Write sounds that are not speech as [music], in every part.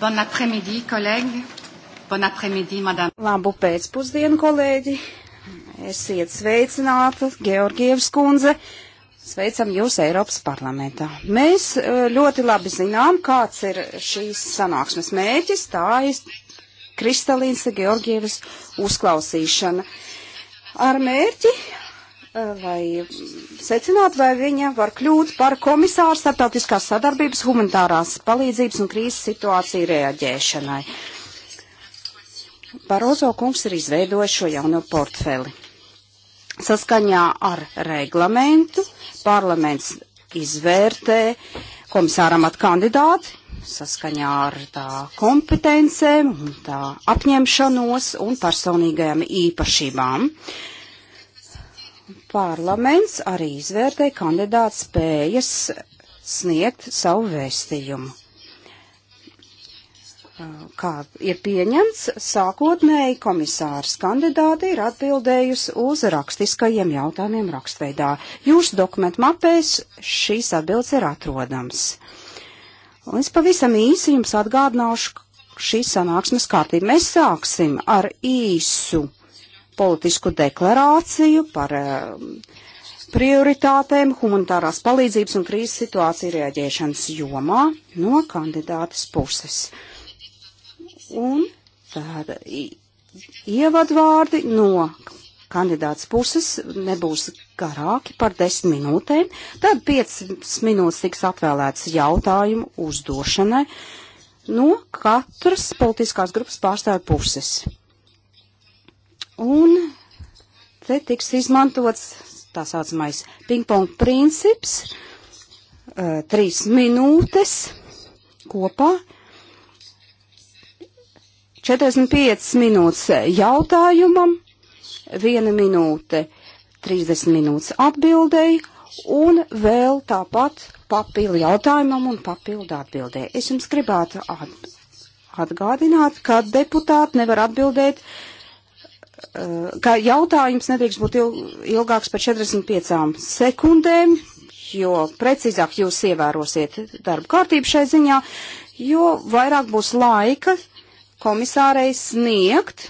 Bon après-midi, kolēģi. Bon après-midi, madame. Labu pēcpusdienu, kolēģi. Esiet sveicināti, Georgievs kundze. Sveicam jūs Eiropas parlamentā. Mēs eh, ļoti labi zinām, kāds ir šīs sanāksmes mēķis. Tā ir Kristalīnas Georgievas uzklausīšana. Ar mērķi lai eh, secinātu, vai viņa var kļūt par komisāru starptautiskās sadarbības, humanitārās palīdzības un krīzes situāciju reaģēšanai. Barozo kungs ir izveidojis šo jauno portfeli. Saskaņā ar reglamentu parlaments izvērtē komisāram at kandidāti saskaņā ar tā kompetencēm, tā apņemšanos un personīgajām īpašībām. Uh, Parlaments arī izvērtē kandidātu spējas sniegt savu vēstījumu. Uh, kā ir pieņemts, sākotnēji komisārs kandidāti ir atbildējusi uz rakstiskajiem jautājumiem rakstveidā. Jūsu dokumentu mapēs šīs atbildes ir atrodams. Un es pavisam īsi jums atgādināšu šīs sanāksmes kārtību. Mēs sāksim ar īsu politisku deklarāciju par eh, prioritātēm humanitārās palīdzības un krīzes situācija reaģēšanas jomā no kandidātas puses. Un tāda ievadvārdi no kandidāts puses nebūs garāki par desmit minūtēm, tad piecas minūtes tiks atvēlētas jautājumu uzdošanai no katras politiskās grupas pārstāvju puses. Un te tiks izmantots tā saucamais ping-pong princips, uh, trīs minūtes kopā, 45 minūtes jautājumam, viena minūte, 30 minūtes atbildēji un vēl tāpat papildu jautājumam un papildu atbildēji. Es jums gribētu atgādināt, ka deputāti nevar atbildēt uh, ka jautājums nedrīkst būt ilgāks par 45 sekundēm, jo precīzāk jūs ievērosiet darba kārtību šai ziņā, jo vairāk būs laika komisārei sniegt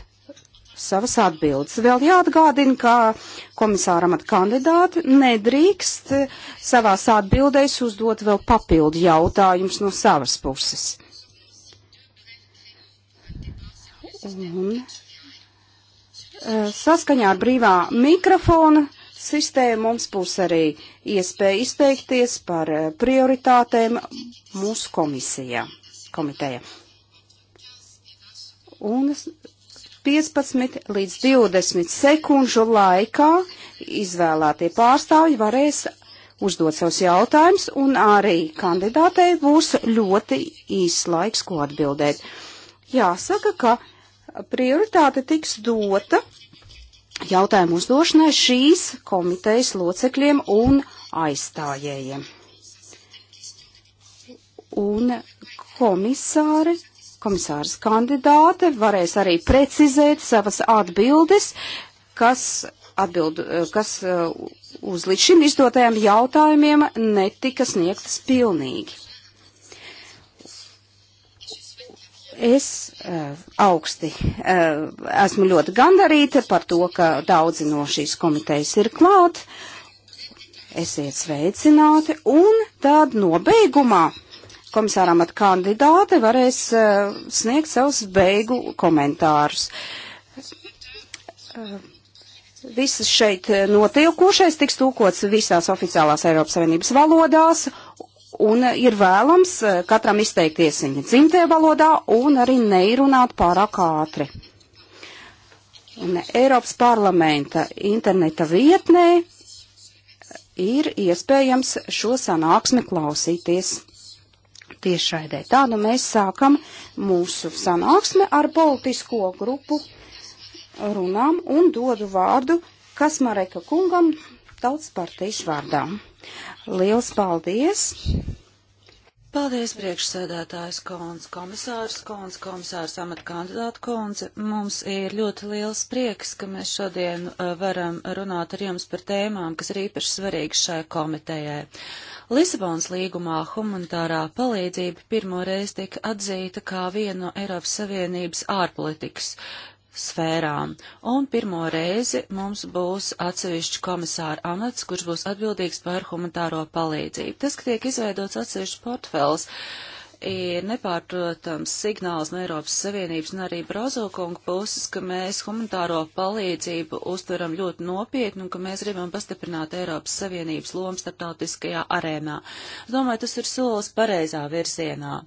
savas atbildes. Vēl jāatgādina, ka komisāram at kandidāti nedrīkst savās atbildēs uzdot vēl papildu jautājumus no savas puses. Un Eh, saskaņā ar brīvā mikrofona sistēmu mums būs arī iespēja izteikties par eh, prioritātēm mūsu komisijā, komiteja. Un 15 līdz 20 sekundžu laikā izvēlētie pārstāvji varēs uzdot savus jautājumus, un arī kandidātei būs ļoti īsts laiks, ko atbildēt. Jāsaka, ka prioritāte tiks dota jautājumu uzdošanai šīs komitejas locekļiem un aizstājējiem. Un komisāri, komisārs kandidāte varēs arī precizēt savas atbildes, kas, atbild, kas uh, uz līdz šim izdotajiem jautājumiem netika sniegtas pilnīgi. Es Eh, augsti. Eh, esmu ļoti gandarīta par to, ka daudzi no šīs komitejas ir klāt. Esiet sveicināti un tad nobeigumā komisāram at kandidāte varēs eh, sniegt savus beigu komentārus. Viss šeit notiekošais tiks tūkots visās oficiālās Eiropas Savienības valodās Un ir vēlams eh, katram izteikties viņa dzimtajā valodā un arī neirunāt pārāk ātri. Un Eiropas parlamenta interneta vietnē ir iespējams šo sanāksmi klausīties. Tiešraidē tādu nu mēs sākam mūsu sanāksmi ar politisko grupu runām un dodu vārdų Kasmareka kungam tautas partijas vārdā. Liels paldies! Paldies, priekšsēdētājs Kons, komisārs Kons, komisārs amata kandidāta Kons. Mums ir ļoti liels prieks, ka mēs šodien uh, varam runāt ar jums par tēmām, kas ir īpaši svarīgas šai komitejai. Lisabonas līgumā humanitārā palīdzība pirmoreiz tika atzīta kā viena no Eiropas Savienības ārpolitikas sfērām. Un pirmo reizi mums būs atsevišķi komisāra amats, kurš būs atbildīgs par humanitāro palīdzību. Tas, ka tiek izveidots atsevišķs portfels, uh, ir nepārprotams signāls no Eiropas Savienības un arī Brazokunga puses, ka mēs humanitāro palīdzību uztveram ļoti nopietni un ka mēs gribam pastiprināt Eiropas Savienības lomu starptautiskajā arēnā. Es domāju, tas ir solis pareizā virzienā.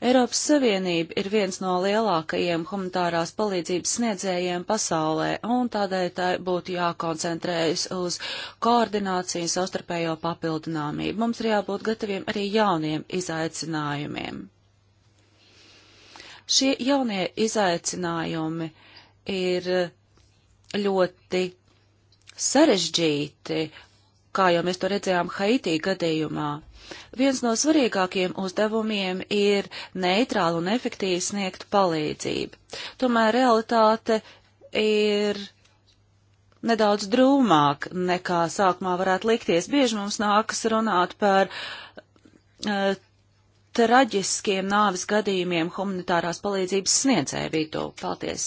Eiropas Savienība ir viens no lielākajiem humanitārās palīdzības sniedzējiem pasaulē un tādēļ tā būtu jākoncentrējas uz koordināciju un savstarpējo papildināmību. Mums ir jābūt gataviem arī jauniem izaicinājumiem Šie jaunie izaicinājumi ir ļoti sarežģīti, kā jau mēs to redzējām Haitī gadījumā. Viens no svarīgākiem uzdevumiem ir neitrāli un efektīvi sniegt palīdzību. Tomēr realitāte ir nedaudz drūmāk nekā sākumā varētu likties. Bieži mums nākas runāt par uh, traģiskiem nāvis gadījumiem humanitārās palīdzības sniedzēju vidū. Paldies!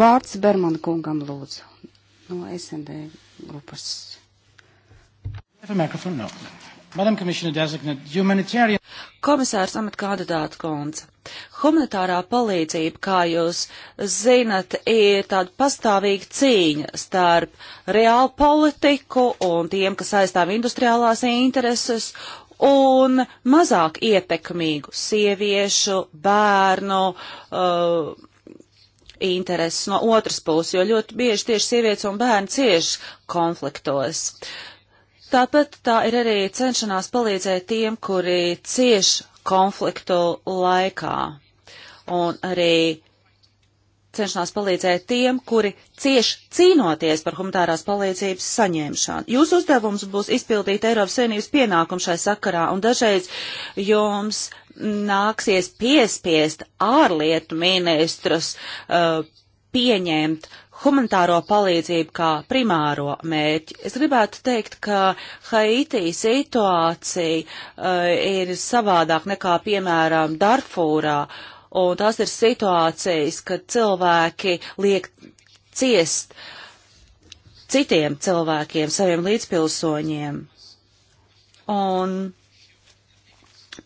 Vārds Bermana kungam lūdzu no SND grupas. Mikrofonu nav. No. Humanitarian... Komisārs amat kandidāta konca. Humanitārā palīdzība, kā jūs zinat, ir tāda pastāvīga cīņa starp reālu politiku un tiem, kas aizstāv industriālās intereses un mazāk ietekmīgu sieviešu, bērnu, uh, intereses no otras puses, jo ļoti bieži tieši sievietes un bērni cieš konfliktos. Uh, Tāpat tā ir arī cenšanās palīdzēt tiem, kuri cieš konfliktu laikā. Un arī cenšanās palīdzēt tiem, kuri cieš cīnoties par humanitārās palīdzības saņemšanu. Jūsu uzdevums būs izpildīt Eiropas Savienības pienākumu šai sakarā, un dažreiz jums nāksies piespiest ārlietu ministrus uh, pieņemt humanitāro palīdzību kā primāro mērķi. Es gribētu teikt, ka Haitī situācija uh, ir savādāk nekā, piemēram, Darfūrā, un tās ir situācijas, kad cilvēki liek ciest citiem cilvēkiem, saviem līdzpilsoņiem. Un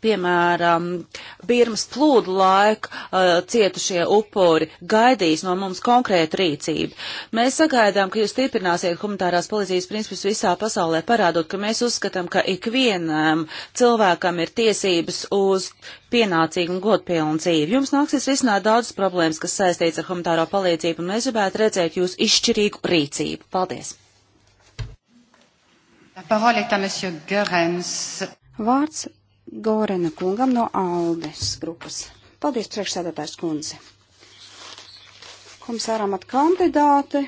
piemēram, Birmas plūdu laika uh, cietušie upuri gaidīs no mums konkrētu rīcību. Mēs sagaidām, ka jūs stiprināsiet humanitārās palīdzības principus visā pasaulē, parādot, ka mēs uzskatām, ka ikvienam cilvēkam ir tiesības uz pienācīgu un godpilnu dzīvi. Jums nāksies risināt daudzas problēmas, kas saistīts ar humanitāro palīdzību, un mēs gribētu redzēt jūs izšķirīgu rīcību. Paldies! La parole est à monsieur Görens. Vārds Gorena kungam no Aldes grupas. Paldies, priekšsēdētājs kundze. Komisāram at kandidāte,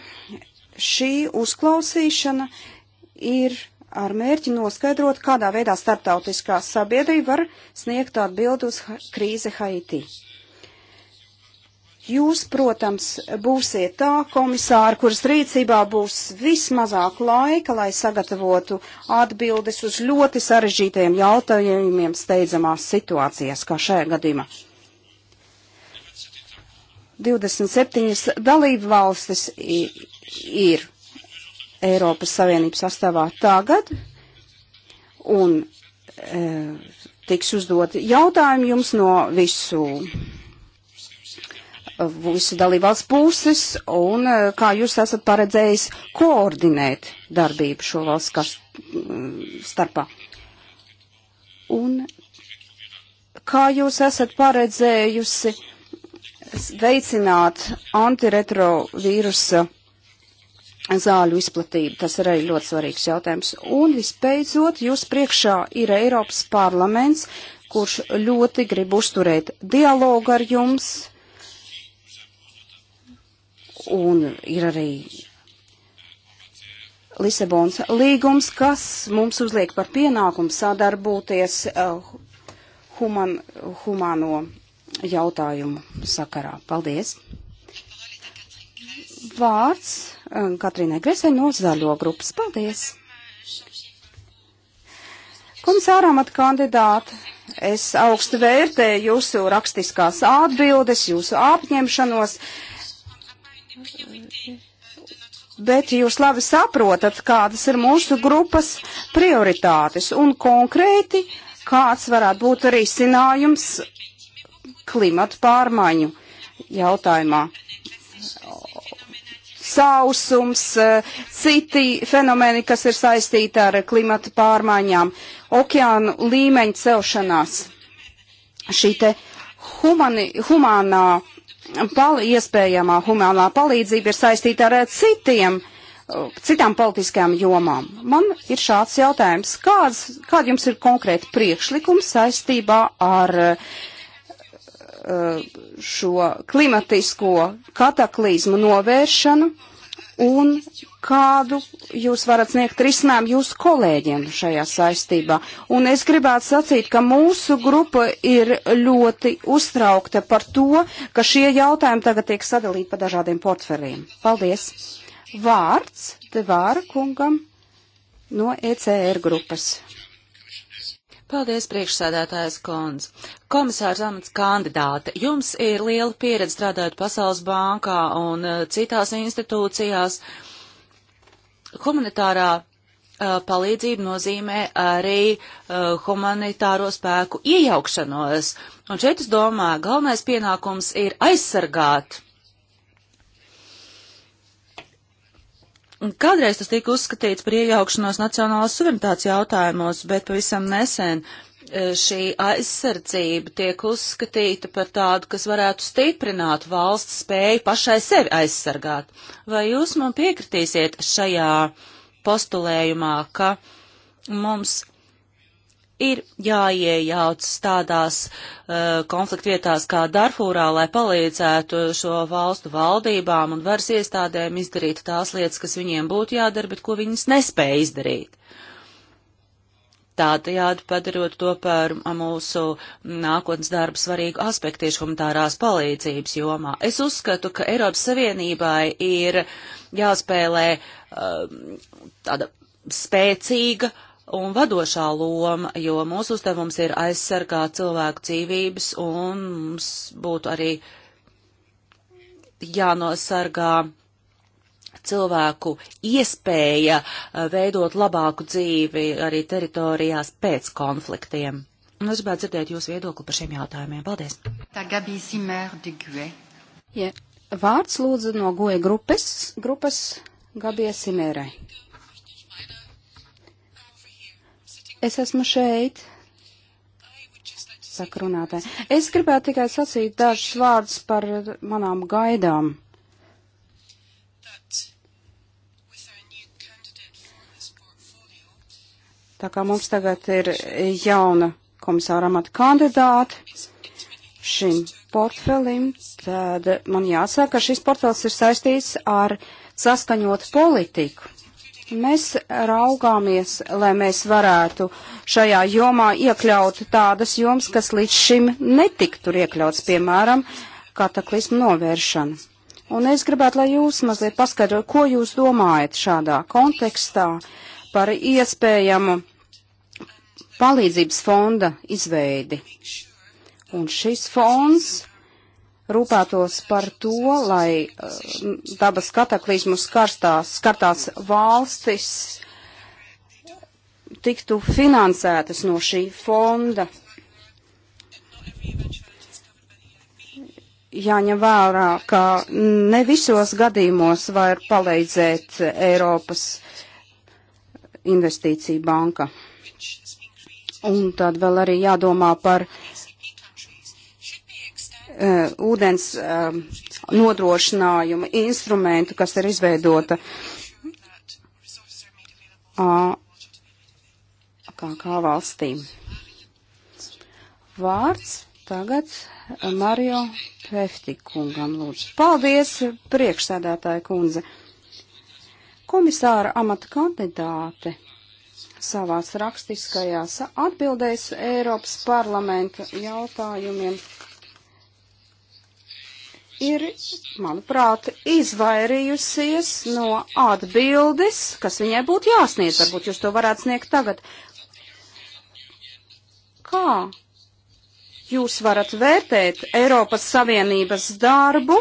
šī uzklausīšana ir ar mērķi noskaidrot, kādā veidā starptautiskā sabiedrība var sniegt atbildi uz krīzi Haiti. Jūs, protams, būsiet tā komisāra, kuras rīcībā būs vismazāk laika, lai sagatavotu atbildes uz ļoti sarežģītajiem jautājumiem steidzamās situācijās, kā šajā gadījumā. 27 dalību valstis ir Eiropas Savienības sastāvā tagad, un e, tiks uzdot jautājumi jums no visu visu dalībvalsts puses un eh, kā jūs esat paredzējis koordinēt darbību šo valsts mm, starpā. Un kā jūs esat paredzējusi veicināt antiretrovīrusa zāļu izplatību? Tas ir arī ļoti svarīgs jautājums. Un visbeidzot, jūs priekšā ir Eiropas parlaments, kurš ļoti grib uzturēt dialogu ar jums un ir arī Lisabons līgums, kas mums uzliek par pienākumu sadarboties uh, human, humano jautājumu sakarā. Paldies! Vārds uh, Katrīnai Gresai no Zaļo grupas. Paldies! Komisāram at kandidāti, es augstu vērtēju jūsu rakstiskās atbildes, jūsu apņemšanos. Uh, bet jūs labi saprotat, kādas ir mūsu grupas prioritātes un konkrēti, kāds varētu būt arī sinājums klimatu pārmaiņu jautājumā. Sausums, citi fenomeni, kas ir saistīti ar klimatu pārmaiņām, okeānu līmeņa celšanās. Šī te humani, humānā pal iespējamā humānā palīdzība ir saistīta ar citiem, citām politiskajām jomām. Man ir šāds jautājums. Kāds, kāda jums ir konkrēta priekšlikuma saistībā ar eh, šo klimatisko kataklizmu novēršanu un kādu jūs varat sniegt risinājumu jūsu kolēģiem šajā saistībā. Un es gribētu sacīt, ka mūsu grupa ir ļoti uztraukta par to, ka šie jautājumi tagad tiek sadalīti pa dažādiem portfeliem. Paldies! Vārds Devāra kungam no ECR grupas. Paldies, priekšsēdētājs Kons. Komisārs amats kandidāte, jums ir liela pieredze strādājot Pasaules bankā un eh, citās institūcijās. Uh, Humanitārā uh, palīdzība nozīmē arī uh, humanitāro spēku iejaukšanos. Un šeit es domāju, galvenais pienākums ir aizsargāt. Kādreiz tas tika uzskatīts par iejaukšanos nacionālās suverenitātes jautājumos, bet pavisam nesen uh, E, šī aizsardzība tiek uzskatīta par tādu, kas varētu stiprināt valsts spēju pašai sevi aizsargāt. Vai jūs man piekritīsiet šajā postulējumā, ka mums ir jāiejauc tādās uh, e, konfliktu vietās kā Darfūrā, lai palīdzētu šo valstu valdībām un varas iestādēm izdarīt tās lietas, kas viņiem būtu jādara, bet ko viņas nespēja izdarīt? Uh, tādējādi padarot to par mūsu nākotnes darbu svarīgu aspektu tieši humanitārās palīdzības jomā. Es uzskatu, ka Eiropas Savienībai ir jāspēlē uh, tāda spēcīga un vadošā loma, jo mūsu uzdevums ir aizsargāt cilvēku dzīvības un mums būtu arī jānosargā cilvēku iespēja eh, veidot labāku dzīvi arī teritorijās pēc konfliktiem. Un es gribētu dzirdēt jūsu viedokli par šiem jautājumiem. Paldies! Ja. Vārds lūdzu no goja grupas, grupas Gabie Simērai. Es esmu šeit, saka runātē. Es gribētu tikai sacīt dažus vārdus par manām gaidām Tā kā mums tagad ir jauna komisāra amata kandidāti šim portfelim, tad man jāsaka, ka šis portfels ir saistīts ar saskaņotu politiku. Mēs raugāmies, lai mēs varētu šajā jomā iekļaut tādas jomas, kas līdz šim netiktu iekļauts, piemēram, kataklizmu novēršana. Un es gribētu, lai jūs mazliet paskaidrot, ko jūs domājat šādā kontekstā par iespējamu palīdzības fonda izveidi. Un šis fonds rūpētos par to, lai uh, dabas kataklizmus karstās, skartās valstis tiktu finansētas no šī fonda. Jāņem vērā, ka ne visos gadījumos var palīdzēt Eiropas investīcija banka. Un tad vēl arī jādomā par uh, ūdens uh, eh, nodrošinājuma instrumentu, kas ir izveidota uh, kā, kā valstīm. Vārds tagad Mario Peftikungam lūdzu. Paldies, priekšsēdētāja kundze. Komisāra amata kandidāte savās rakstiskajās atbildēs Eiropas parlamenta jautājumiem ir, manuprāt, izvairījusies no atbildes, kas viņai būtu jāsniedz. Varbūt jūs to varētu sniegt tagad. Kā jūs varat vērtēt Eiropas Savienības darbu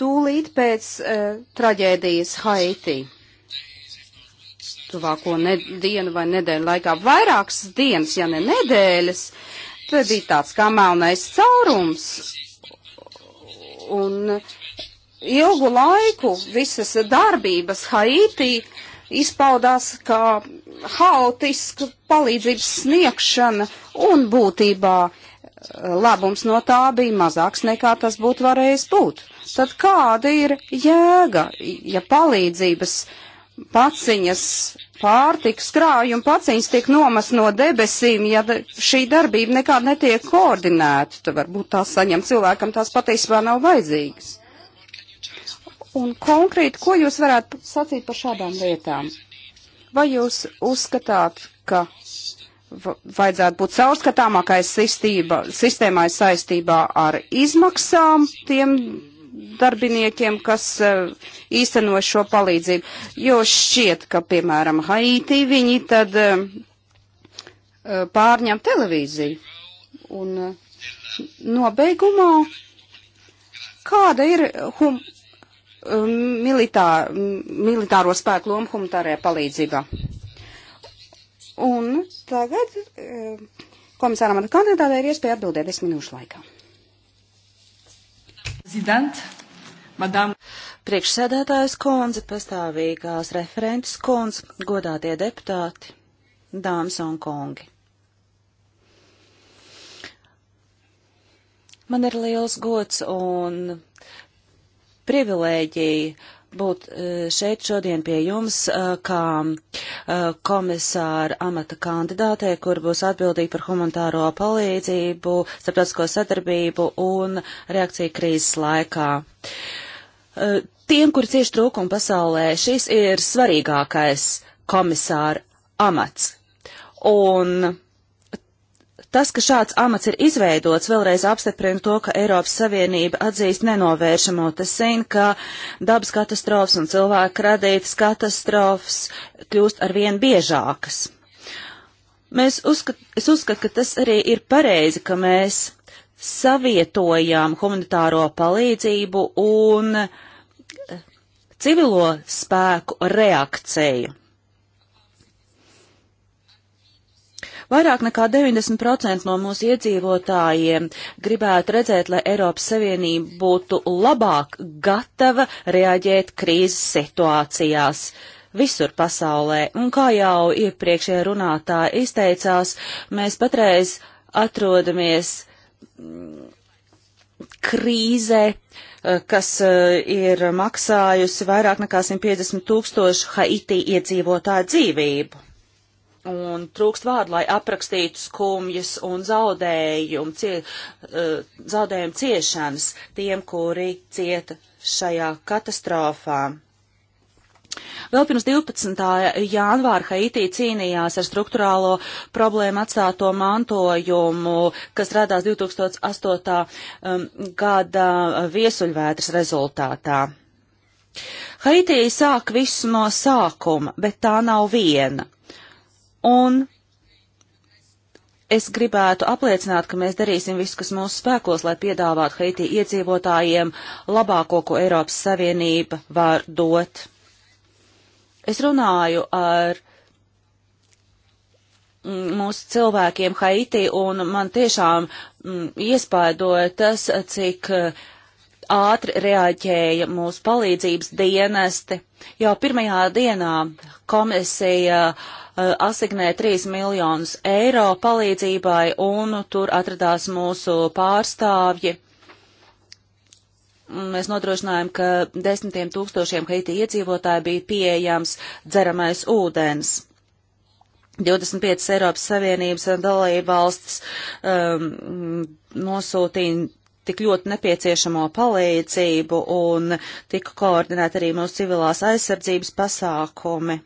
tūlīt pēc e, traģēdijas Haitī? tuvāko ne, dienu vai nedēļu laikā. Vairākas dienas, ja ne nedēļas, tad bija tāds kā melnais caurums. Un ilgu laiku visas darbības Haitī izpaudās kā haotiska palīdzības sniegšana un būtībā eh, labums no tā bija mazāks nekā tas būtu varējis būt. Tad kāda ir jēga, ja palīdzības uh, paciņas pārtiks krājumi, paciņas tiek nomas no debesīm, ja šī darbība nekāda netiek koordinēta, tad varbūt tās saņem cilvēkam tās patiesībā nav vajadzīgas. Un konkrēti, ko jūs varētu sacīt par šādām lietām? Vai jūs uzskatāt, ka vajadzētu būt caurskatāmākai sistība, sistēmai saistībā ar izmaksām tiem darbiniekiem, kas eh, īsteno šo palīdzību. Jo šķiet, ka, piemēram, Haitī viņi tad eh, eh, pārņem televīziju. Un nobeigumā, kāda ir hum, militā, militāro spēku loma humanitārajā palīdzībā? Un tagad komisāram un kandidātei ir iespēja atbildēt 10 minūšu laikā. Zidant, madam. Priekšsēdētājs kundze, pastāvīgās referentes kundze, godātie deputāti, dāmas un kungi. Man ir liels gods un privilēģija būt e, šeit šodien pie jums e, kā e, komisāra amata kandidātē, kur būs atbildīgi par humanitāro palīdzību, starptautisko sadarbību un reakciju krīzes laikā. Tiem, kur cieši trūkumu pasaulē, šis ir svarīgākais komisāra amats. Un Tas, ka šāds amats ir izveidots, vēlreiz apstiprina to, ka Eiropas Savienība atzīst nenovēršamo. Tas zina, ka dabas katastrofas un cilvēku radītas katastrofas kļūst arvien biežākas. Mēs uzskat, es uzskatu, ka tas arī ir pareizi, ka mēs savietojām humanitāro palīdzību un civilo spēku reakciju. Vairāk nekā 90% no mūsu iedzīvotājiem gribētu redzēt, lai Eiropas Savienība būtu labāk gatava reaģēt krīzes situācijās visur pasaulē. Un kā jau iepriekšējā runātā izteicās, mēs patreiz atrodamies mm, krīzē, eh, kas eh, ir maksājusi vairāk nekā 150 tūkstošu Haiti iedzīvotāju dzīvību un trūkst vārdu, lai aprakstītu skumjas un zaudējumu, cie, eh, zaudējumu ciešanas tiem, kuri cieta šajā katastrofā. Vēl pirms 12. janvāra Haitī cīnījās ar struktūrālo problēmu atstāto mantojumu, kas radās 2008. Um, gada viesuļvētras rezultātā. Haitī sāk visu no sākuma, bet tā nav viena. Un es gribētu apliecināt, ka mēs darīsim visu, kas mūsu spēkos, lai piedāvātu Haiti iedzīvotājiem labāko, ko Eiropas Savienība var dot. Es runāju ar mm, mūsu cilvēkiem Haiti, un man tiešām mm, iespaidoja tas, cik uh, ātri reaģēja mūsu palīdzības dienesti. Jau pirmajā dienā komisija uh, asignē 3 miljonus eiro palīdzībai, un tur atradās mūsu pārstāvji. Mēs nodrošinājām, ka desmitiem tūkstošiem Haiti iedzīvotāji bija pieejams dzeramais ūdens. 25 Eiropas Savienības dalībvalstis um, nosūtīja tik ļoti nepieciešamo palīdzību un tika koordinēt arī mūsu civilās aizsardzības pasākumi.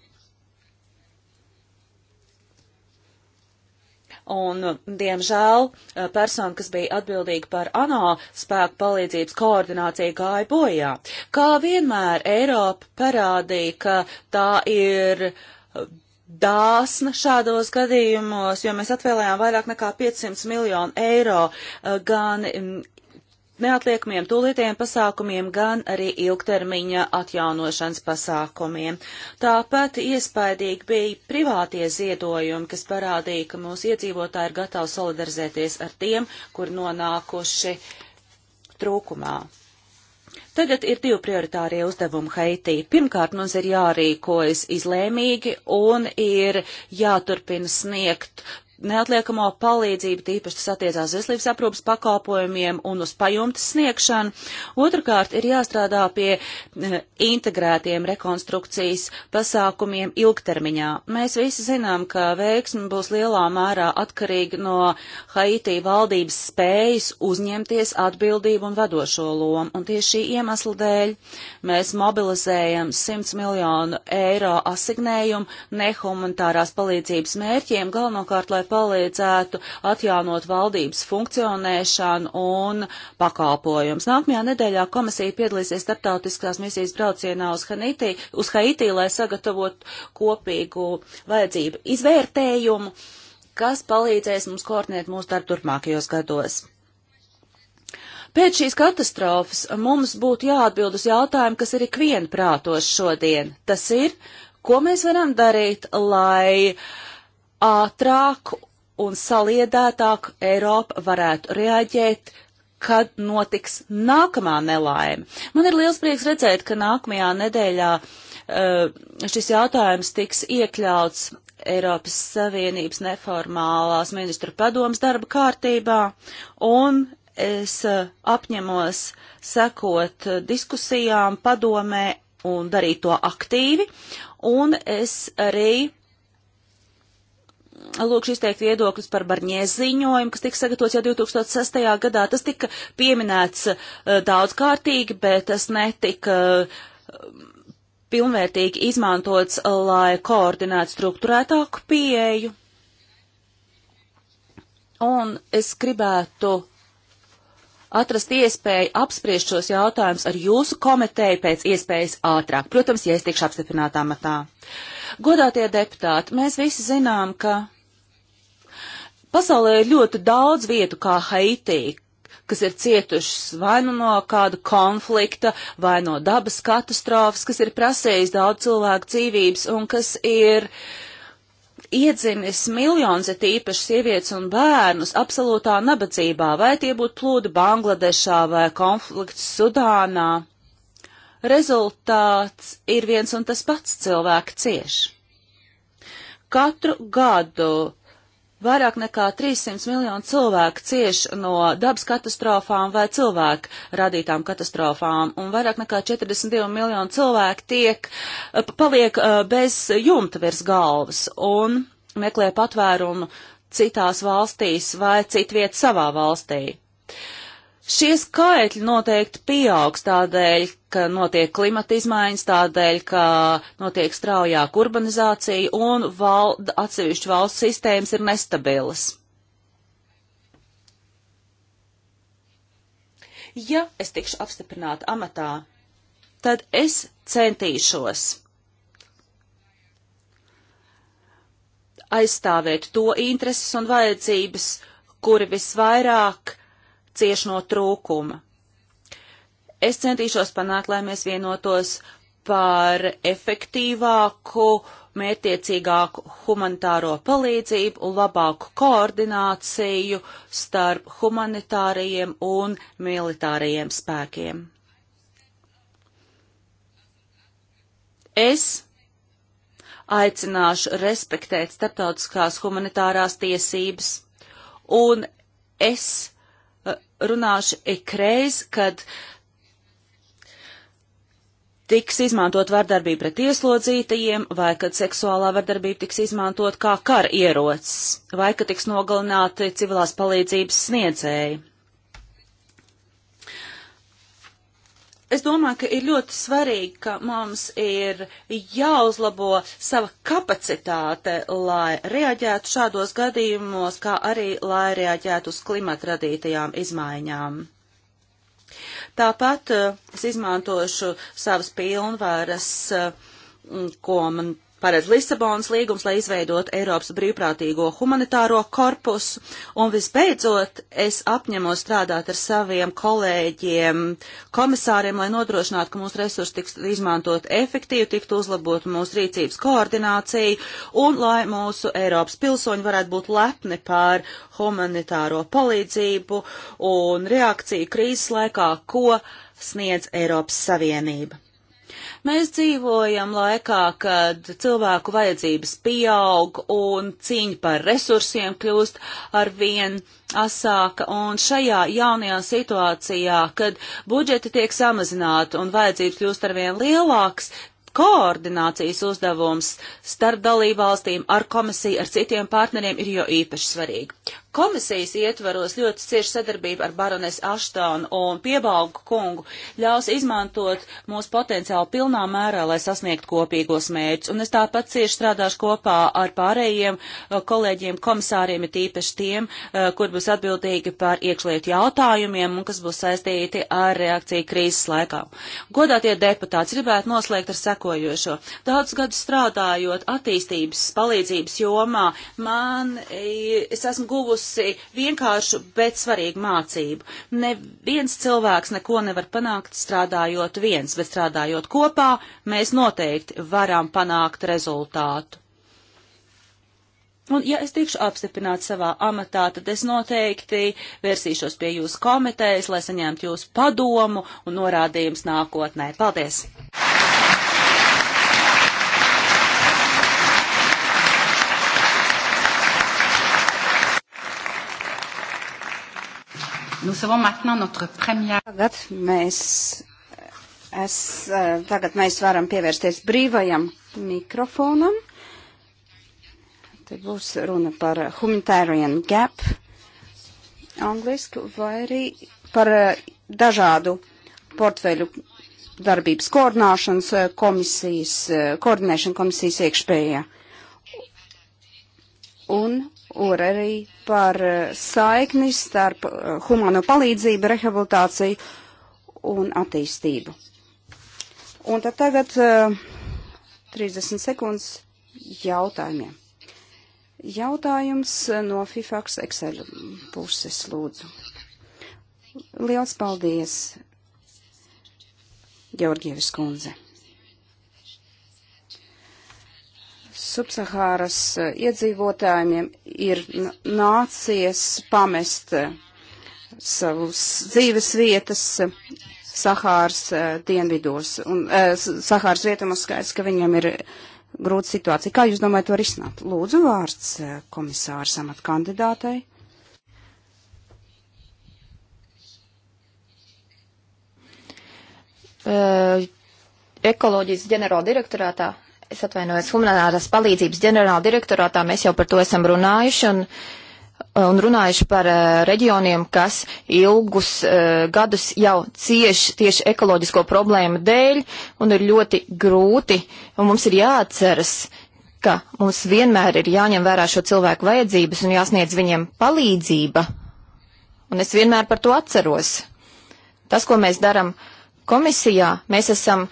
Un, diemžēl, eh, persona, kas bija atbildīga par ANO spēku palīdzības koordināciju, gāja bojā. Kā vienmēr Eiropa parādīja, ka tā ir dāsna šādos gadījumos, jo mēs atvēlējām vairāk nekā 500 miljonu eiro eh, gan mm, neatliekamiem tūlītiem pasākumiem, gan arī ilgtermiņa atjaunošanas pasākumiem. Tāpat iespaidīgi bija privātie ziedojumi, kas parādīja, ka mūsu iedzīvotāji ir gatavi solidarizēties ar tiem, kur nonākuši trūkumā. Tagad ir divi prioritārie uzdevumi Haitī. Pirmkārt, mums ir jārīkojas izlēmīgi un ir jāturpina sniegt neatliekamo palīdzību, tīpaši tas attiecās veselības aprūpas pakalpojumiem un uz pajumtes sniegšanu. Otrakārt ir jāstrādā pie eh, integrētiem rekonstrukcijas pasākumiem ilgtermiņā. Mēs visi zinām, ka veiksmi būs lielā mērā atkarīga no Haiti valdības spējas uzņemties atbildību un vadošo lomu. Un tieši šī iemesla dēļ mēs mobilizējam 100 miljonu eiro asignējumu nehumanitārās palīdzības mērķiem, galvenokārt, lai palīdzētu atjaunot valdības funkcionēšanu un pakalpojumus. Nākamajā nedēļā komisija piedalīsies starptautiskās misijas braucienā uz Haiti, uz Haiti lai sagatavotu kopīgu vajadzību izvērtējumu, kas palīdzēs mums koordinēt mūsu darbu turpmākajos gados. Pēc šīs katastrofas mums būtu jāatbild uz jautājumu, kas ir ikvien prātos šodien. Tas ir, ko mēs varam darīt, lai uh, ātrāk un saliedētāk Eiropa varētu reaģēt kad notiks nākamā nelaime. Man ir liels prieks redzēt, ka nākamajā nedēļā eh, šis jautājums tiks iekļauts Eiropas Savienības neformālās ministru padomas darba kārtībā, un es eh, apņemos sekot eh, diskusijām padomē un darīt to aktīvi, un es arī lūkšu izteikt viedokļus par Barņē ziņojumu, kas tika sagatavots jau 2006. gadā. Tas tika pieminēts uh, daudzkārtīgi, bet tas netika uh, pilnvērtīgi izmantots, lai koordinētu struktūrētāku pieeju. Un es gribētu atrast iespēju apspriest šos jautājumus ar jūsu komiteju pēc iespējas ātrāk. Protams, ja es tikšu apstiprinātā matā. Uh, Godātie deputāti, mēs visi zinām, ka pasaulē ir ļoti daudz vietu kā Haitī, kas ir cietušas vai nu no kāda konflikta, vai no dabas katastrofas, kas ir prasējis daudz cilvēku dzīvības un kas ir iedzinis miljonus, ir tīpaši sievietes un bērnus, absolūtā nabadzībā, vai tie būtu plūdi Bangladešā vai konflikts Sudānā rezultāts ir viens un tas pats cilvēks cieš. Katru gadu vairāk nekā 300 miljonu cilvēku cieš no dabas katastrofām vai cilvēku radītām katastrofām, un vairāk nekā 42 miljonu cilvēku tiek, paliek eh, bez jumta virs galvas un meklē patvērumu citās valstīs vai citvietu savā valstī. Uh, Šie skaitļi noteikti pieaugs tādēļ, ka notiek klimata izmaiņas, tādēļ, ka notiek straujāka urbanizācija un val, atsevišķu valsts sistēmas ir nestabilas. Ja es tikšu apstiprināta amatā, tad es centīšos aizstāvēt to intereses un vajadzības, kuri visvairāk cieš no trūkuma. Es centīšos panākt, lai mēs vienotos par efektīvāku, mērtiecīgāku humanitāro palīdzību un labāku koordināciju starp humanitārajiem un militārajiem spēkiem. Es aicināšu respektēt starptautiskās humanitārās tiesības, un es runāšu ikreiz, kad tiks izmantot vardarbība pret ieslodzītajiem, vai kad seksuālā vardarbība tiks izmantot kā kara ierocis, vai kad tiks nogalināti civilās palīdzības sniedzēji. Es domāju, ka ir ļoti svarīgi, ka mums ir jāuzlabo sava kapacitāte, lai reaģētu šādos gadījumos, kā arī lai reaģētu uz klimata radītajām izmaiņām. Tāpat eh, es izmantošu savas pilnvaras, eh, ko man paredz Lisabonas līgums, lai izveidot Eiropas brīvprātīgo humanitāro korpusu. Un visbeidzot, es apņemos strādāt ar saviem kolēģiem, komisāriem, lai nodrošinātu, ka mūsu resursi tiks izmantot efektīvi, tiktu uzlabot mūsu rīcības koordināciju un lai mūsu Eiropas pilsoņi varētu būt lepni par humanitāro palīdzību un reakciju krīzes laikā, ko sniedz Eiropas Savienība. Mēs dzīvojam laikā, kad cilvēku vajadzības pieaug un cīņa par resursiem kļūst ar vien asāka, un šajā jaunajā situācijā, kad budžeti tiek samazināti un vajadzības kļūst ar vien lielāks, koordinācijas uzdevums starp dalībvalstīm, ar komisiju, ar citiem partneriem ir jo īpaši svarīgi komisijas ietvaros ļoti cieša sadarbība ar baronesu Aštonu un piebalgu kungu ļaus izmantot mūsu potenciālu pilnā mērā, lai sasniegtu kopīgos mērķus. Un es tāpat cieši strādāšu kopā ar pārējiem uh, kolēģiem, komisāriem, it īpaši tiem, uh, kur būs atbildīgi par iekšlietu jautājumiem un kas būs saistīti ar reakciju krīzes laikā. Godātie deputāti, gribētu noslēgt ar sekojošo. Daudz gadu strādājot attīstības palīdzības jomā, man, es esmu guvusi devusi vienkāršu, bet svarīgu mācību. Neviens cilvēks neko nevar panākt strādājot viens, bet strādājot kopā, mēs noteikti varam panākt rezultātu. Un, ja es tikšu apstiprināts savā amatā, tad es noteikti vērsīšos pie jūsu komitejas, lai saņemtu jūsu padomu un norādījumus nākotnē. Paldies! Tagad mēs, es, eh, tagad mēs varam pievērsties brīvajam mikrofonam. Te būs runa par humanitarian gap angliski vai arī par eh, dažādu portfeļu darbības koordināšanas eh, komisijas, koordinēšana komisijas iekšpējā. Un un arī par eh, saikni starp eh, humano palīdzību, rehabilitāciju un attīstību. Un tad tagad 30 eh, sekundes jautājumiem. Jautājums no FIFAX Excel puses lūdzu. Liels paldies, Georgievis kundze. subsahāras eh, iedzīvotājiem ir nācies pamest eh, savus dzīves vietas eh, Sahāras dienvidos. Un Sahāras vietumas skaits, ka viņiem ir grūta situācija. Kā jūs domājat to risināt? Lūdzu vārds komisāra samat kandidātai. Ekoloģijas ģenerāldirektorātā Es atvainojos, humanārās palīdzības ģenerāla direktorātā mēs jau par to esam runājuši un, un runājuši par uh, reģioniem, kas ilgus uh, gadus jau cieši tieši ekoloģisko problēmu dēļ un ir ļoti grūti. Un mums ir jāatceras, ka mums vienmēr ir jāņem vērā šo cilvēku vajadzības un jāsniedz viņiem palīdzība. Un es vienmēr par to atceros. Tas, ko mēs darām komisijā, mēs esam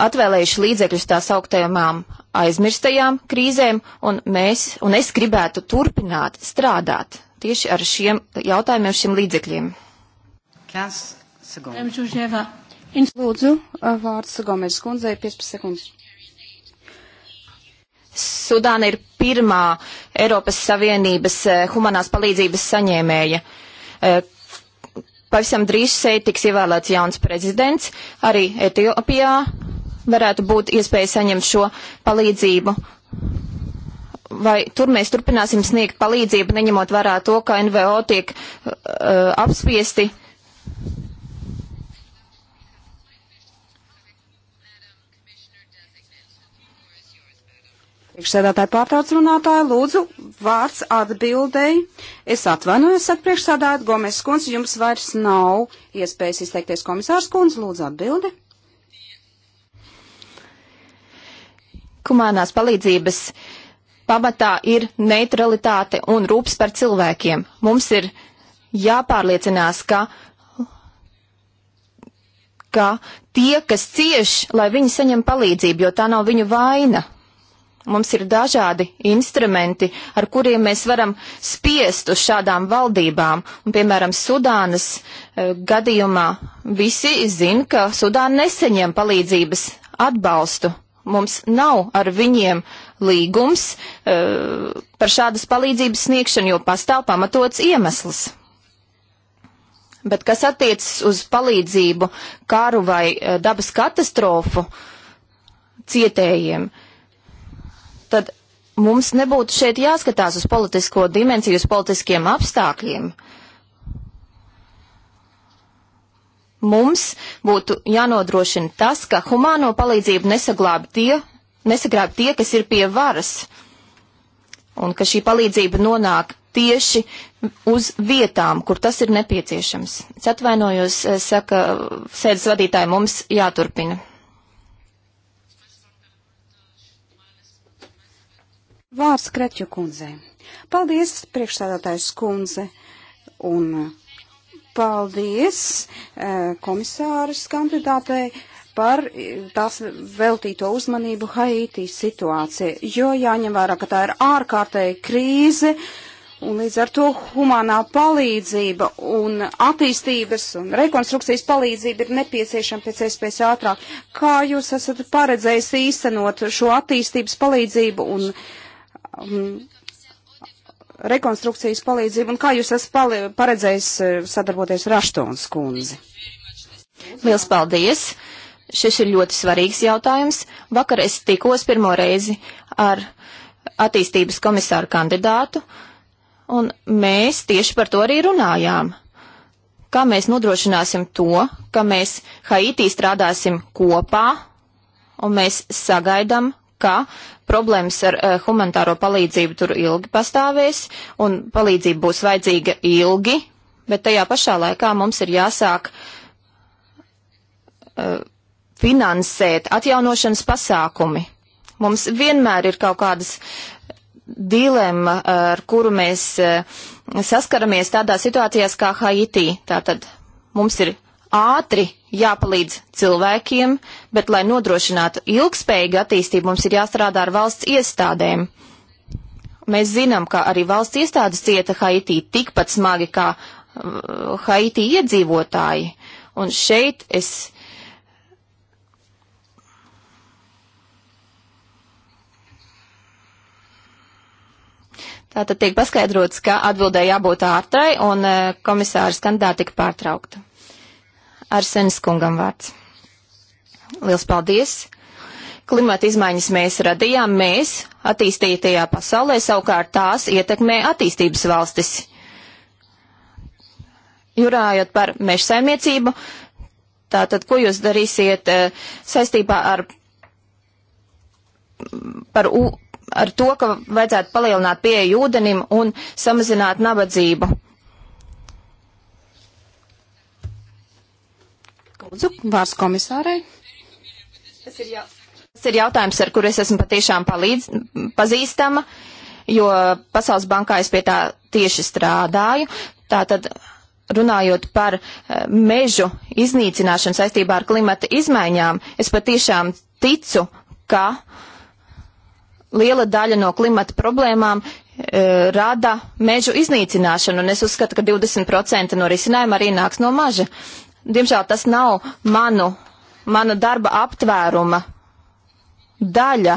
atvēlējuši līdzekļus tās augtajām um, aizmirstajām krīzēm, un mēs, un es gribētu turpināt strādāt tieši ar šiem jautājumiem, šiem līdzekļiem. Kas? Lūdzu, uh, vārds Gomes kundzei 15 sekundes. Sudāna ir pirmā Eiropas Savienības uh, humanās palīdzības saņēmēja. Uh, pavisam drīz šeit tiks ievēlēts jauns prezidents, arī Etiopijā varētu būt iespēja saņemt šo palīdzību? Vai tur mēs turpināsim sniegt palīdzību, neņemot vērā to, ka NVO tiek uh, apspiesti? Priekšsēdētāji pārtrauc runātāju, lūdzu, vārds atbildēji. Es atvainojos, saka priekšsēdētāji, Gomes skundze, jums vairs nav iespējas izteikties komisārs skundze, lūdzu atbildi. humanās palīdzības pamatā ir neutralitāte un rūps par cilvēkiem. Mums ir jāpārliecinās, ka, ka tie, kas cieš, lai viņi saņem palīdzību, jo tā nav viņu vaina. Mums ir dažādi instrumenti, ar kuriem mēs varam spiest uz šādām valdībām. Un, piemēram, Sudānas e, gadījumā visi zina, ka Sudāna neseņem palīdzības atbalstu. Mums nav ar viņiem līgums uh, par šādas palīdzības sniegšanu, jo pastāv pamatots iemesls. Bet kas attiecas uz palīdzību kāru vai uh, dabas katastrofu cietējiem, tad mums nebūtu šeit jāskatās uz politisko dimensiju, uz politiskiem apstākļiem. Uh, Mums būtu jānodrošina tas, ka humāno palīdzību nesaglāb tie, nesagrāb tie, kas ir pie varas, un ka šī palīdzība nonāk tieši uz vietām, kur tas ir nepieciešams. Es atvainojos, eh, saka sēdes vadītāji, mums jāturpina. Vārds Kretju kundzei. Paldies, priekšstādātājs kundze, un Paldies eh, komisāras kandidātei par eh, tās veltīto uzmanību Haitī situācijai, jo jāņem vērā, ka tā ir ārkārtēja krīze, un līdz ar to humanā palīdzība un attīstības un rekonstrukcijas palīdzība ir nepieciešama pēc iespējas ātrāk. Kā jūs esat paredzējis īstenot šo attīstības palīdzību un um, rekonstrukcijas palīdzību un kā jūs esat paredzējis eh, sadarboties ar Aštons kundzi? Liels paldies! Šis ir ļoti svarīgs jautājums. Vakar es tikos pirmo reizi ar attīstības komisāru kandidātu, un mēs tieši par to arī runājām. Kā mēs nodrošināsim to, ka mēs Haitī strādāsim kopā, un mēs sagaidām ka problēmas ar uh, humanitāro palīdzību tur ilgi pastāvēs un palīdzība būs vajadzīga ilgi, bet tajā pašā laikā mums ir jāsāk uh, finansēt atjaunošanas pasākumi. Mums vienmēr ir kaut kādas dilemma, ar kuru mēs eh, saskaramies tādā situācijās kā Haiti. Tātad mums ir ātri jāpalīdz cilvēkiem, uh, bet, lai nodrošinātu ilgspējīgu attīstību, mums ir jāstrādā ar valsts iestādēm. Mēs zinām, ka arī valsts iestādes cieta Haitī tikpat smagi kā uh, Haitī iedzīvotāji. Un šeit es. Tātad tiek paskaidrots, ka atbildē jābūt ārtrai un uh, komisārs kandidāti tika pārtraukta. Arsenis kungam vārds. Liels paldies! Klimata izmaiņas mēs radījām mēs attīstītajā pasaulē, savukārt tās ietekmē attīstības valstis. Jurājot par meža saimniecību, tātad ko jūs darīsiet eh, saistībā ar, par, u, ar to, ka vajadzētu palielināt pieeju ūdenim un samazināt nabadzību? Lūdzu, vārds komisārai. Tas ir, jā. Tas ir jautājums, ar kur es esmu patiešām palīdz, pazīstama, jo Pasaules bankā es pie tā tieši strādāju. Tātad runājot par eh, mežu iznīcināšanu saistībā ar klimata izmaiņām, es patiešām ticu, ka liela daļa no klimata problēmām e, rada mežu iznīcināšanu, un es uzskatu, ka 20% no risinājuma arī nāks no maža. Diemžēl tas nav manu mana darba aptvēruma daļa.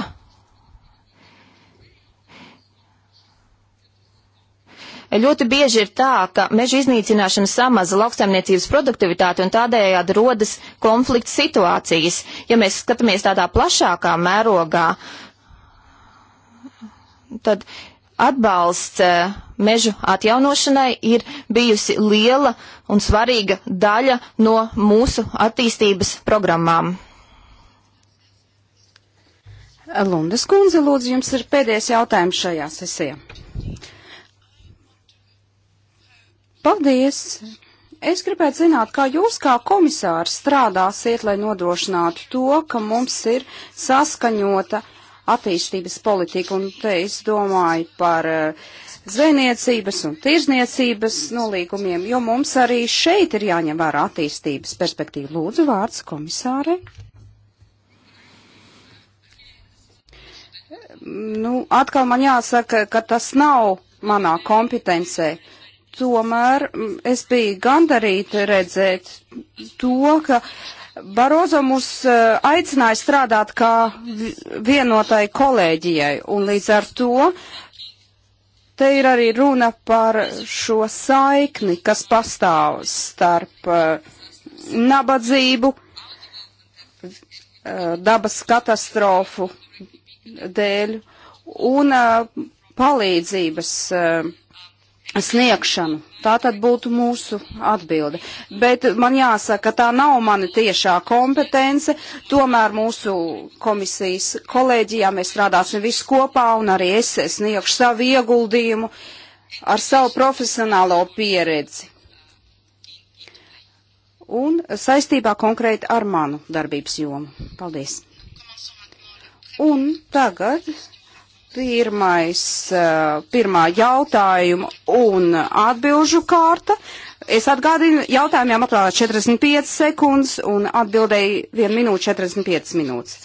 Ļoti bieži ir tā, ka meža iznīcināšana samaza lauksaimniecības produktivitāti un tādējādi rodas konflikta situācijas. Ja mēs skatāmies tādā plašākā mērogā, tad atbalsts eh, mežu atjaunošanai ir bijusi liela un svarīga daļa no mūsu attīstības programmām. Lundas kundze, lūdzu, jums ir pēdējais jautājums šajā sesijā. Paldies! Es gribētu zināt, kā jūs kā komisārs strādāsiet, lai nodrošinātu to, ka mums ir saskaņota attīstības politika, un te es domāju par uh, zvejniecības un tirzniecības nolīgumiem, jo mums arī šeit ir jāņem vērā attīstības perspektīva. Lūdzu, vārds komisāre. Nu, atkal man jāsaka, ka tas nav manā kompetencē. Tomēr mm, es biju gandarīta redzēt to, ka Barozo mūs eh, aicināja strādāt kā vienotai kolēģijai, un līdz ar to uh, Te ir arī runa par šo saikni, kas pastāv starp eh, nabadzību, eh, dabas katastrofu dēļ un eh, palīdzības uh, sniegšanu. Tā tad būtu mūsu atbilde. Bet man jāsaka, tā nav mana tiešā kompetence, tomēr mūsu komisijas kolēģijā mēs strādāsim visi kopā un arī es sniegšu savu ieguldījumu ar savu profesionālo pieredzi. Un saistībā konkrēti ar manu darbības jomu. Paldies. Un tagad pirmais, eh, pirmā jautājuma un atbilžu kārta. Es atgādinu, jautājumiem atvēlēt 45 sekundes un atbildēju 1 minūte 45 minūtes.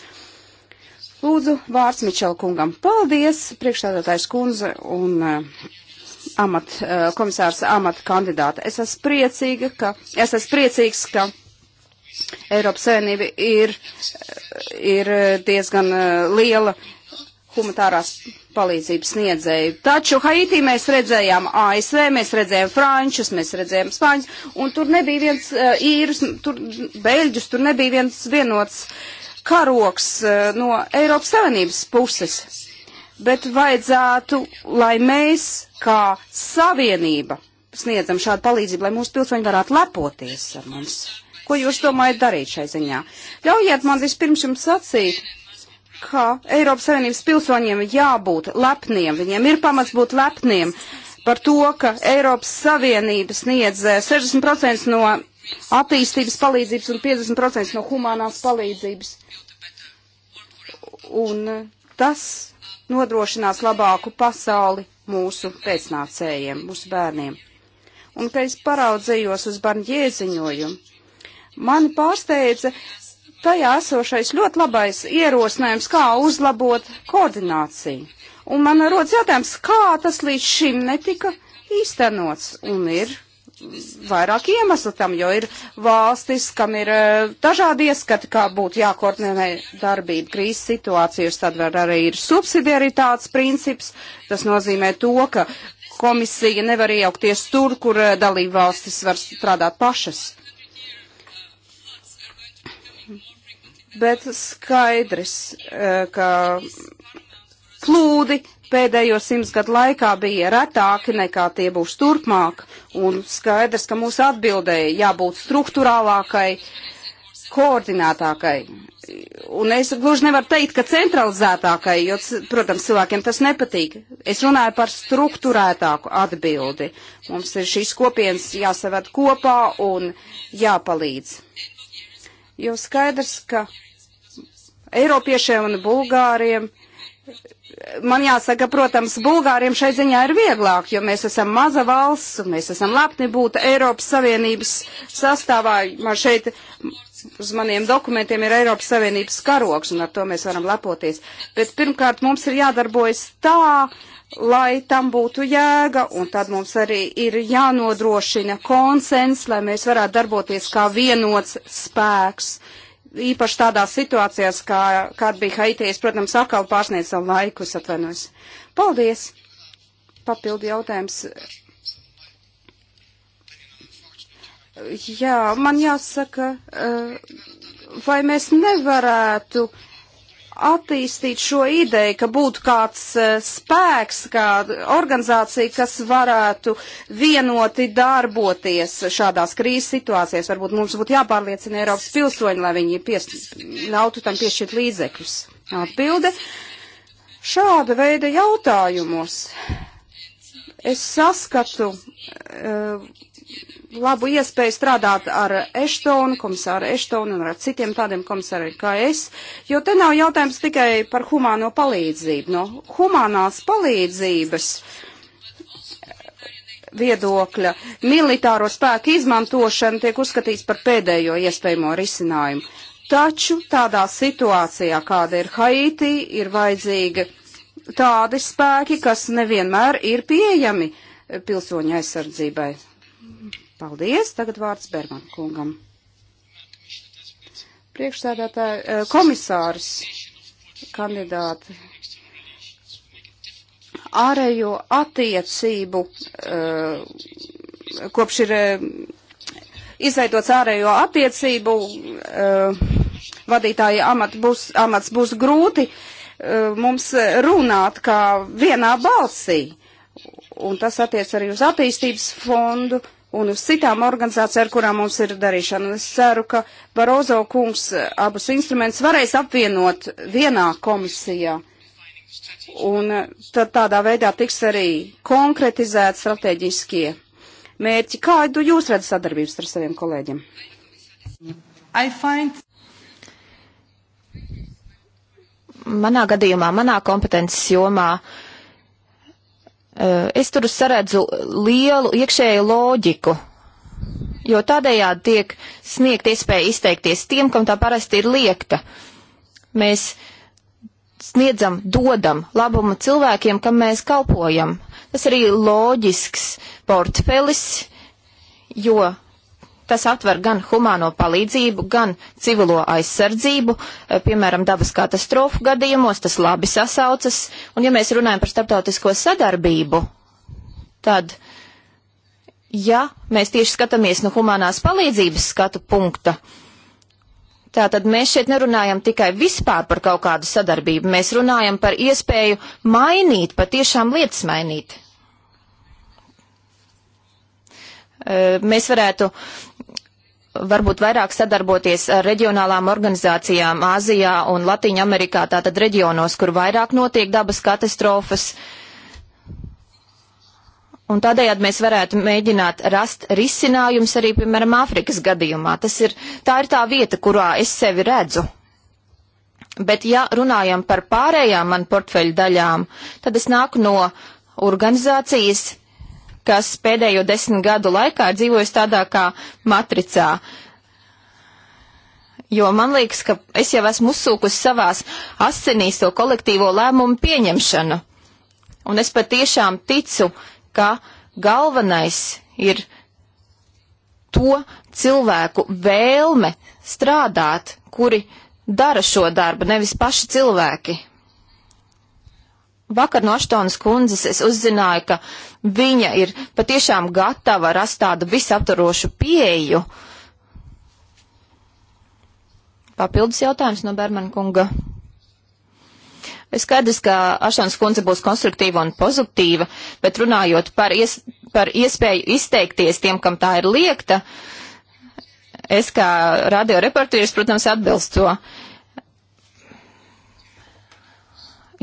Lūdzu, vārds Mičela kungam. Paldies, priekšstādātājs kundze un uh, amat, uh, komisārs amata kandidāta. Es esmu priecīga, ka, es esmu priecīgs, ka Eiropas Savienība ir, ir diezgan uh, liela uh, humanitārās palīdzības sniedzēju. Taču Haitī mēs redzējām ASV, mēs redzējām Frančus, mēs redzējām Spāņus, un tur nebija viens uh, īrus, tur Beļģus, tur nebija viens vienots karoks uh, no Eiropas Savienības puses. Bet vajadzētu, lai mēs kā savienība sniedzam šādu palīdzību, lai mūsu pilsoņi varētu lepoties ar mums. Ko jūs domājat darīt šai ziņā? Ļaujiet man vispirms jums sacīt ka Eiropas Savienības pilsoņiem jābūt lepniem, viņiem ir pamats būt lepniem par to, ka Eiropas Savienība sniedz 60% eh, no attīstības palīdzības un 50% no humanās palīdzības. Un eh, tas nodrošinās labāku pasauli mūsu pēcnācējiem, mūsu bērniem. Un, kad es paraudzījos uz Barņē ziņojumu, mani pārsteidza, tajā esošais ļoti labais ierosinājums, kā uzlabot koordināciju. Un man rodas jautājums, kā tas līdz šim netika īstenots un ir vairāk iemeslu tam, jo ir valstis, kam ir eh, dažādi ieskati, kā būtu jākoordinē darbība krīzes situācijas, tad var arī ir subsidiaritātes princips, tas nozīmē to, ka komisija nevar iejaukties tur, kur eh, dalība valstis var strādāt pašas. bet skaidrs, e, ka plūdi pēdējo simts gadu laikā bija retāki nekā tie būs turpmāk, un skaidrs, ka mūsu atbildēji jābūt struktūrālākai, koordinētākai. Un es gluži nevaru teikt, ka centralizētākai, jo, protams, cilvēkiem tas nepatīk. Es runāju par struktūrētāku atbildi. Mums ir šīs kopienas jāsavad kopā un jāpalīdz jo skaidrs, ka Eiropiešiem un Bulgāriem, man jāsaka, protams, Bulgāriem šai ziņā ir vieglāk, jo mēs esam maza valsts, mēs esam lepni būt Eiropas Savienības sastāvā. Man šeit uz maniem dokumentiem ir Eiropas Savienības karoks, un ar to mēs varam lepoties. Bet pirmkārt mums ir jādarbojas tā, lai tam būtu jēga, un tad mums arī ir jānodrošina konsens, lai mēs varētu darboties kā vienots spēks. Īpaši tādās situācijās, kā, kāda bija Haitijas, protams, atkal pārsniedz savu laiku, atvainojos. Paldies! Papildi jautājums Jā, man jāsaka, eh, vai mēs nevarētu attīstīt šo ideju, ka būtu kāds eh, spēks, kāda organizācija, kas varētu vienoti darboties šādās krīzes situācijās. Varbūt mums būtu jāpārliecina Eiropas pilsoņi, lai viņi pies, ļautu tam piešķirt līdzekļus. Atbilde šāda veida jautājumos. Es saskatu uh, labu iespēju strādāt ar Eštonu, komisāru Eštonu un ar citiem tādiem komisāriem kā es, jo te nav jautājums tikai par humāno palīdzību. No humānās palīdzības viedokļa militāro spēku izmantošana tiek uzskatīts par pēdējo iespējamo risinājumu. Taču tādā situācijā, kāda ir Haiti, ir vajadzīga tādi spēki, kas nevienmēr ir pieejami pilsoņu aizsardzībai. Paldies, tagad vārds Berman kungam. Priekšsēdētāji, eh, komisārs, kandidāti, ārējo attiecību, eh, kopš ir eh, izveidots ārējo attiecību, vadītāja amat būs, amats būs grūti mums runāt kā vienā balsī. Un tas attiec arī uz attīstības fondu un uz citām organizācijām, ar kurām mums ir darīšana. Es ceru, ka Barozo kungs eh, abus instrumentus varēs apvienot vienā komisijā. Un eh, tad tādā veidā tiks arī konkretizēt strateģiskie mērķi. Kādu jūs redzat sadarbības ar saviem kolēģiem? Find... Manā gadījumā, manā kompetences jomā. Uh, Eh, es tur saredzu lielu iekšēju loģiku, jo tādējādi tiek sniegt iespēja izteikties tiem, kam tā parasti ir liekta. Mēs sniedzam, dodam labumu cilvēkiem, kam mēs kalpojam. Tas arī loģisks portfelis, jo Tas atver gan humāno palīdzību, gan civilo aizsardzību, e, piemēram, dabas katastrofu gadījumos, tas labi sasaucas. Un ja mēs runājam par starptautisko sadarbību, tad, ja mēs tieši skatāmies no humanās palīdzības skatu punkta, Tātad mēs šeit nerunājam tikai vispār par kaut kādu sadarbību, mēs runājam par iespēju mainīt, patiešām lietas mainīt. E, mēs varētu varbūt vairāk sadarboties ar reģionālām organizācijām Āzijā un Latīņa Amerikā, tātad reģionos, kur vairāk notiek dabas katastrofas. Un tādējādi mēs varētu mēģināt rast risinājums arī, piemēram, Āfrikas gadījumā. Tas ir, tā ir tā vieta, kurā es sevi redzu. Bet ja runājam par pārējām man portfeļu daļām, tad es nāku no organizācijas, kas pēdējo desmit gadu laikā ir dzīvojis tādā kā matricā. Jo man liekas, ka es jau esmu uzsūkusi savās asinīs to kolektīvo lēmumu pieņemšanu. Un es patiešām ticu, ka galvenais ir to cilvēku vēlme strādāt, kuri dara šo darbu, nevis paši cilvēki. Vakar no Aštonas kundzes es uzzināju, ka viņa ir patiešām gatava rast tādu visaptarošu pieeju. Papildus jautājums no Bermana kunga. Es skaidrs, ka Ašans kundze būs konstruktīva un pozitīva, bet runājot par, ies, par iespēju izteikties tiem, kam tā ir liekta, es kā radioreportieris, protams, atbilstu to.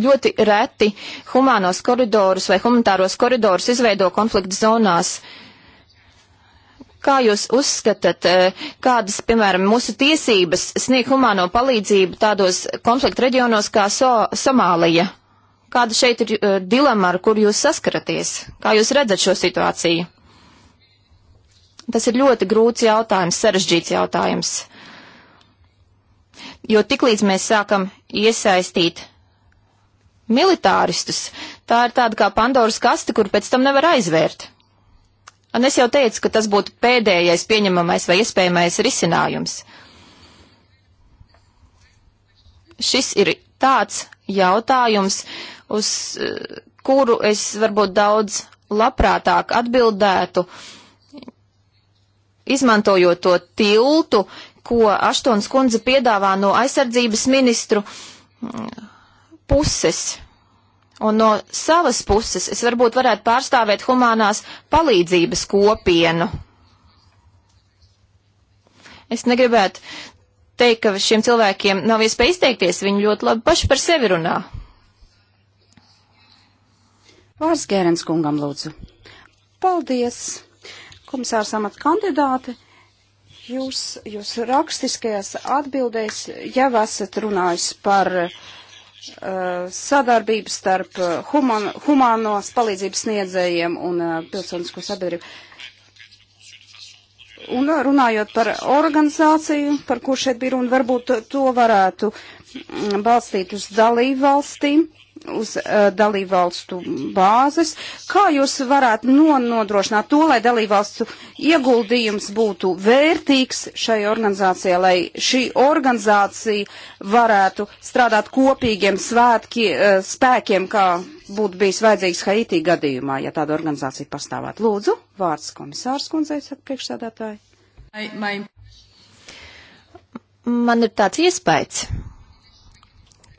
ļoti reti humānos koridorus vai humanitāros koridorus izveido konflikta zonās. Kā jūs uzskatāt, e, kādas, piemēram, mūsu tiesības sniegt humāno palīdzību tādos konflikta reģionos kā so Somālija? Kāda šeit ir uh, e, dilema, ar kur jūs saskaraties? Kā jūs redzat šo situāciju? Tas ir ļoti grūts jautājums, sarežģīts jautājums. Jo tiklīdz mēs sākam iesaistīt militāristus. Tā ir tāda kā Pandoras kaste, kur pēc tam nevar aizvērt. Un es jau teicu, ka tas būtu pēdējais pieņemamais vai iespējamais risinājums. Šis ir tāds jautājums, uz eh, kuru es varbūt daudz labprātāk atbildētu, izmantojot to tiltu, ko Aštons kundze piedāvā no aizsardzības ministru puses. Un no savas puses es varbūt varētu pārstāvēt humanās palīdzības kopienu. Es negribētu teikt, ka šiem cilvēkiem nav iespēja izteikties, viņi ļoti labi paši par sevi runā. Vārds Gērens kungam lūdzu. Paldies, komisārs amata kandidāte. Jūs, jūs rakstiskajās atbildēs jau esat runājis par uh, Uh, sadarbību starp uh, human, humānos palīdzības sniedzējiem un uh, pilsonisko sabiedrību. Un runājot par organizāciju, par kur šeit bija runa, varbūt to varētu mm, balstīt uz dalību valstīm. Uh, uz uh, dalībvalstu bāzes. Kā jūs varētu no, nodrošināt to, lai dalībvalstu ieguldījums būtu vērtīgs šai organizācijai, lai šī organizācija varētu strādāt kopīgiem svētki, uh, spēkiem, kā būtu bijis vajadzīgs Haitī gadījumā, ja tāda organizācija pastāvētu? Lūdzu, vārds komisārs kundzei, saka priekšsēdētāji. Man ir tāds iespējas,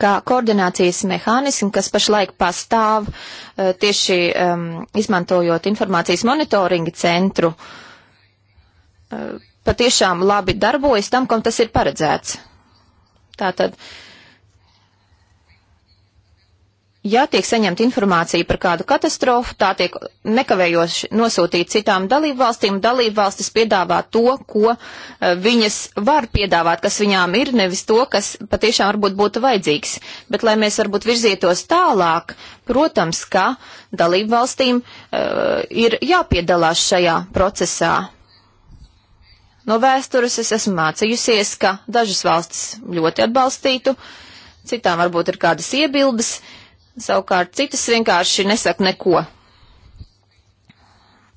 kā koordinācijas mehānismu, kas pašlaik pastāv e, tieši um, izmantojot informācijas monitoringa centru, e, patiešām labi darbojas tam, kam tas ir paredzēts. Tātad Ja tiek saņemta informācija par kādu katastrofu, tā tiek nekavējoši nosūtīta citām dalībvalstīm. Dalībvalstis piedāvā to, ko eh, viņas var piedāvāt, kas viņām ir, nevis to, kas patiešām varbūt būtu vajadzīgs. Bet, lai mēs varbūt virzītos tālāk, protams, ka dalībvalstīm uh, ir jāpiedalās šajā procesā. No vēstures es esmu mācījusies, ka dažas valstis ļoti atbalstītu, citām varbūt ir kādas iebildes. Uh, Savukārt citas vienkārši nesaka neko.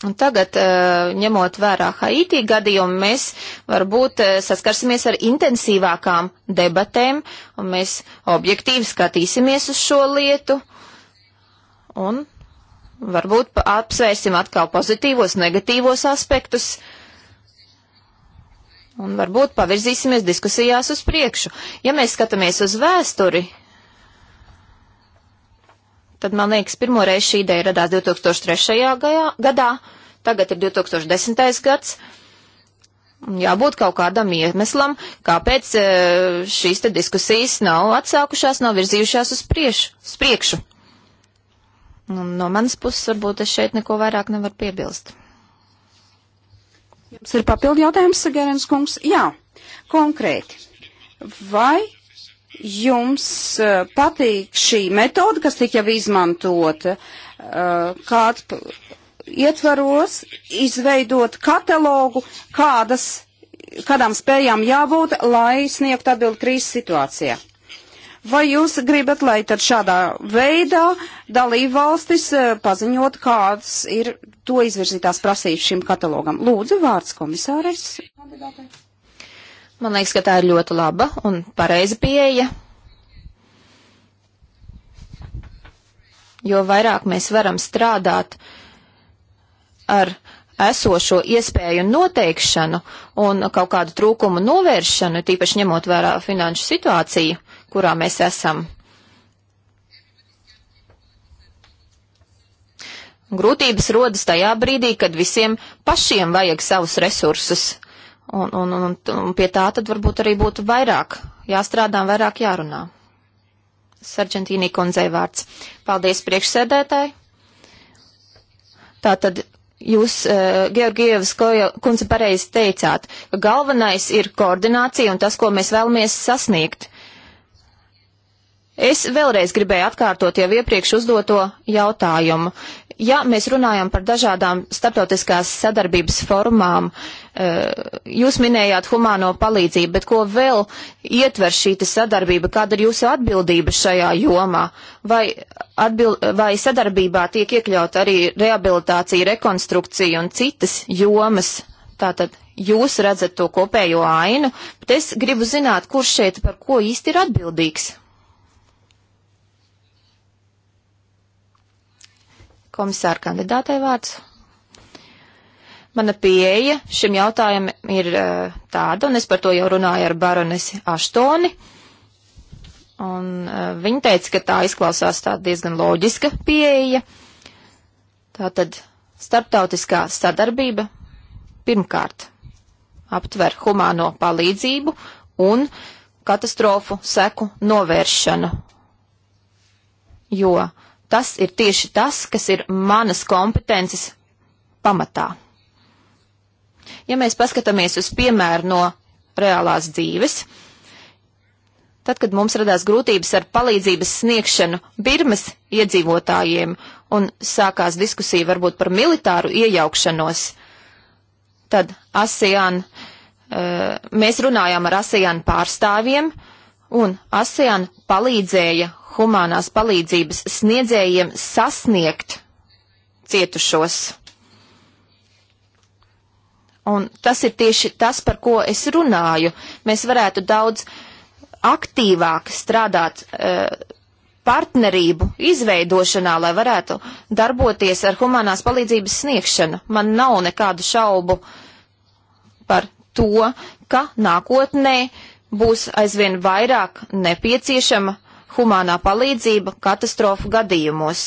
Un tagad, eh, ņemot vērā Haiti gadījumu, mēs varbūt eh, saskarsimies ar intensīvākām debatēm, un mēs objektīvi skatīsimies uz šo lietu, un varbūt apsvērsim atkal pozitīvos, negatīvos aspektus, un varbūt pavirzīsimies diskusijās uz priekšu. Ja mēs skatāmies uz vēsturi, tad, man liekas, pirmo reizi šī ideja radās 2003. Gajā, gadā, tagad ir 2010. gads. Jābūt kaut kādam iemeslam, kāpēc e, šīs te diskusijas nav atsākušās, nav virzījušās uz priekšu. Uz priekšu. Un nu, no manas puses varbūt es šeit neko vairāk nevaru piebilst. Jums ir papildu jautājums, Sagerens kungs? Jā, konkrēti. Vai jums eh, patīk šī metode, kas tika jau izmantota, eh, kāda ietvaros izveidot katalogu, kādas, kādām spējām jābūt, lai sniegtu atbildi krīzes situācijā. Vai jūs gribat, lai tad šādā veidā dalībvalstis eh, paziņot, kādas ir to izvirzītās prasības šim katalogam? Lūdzu, vārds komisārais. Kandidātai. Man liekas, ka tā ir ļoti laba un pareiza pieeja. Jo vairāk mēs varam strādāt ar esošo iespēju noteikšanu un kaut kādu trūkumu novēršanu, tīpaši ņemot vērā finanšu situāciju, kurā mēs esam. Grūtības rodas tajā brīdī, kad visiem pašiem vajag savus resursus Un, un, un, un pie tā tad varbūt arī būtu vairāk jāstrādā un vairāk jārunā. Sargentīnī kundzei vārds. Paldies priekšsēdētāji. Tātad jūs, uh, Georgievas kundze, pareizi teicāt, ka galvenais ir koordinācija un tas, ko mēs vēlamies sasniegt. Es vēlreiz gribēju atkārtot jau iepriekš uzdoto jautājumu. Ja mēs runājam par dažādām starptautiskās sadarbības formām, uh, Eh, jūs minējāt humāno palīdzību, bet ko vēl ietver šī sadarbība? Kāda ir jūsu atbildība šajā jomā? Vai, atbild, vai sadarbībā tiek iekļaut arī rehabilitācija, rekonstrukcija un citas jomas? Tātad jūs redzat to kopējo ainu, bet es gribu zināt, kurš šeit par ko īsti ir atbildīgs. Komisāra kandidātei vārds. Mana pieeja šim jautājumam ir uh, tāda, un es par to jau runāju ar baronesi Aštoni. Un uh, viņa teica, ka tā izklausās tā diezgan loģiska pieeja. Tātad starptautiskā sadarbība pirmkārt aptver humāno palīdzību un katastrofu seku novēršanu. Jo tas ir tieši tas, kas ir manas kompetences pamatā. Ja mēs paskatāmies uz piemēru no reālās dzīves, tad, kad mums radās grūtības ar palīdzības sniegšanu Birmas iedzīvotājiem un sākās diskusija varbūt par militāru iejaukšanos, tad ASEAN, eh, mēs runājām ar ASEAN pārstāvjiem, un ASEAN palīdzēja humanās palīdzības sniedzējiem sasniegt cietušos. Un tas ir tieši tas, par ko es runāju. Mēs varētu daudz aktīvāk strādāt e, partnerību izveidošanā, lai varētu darboties ar humanās palīdzības sniegšanu. Man nav nekādu šaubu par to, ka nākotnē būs aizvien vairāk nepieciešama humanā palīdzība katastrofu gadījumos.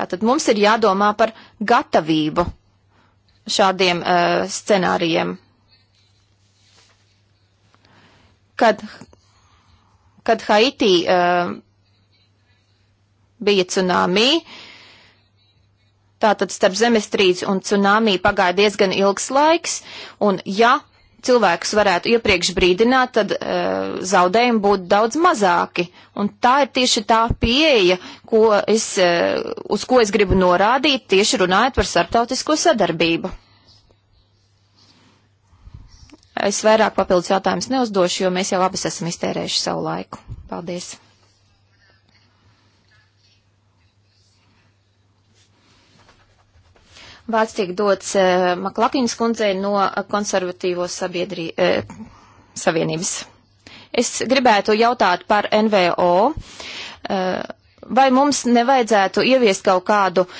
Tātad mums ir jādomā par gatavību šādiem uh, scenārijiem. Kad, kad Haiti uh, bija tsunami, tātad starp zemestrīci un tsunami pagāja diezgan ilgs laiks, un ja cilvēkus varētu iepriekš brīdināt, tad uh, zaudējumi būtu daudz mazāki. Un tā ir tieši tā pieeja, ko es, uh, uz ko es gribu norādīt, tieši runājot par starptautisko sadarbību. Es vairāk papildus jautājumus neuzdošu, jo mēs jau abas esam iztērējuši savu laiku. Paldies! Vārds tiek dots uh, eh, Maklapīnas kundzei no konservatīvo sabiedrī, uh, savienības. Es gribētu jautāt par NVO. Uh, eh, vai mums nevajadzētu ieviest kaut kādu uh,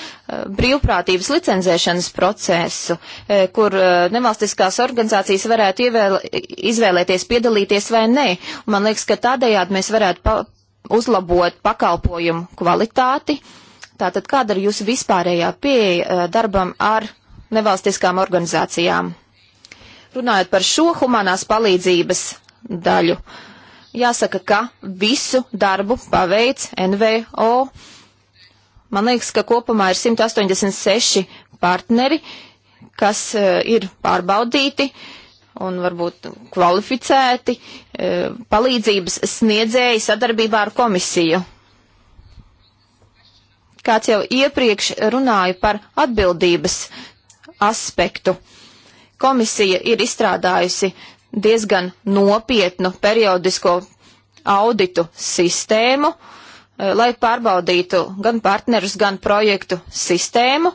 brīvprātības licenzēšanas procesu, uh, kur uh, nevalstiskās organizācijas varētu ievēl, izvēlēties piedalīties vai nē? Un man liekas, ka tādējādi mēs varētu pa uzlabot pakalpojumu kvalitāti. Uh, Tātad, kāda ir jūsu vispārējā pieeja uh, darbam ar nevalstiskām organizācijām? Runājot par šo humanās palīdzības daļu, jāsaka, ka visu darbu paveic NVO. Man liekas, ka kopumā ir 186 partneri, kas uh, ir pārbaudīti un varbūt kvalificēti uh, palīdzības sniedzēji sadarbībā ar komisiju. Kāds jau iepriekš runāja par atbildības aspektu. Komisija ir izstrādājusi diezgan nopietnu periodisko auditu sistēmu, eh, lai pārbaudītu gan partnerus, gan projektu sistēmu,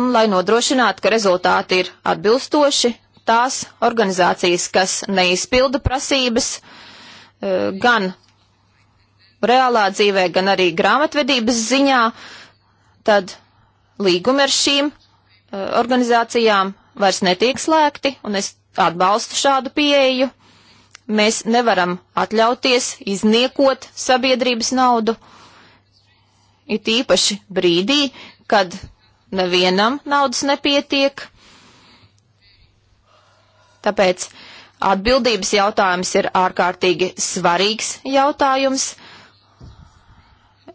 un lai nodrošinātu, ka rezultāti ir atbilstoši tās organizācijas, kas neizpilda prasības, eh, gan reālā dzīvē, gan arī grāmatvedības ziņā, tad līgumi ar šīm eh, organizācijām vairs netiek slēgti, un es atbalstu šādu pieeju. Mēs nevaram atļauties izniekot sabiedrības naudu, it īpaši brīdī, kad nevienam naudas nepietiek. Tāpēc atbildības jautājums ir ārkārtīgi svarīgs jautājums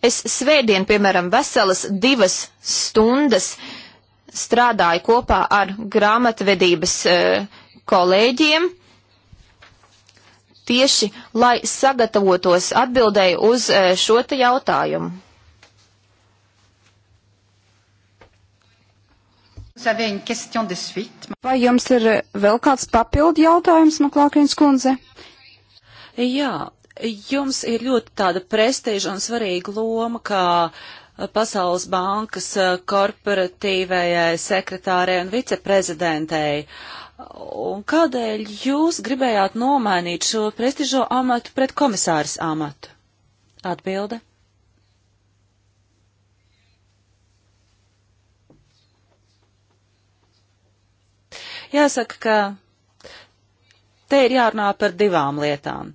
Es svētdien, piemēram, veselas divas stundas strādāju kopā ar grāmatvedības e, kolēģiem, tieši lai sagatavotos atbildēju uz e, šo te jautājumu. Vai jums ir e, vēl kāds papildu jautājums, Maklākins kundze? Jā, jums ir ļoti tāda prestiža un svarīga loma, kā eh, Pasaules bankas eh, korporatīvajai sekretārei un viceprezidentei. Un kādēļ jūs gribējāt nomainīt šo prestižo amatu pret komisāras amatu? Atbilde. Jāsaka, ka te ir jārunā par divām lietām.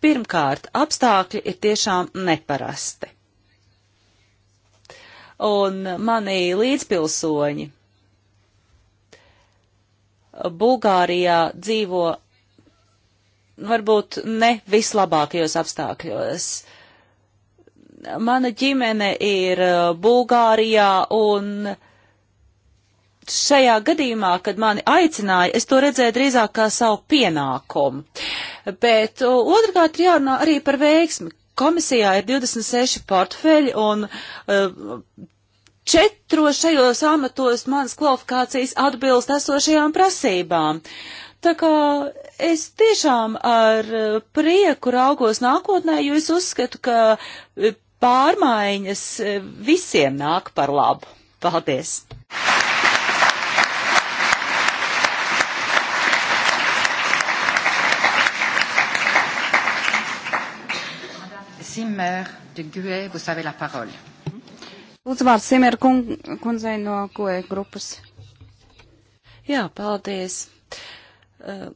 Pirmkārt, apstākļi ir tiešām neparasti. Un mani līdzpilsoņi Bulgārijā dzīvo varbūt ne vislabākajos apstākļos. Mana ģimene ir uh, Bulgārijā un uh, šajā gadījumā, kad mani aicināja, es to redzēju drīzāk kā savu pienākumu. Bet otrkārt ir jārunā arī par veiksmi. Komisijā ir 26 portfeļi un uh, e, četros šajos amatos manas kvalifikācijas atbilst esošajām prasībām. Tā kā es tiešām ar e, prieku raugos nākotnē, jo es uzskatu, ka e, pārmaiņas visiem nāk par labu. Paldies! Zimmer de GUE, vous avez la parole. Lūdzu vārds Simmer kung, kundzei no GUE grupas. Jā, paldies. Uh,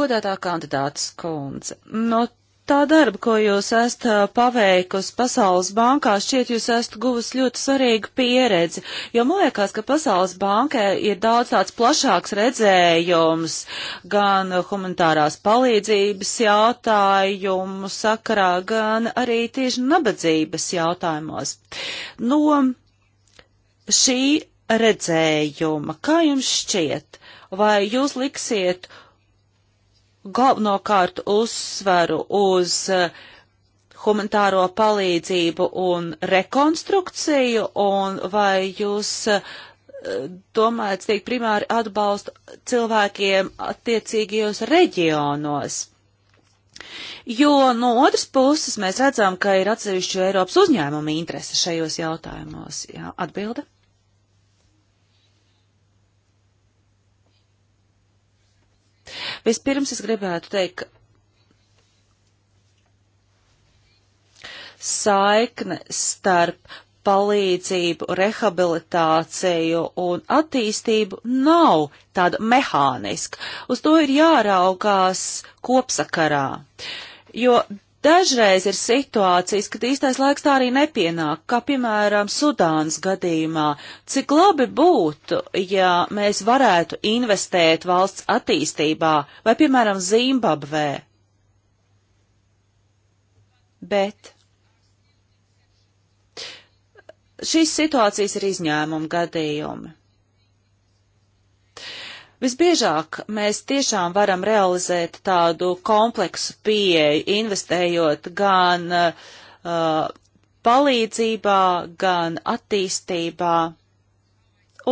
Godātā kandidātas kundze, no Tā darba, ko jūs esat paveikusi Pasaules bankā, šķiet jūs esat guvusi ļoti svarīgu pieredzi, jo man liekas, ka Pasaules bankē ir daudz tāds plašāks redzējums gan humanitārās palīdzības jautājumu sakarā, gan arī tieši nabadzības jautājumos. No šī redzējuma, kā jums šķiet, vai jūs liksiet galvenokārt uzsveru uz eh, humanitāro palīdzību un rekonstrukciju, un vai jūs eh, domājat, tiek primāri atbalstu cilvēkiem attiecīgajos reģionos? Jo no otras puses mēs redzam, ka ir atsevišķu Eiropas uzņēmumu interese šajos jautājumos. Jā, atbilde? Vispirms es gribētu teikt, ka saikne starp palīdzību, rehabilitāciju un attīstību nav tāda mehāniska. Uz to ir jāraugās kopsakarā. Jo Dažreiz ir situācijas, kad īstais laiks tā arī nepienāk, kā piemēram Sudānas gadījumā. Cik labi būtu, ja mēs varētu investēt valsts attīstībā vai piemēram Zimbabvē. Bet šīs situācijas ir izņēmuma gadījumi. Visbiežāk mēs tiešām varam realizēt tādu kompleksu pieeju, investējot gan uh, palīdzībā, gan attīstībā.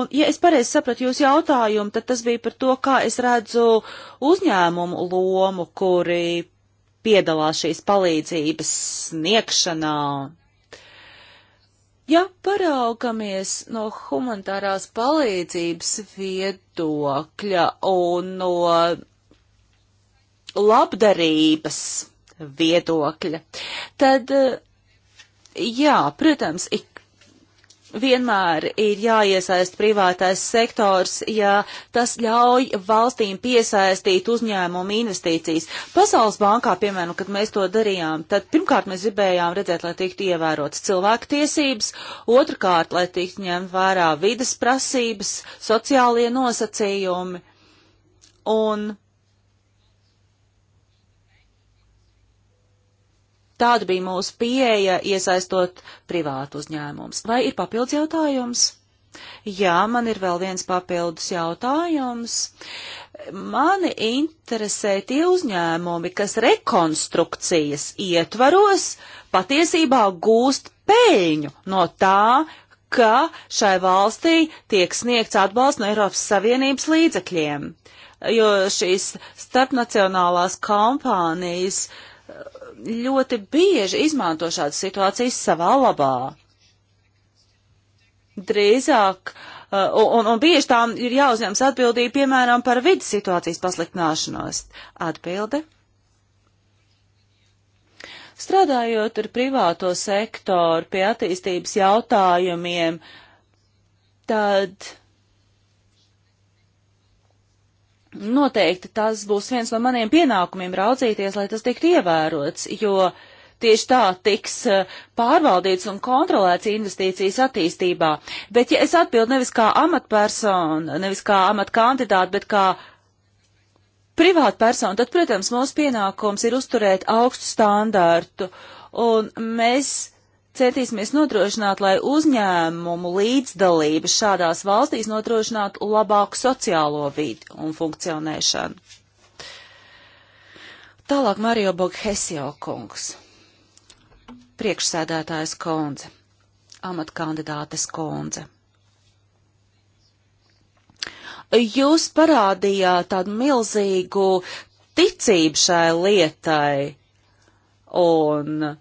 Un, ja es pareizi sapratu jūsu jautājumu, tad tas bija par to, kā es redzu uzņēmumu lomu, kuri piedalās šīs palīdzības sniegšanā Ja paraugamies no humanitārās palīdzības viedokļa un no labdarības viedokļa, tad, eh, jā, protams, ik vienmēr ir jāiesaist privātais sektors, ja tas ļauj valstīm piesaistīt uzņēmumu investīcijas. Pasaules bankā, piemēram, kad mēs to darījām, tad pirmkārt mēs gribējām redzēt, lai tiktu ievērotas cilvēku tiesības, otrkārt, lai tiktu ņemt vērā vidas prasības, sociālie nosacījumi. Un Tāda bija mūsu pieeja, iesaistot privātu uzņēmumus. Vai ir papildus jautājums? Jā, man ir vēl viens papildus jautājums. Mani interesē tie uzņēmumi, kas rekonstrukcijas ietvaros patiesībā gūst peļņu no tā, ka šai valstī tiek sniegts atbalsts no Eiropas Savienības līdzekļiem, jo šīs starpnacionālās kompānijas uh, ļoti bieži izmanto šādas situācijas savā labā. Drīzāk, uh, un, un, un bieži tām ir jāuzņems atbildība, piemēram, par vidas situācijas pasliktināšanos. Atbilde. Strādājot ar privāto sektoru pie attīstības jautājumiem, tad noteikti tas būs viens no maniem pienākumiem raudzīties, lai tas tiktu ievērots, jo tieši tā tiks eh, pārvaldīts un kontrolēts investīcijas attīstībā. Bet ja es atbildu nevis kā amatpersona, nevis kā amatkandidāta, bet kā privātpersona, tad, protams, mūsu pienākums ir uzturēt augstu standārtu. Un mēs centīsimies nodrošināt, lai uzņēmumu līdzdalība šādās valstīs nodrošinātu labāku sociālo vidi un funkcionēšanu. Tālāk Mario Boghesio kungs, priekšsēdētājs kundze, amatkandidātes kundze. Jūs parādījāt tādu milzīgu ticību šai lietai un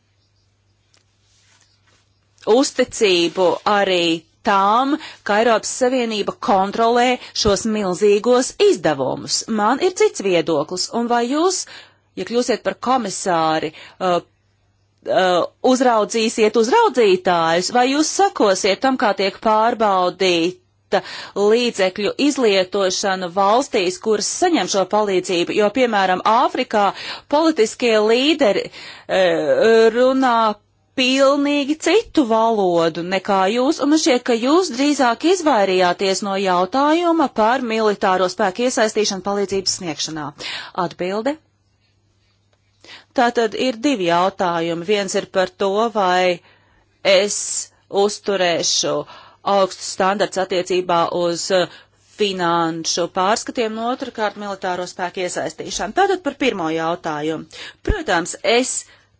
uzticību arī tām, ka Eiropas Savienība kontrolē šos milzīgos izdevumus. Man ir cits viedoklis, un vai jūs, ja kļūsiet par komisāri, uh, uh, uzraudzīsiet uzraudzītājus, vai jūs sakosiet tam, kā tiek pārbaudīt līdzekļu izlietošana valstīs, kuras saņem šo palīdzību, jo, piemēram, Āfrikā politiskie līderi e, uh, runā pilnīgi citu valodu nekā jūs, un man šķiet, ka jūs drīzāk izvairījāties no jautājuma par militāro spēku iesaistīšanu palīdzības sniegšanā. Atbilde. Tātad ir divi jautājumi. Viens ir par to, vai es uzturēšu augstus standarts attiecībā uz uh, finanšu pārskatiem, no otrkārt militāro spēku iesaistīšanu. Tātad par pirmo jautājumu. Protams, es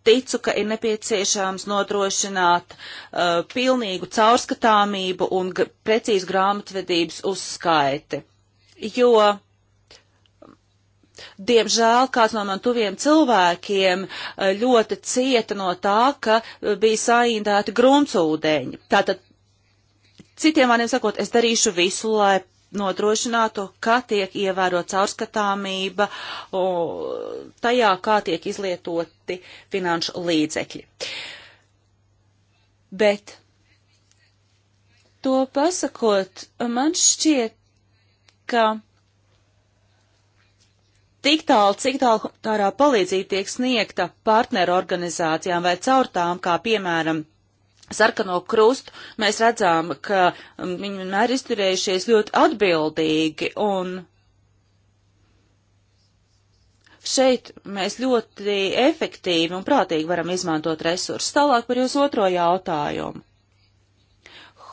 ticu, ka ir nepieciešams nodrošināt uh, pilnīgu caurskatāmību un precīzu grāmatvedības uzskaiti. Jo Diemžēl kāds no man tuviem cilvēkiem uh, ļoti cieta no tā, ka uh, bija saindēti gruntsūdeņi. Tātad, citiem vārdiem sakot, es darīšu visu, lai nodrošinātu, ka tiek ievērot caurskatāmība tajā, kā tiek izlietoti finanšu līdzekļi. Bet to pasakot, man šķiet, ka tik tālu, cik tālu tārā palīdzība tiek sniegta partneru organizācijām vai caur tām, kā piemēram sarkano krustu, mēs redzām, ka um, viņi vienmēr izturējušies ļoti atbildīgi un šeit mēs ļoti efektīvi un prātīgi varam izmantot resursus. Tālāk par jūsu otro jautājumu.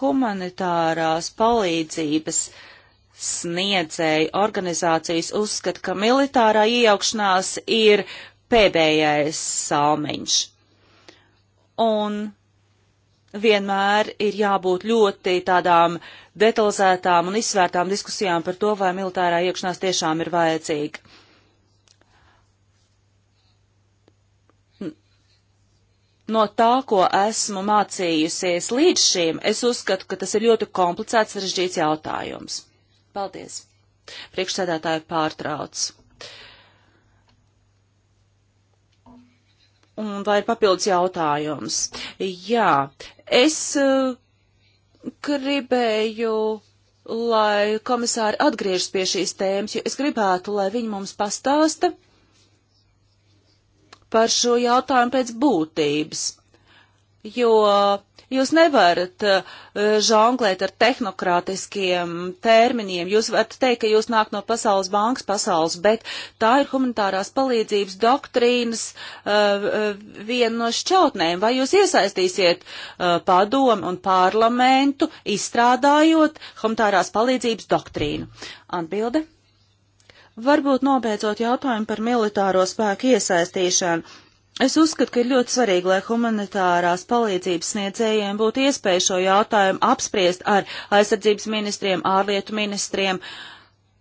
Humanitārās palīdzības sniedzēju organizācijas uzskata, ka militārā iejaukšanās ir pēdējais salmiņš. Un vienmēr ir jābūt ļoti tādām detalizētām un izsvērtām diskusijām par to, vai militārā iekšanās tiešām ir vajadzīga. No tā, ko esmu mācījusies līdz šim, es uzskatu, ka tas ir ļoti komplicēts, sarežģīts jautājums. Paldies! Priekšsēdētāji pārtrauc. Un vai ir papildus jautājums? Jā, es eh, gribēju, lai komisāri atgriežas pie šīs tēmas, jo es gribētu, lai viņi mums pastāsta par šo jautājumu pēc būtības. Jo Jūs nevarat eh, žonglēt ar tehnokrātiskiem terminiem. Jūs varat teikt, ka jūs nāk no Pasaules bankas pasaules, bet tā ir humanitārās palīdzības doktrīnas eh, eh, viena no šķautnēm. Vai jūs iesaistīsiet padomu un parlamentu, izstrādājot humanitārās palīdzības doktrīnu? Atbilde. Varbūt nobeidzot jautājumu par militāro spēku iesaistīšanu. Es uzskatu, ka ir ļoti svarīgi, lai humanitārās palīdzības sniedzējiem būtu iespēja šo jautājumu apspriest ar aizsardzības ministriem, ārlietu ministriem,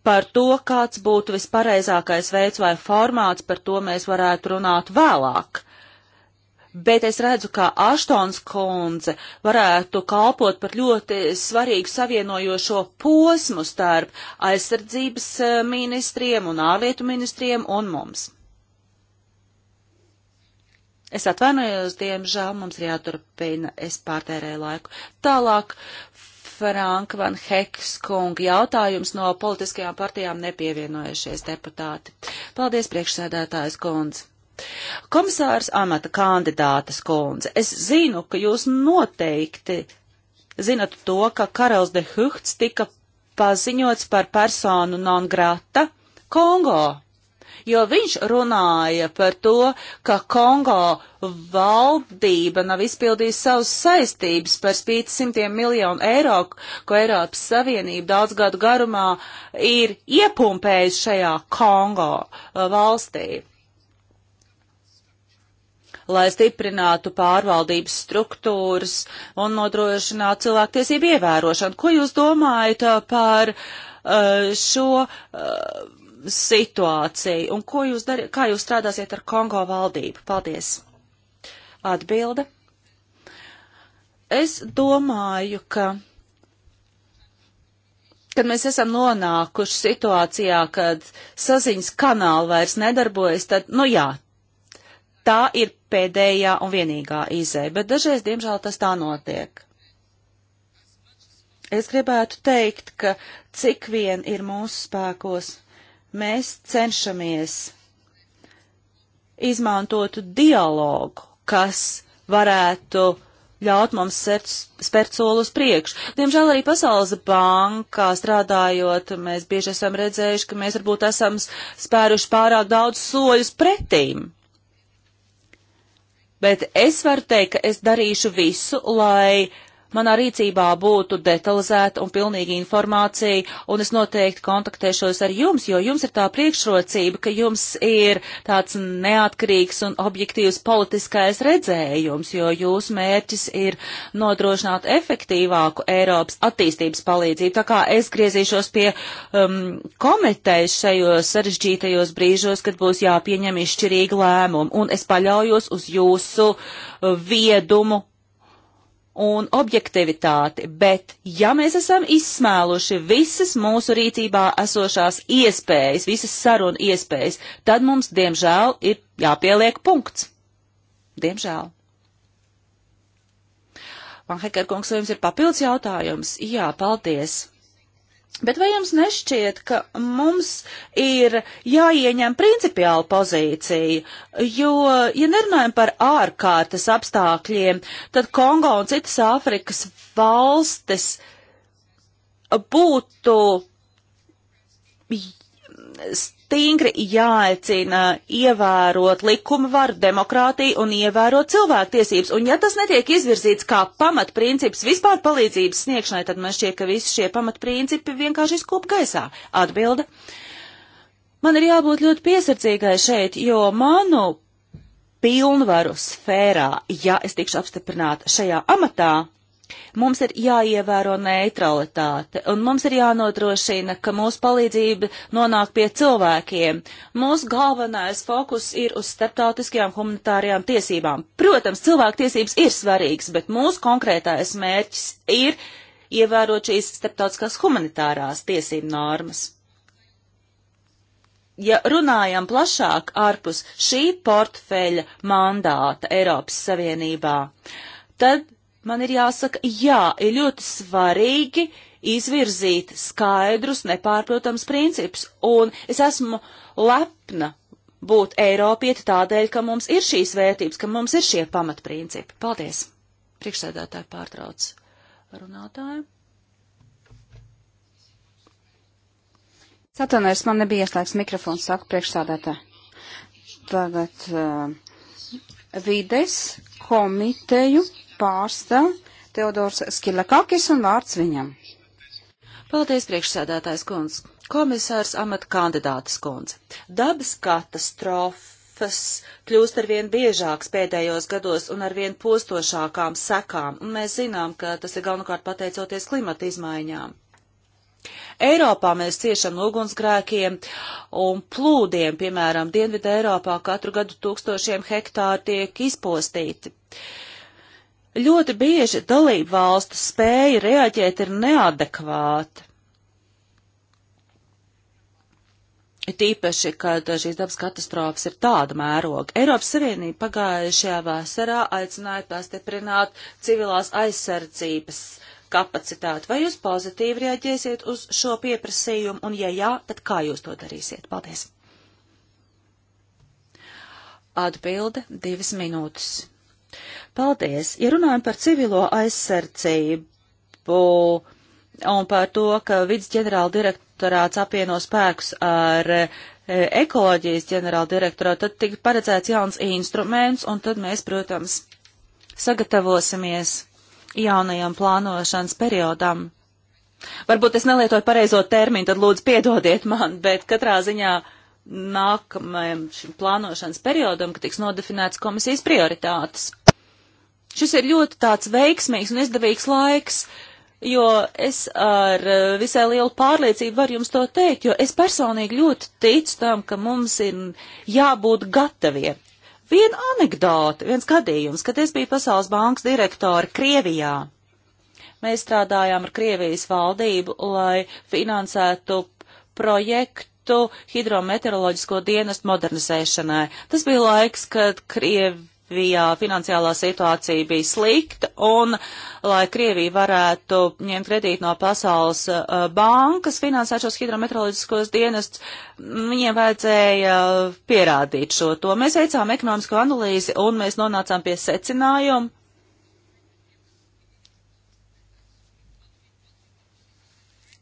par to, kāds būtu vispareizākais veids vai formāts, par to mēs varētu runāt vēlāk. Bet es redzu, ka Aštons kundze varētu kalpot par ļoti svarīgu savienojošo posmu starp aizsardzības eh, ministriem un ārlietu ministriem un mums. Es atvainojos, diemžēl mums ir jāturpina, es pārtērēju laiku. Tālāk, Franka Van Hekskunga jautājums no politiskajām partijām nepievienojušies deputāti. Paldies, priekšsēdētājs kundze. Komisārs amata kandidātas kundze, es zinu, ka jūs noteikti zinat to, ka Karels de Huhts tika paziņots par personu non grata Kongo jo viņš runāja par to, ka Kongo valdība nav izpildījusi savus saistības par spīti simtiem miljonu eiro, ko Eiropas Savienība daudz gadu garumā ir iepumpējusi šajā Kongo uh, valstī lai stiprinātu pārvaldības struktūras un nodrošinātu cilvēktiesību ievērošanu. Ko jūs domājat uh, par uh, šo uh, situāciju un ko jūs dar, kā jūs strādāsiet ar Kongo valdību? Paldies! Atbilde. Es domāju, ka kad mēs esam nonākuši situācijā, kad saziņas kanāli vairs nedarbojas, tad, nu jā, tā ir pēdējā un vienīgā izēja, bet dažreiz, diemžēl, tas tā notiek. Es gribētu teikt, ka cik vien ir mūsu spēkos mēs cenšamies izmantot dialogu, kas varētu ļaut mums spērt soli uz priekšu. Diemžēl arī Pasaules bankā strādājot, mēs bieži esam redzējuši, ka mēs varbūt esam spēruši pārāk daudz soļus pretīm. Bet es varu teikt, ka es darīšu visu, lai uh, manā rīcībā būtu detalizēta un pilnīga informācija, un es noteikti kontaktēšos ar jums, jo jums ir tā priekšrocība, ka jums ir tāds neatkarīgs un objektīvs politiskais redzējums, jo jūsu mērķis ir nodrošināt efektīvāku Eiropas attīstības palīdzību. Tā kā es griezīšos pie um, komitejas šajos sarežģītajos brīžos, kad būs jāpieņem izšķirīgi lēmumi, un es paļaujos uz jūsu uh, viedumu un objektivitāti, bet ja mēs esam izsmēluši visas mūsu rīcībā esošās iespējas, visas sarunu iespējas, tad mums, diemžēl, ir jāpieliek punkts. Diemžēl. Man Hekar kungs, vai jums ir papildus jautājums? Jā, paldies. Bet vai jums nešķiet, ka mums ir jāieņem principiāla pozīcija, jo, ja nerunājam par ārkārtas apstākļiem, tad Kongo un citas Āfrikas valstis būtu stingri jāaicina ievērot likuma varu demokrātiju un ievērot cilvēktiesības. Un ja tas netiek izvirzīts kā pamatprincips vispār palīdzības sniegšanai, tad man šķiet, ka visi šie pamatprincipi vienkārši izkop gaisā. Atbilde. Man ir jābūt ļoti piesardzīgai šeit, jo manu pilnvaru sfērā, ja es tikšu apstiprināta šajā amatā, Mums ir jāievēro neutralitāte, un mums ir jānodrošina, ka mūsu palīdzība nonāk pie cilvēkiem. Mūsu galvenais fokus ir uz starptautiskajām humanitārajām tiesībām. Protams, cilvēktiesības ir svarīgas, bet mūsu konkrētais mērķis ir ievērot šīs starptautiskās humanitārās tiesību normas. Ja runājam plašāk ārpus šī portfeļa mandāta Eiropas Savienībā, tad man ir jāsaka, jā, ir ļoti svarīgi izvirzīt skaidrus, nepārprotams principus, un es esmu lepna būt Eiropieti tādēļ, ka mums ir šīs vērtības, ka mums ir šie pamatprincipi. Paldies! Priekšsēdētāji pārtrauc runātāju. Satanērs, man nebija ieslēgts mikrofons, saka priekšsādātāji. Tagad uh, vides komiteju pārstāv Teodors Skilakakis un vārds viņam. Paldies, priekšsēdētājs kundz, komisārs amata kandidātas kundz. Dabas katastrofas kļūst arvien biežāks pēdējos gados un arvien postošākām sekām, un mēs zinām, ka tas ir galvenokārt pateicoties klimata izmaiņām. Eiropā mēs ciešam no ugunsgrēkiem un plūdiem, piemēram, Dienvidē Eiropā katru gadu tūkstošiem hektāru tiek izpostīti. Uh, Ļoti bieži dalību valstu spēja reaģēt ir neadekvāta. Tīpaši, kad šīs dabas katastrofas ir tāda mēroga. Eiropas Savienība pagājušajā vasarā aicināja pastiprināt civilās aizsardzības kapacitāti. Vai jūs pozitīvi reaģēsiet uz šo pieprasījumu, un ja jā, tad kā jūs to darīsiet? Paldies! Atbilde divas minūtes. Paldies! Ja runājam par civilo aizsardzību un par to, ka vidas ģenerāla direktorāts apvieno spēkus ar e, ekoloģijas ģenerāla direktorātu, tad tika paredzēts jauns instruments, un tad mēs, protams, sagatavosimies jaunajam plānošanas periodam. Varbūt es nelietoju pareizo terminu, tad lūdzu piedodiet man, bet katrā ziņā nākamajam plānošanas periodam, kad tiks nodefinēts komisijas prioritātes. Šis ir ļoti tāds veiksmīgs un izdevīgs laiks, jo es ar eh, visai lielu pārliecību varu jums to teikt, jo es personīgi ļoti ticu tam, ka mums ir jābūt gataviem. Viena anekdote, viens gadījums, kad es biju Pasaules bankas direktori Krievijā. Mēs strādājām ar Krievijas valdību, lai finansētu projektu hidrometeoroloģisko dienestu modernizēšanai. Tas bija laiks, kad Krievi Krievijā finansiālā situācija bija slikta un, lai Krievija varētu ņemt kredīt no pasaules uh, bankas, finansēt šos hidrometroloģiskos dienestus, viņiem vajadzēja pierādīt šo to. Mēs veicām ekonomisko analīzi un mēs nonācām pie secinājumu.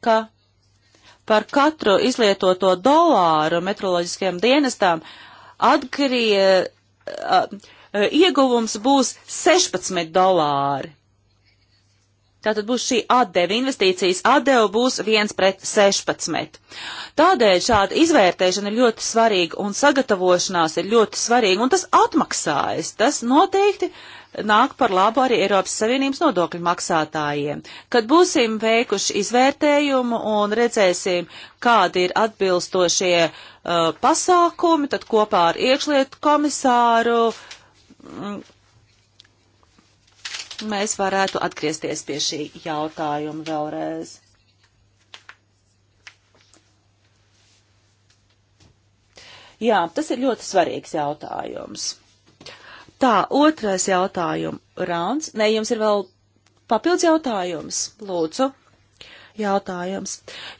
ka par katru izlietoto dolāru metroloģiskajiem dienestām atgrie, uh, E, ieguvums būs 16 dolāri. Tātad būs šī atdeva, investīcijas atdeva būs 1 pret 16. Tādēļ šāda izvērtēšana ir ļoti svarīga un sagatavošanās ir ļoti svarīga un tas atmaksājas. Tas noteikti nāk par labu arī Eiropas Savienības nodokļu maksātājiem. Kad būsim veikuši izvērtējumu un redzēsim, kādi ir atbilstošie uh, pasākumi, tad kopā ar iekšlietu komisāru uh, Mm. mēs varētu atgriezties pie šī jautājuma vēlreiz. Jā, tas ir ļoti svarīgs jautājums. Tā, otrais jautājums rauns. Nē, jums ir vēl papildus jautājums, lūdzu. Jautājums.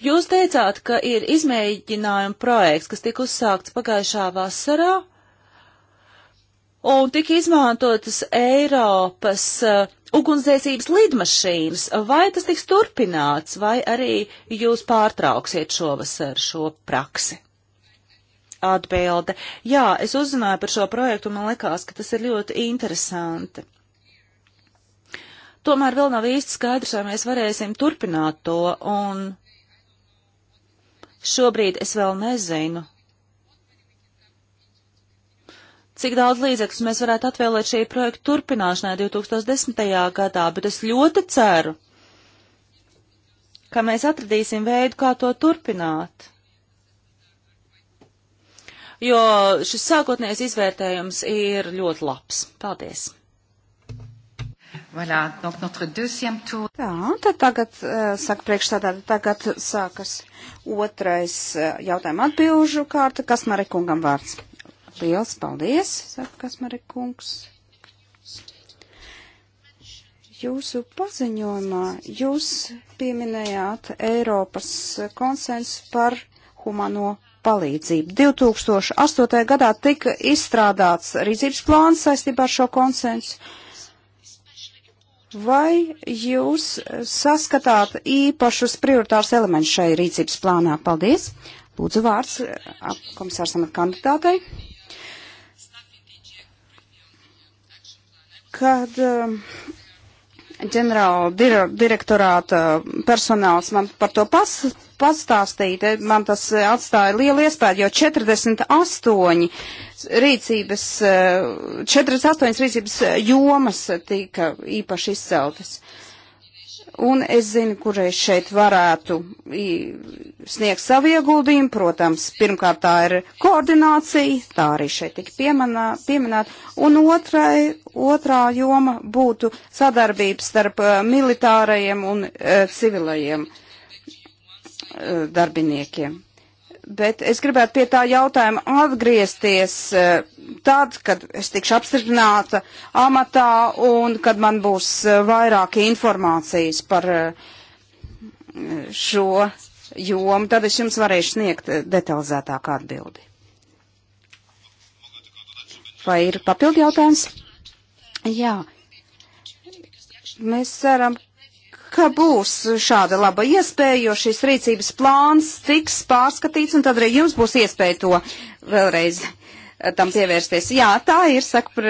Jūs teicāt, ka ir izmēģinājuma projekts, kas tika uzsākts pagājušā vasarā. Uh, un tika izmantotas Eiropas uh, ugunsdzēsības lidmašīnas. Vai tas tiks turpināts, vai arī jūs pārtrauksiet šovasar šo praksi? Atbilde. Jā, es uzzināju par šo projektu, un man likās, ka tas ir ļoti interesanti. Tomēr vēl nav īsti skaidrs, vai mēs varēsim turpināt to, un šobrīd es vēl nezinu, cik daudz līdzekļus mēs varētu atvēlēt šī projekta turpināšanai 2010. gadā, bet es ļoti ceru, ka mēs atradīsim veidu, kā to turpināt. Jo šis sākotnējais izvērtējums ir ļoti labs. Paldies! Voilà, donc notre deuxième tour. Tā, tad tagad, eh, saka priekšstādā, tagad sākas otrais eh, jautājuma atbilžu kārta. Kas Marekungam vārds? Liels paldies, saka Kasmari kungs. Jūsu paziņojumā jūs pieminējāt Eiropas konsensu par humano palīdzību. 2008. gadā tika izstrādāts rīzības plāns saistībā ar šo konsensu. Vai jūs saskatāt īpašus prioritārs elementus šai rīcības plānā? Paldies! Lūdzu vārds komisārs amat kandidātei. Kad um, ģenerāla direktorāta personāls man par to pas, pastāstīja, man tas atstāja lielu iespēju, jo 48 rīcības, 48 uh, rīcības jomas tika īpaši izceltas. Uh, Un es zinu, kurai šeit varētu sniegt savu ieguldījumu. Protams, pirmkārt tā ir koordinācija, tā arī šeit tika pieminēta. Un otrai, otrā joma būtu sadarbība starp eh, militārajiem un eh, civilajiem eh, darbiniekiem. Bet es gribētu pie tā jautājuma atgriezties eh, tad, kad es tikšu apstiprināta amatā un kad man būs eh, vairāk informācijas par eh, šo jomu. Tad es jums varēšu sniegt detalizētāku atbildi. Vai ir papildi jautājums? Jā. Mēs ceram, ka būs šāda laba iespēja, jo šis rīcības plāns tiks pārskatīts, un tad arī jums būs iespēja to vēlreiz tam pievērsties. Jā, tā ir, saka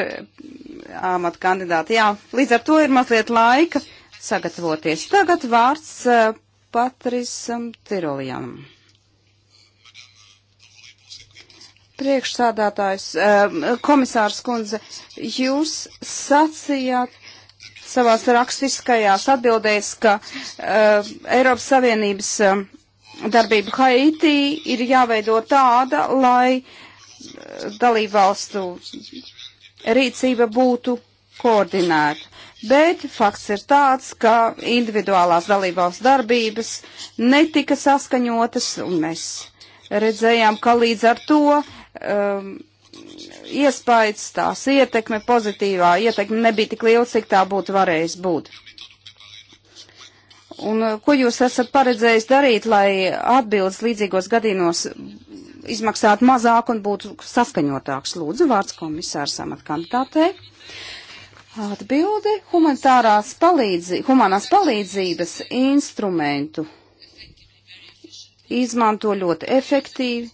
amata kandidāti. Jā, līdz ar to ir mazliet laika sagatavoties. Tagad vārds uh, Patrisam Tirolijam. Priekšsādātājs, uh, komisārs kundze, jūs sacījāt, savās rakstiskajās atbildēs, ka uh, Eiropas Savienības uh, darbība Haitī ir jāveido tāda, lai eh, dalībvalstu rīcība būtu koordinēta. Bet fakts ir tāds, ka individuālās dalībvalsts darbības netika saskaņotas, un mēs redzējām, ka līdz ar to um, iespējas, tās ietekme, pozitīvā ietekme nebija tik liela, cik tā būtu varējis būt. Un uh, ko jūs esat paredzējis darīt, lai atbildes līdzīgos gadījumos izmaksātu mazāk un būtu saskaņotāks? Lūdzu, vārds komisārs amatkandidātei. Atbildi humanitārās palīdzi, humanās palīdzības instrumentu izmanto ļoti efektīvi,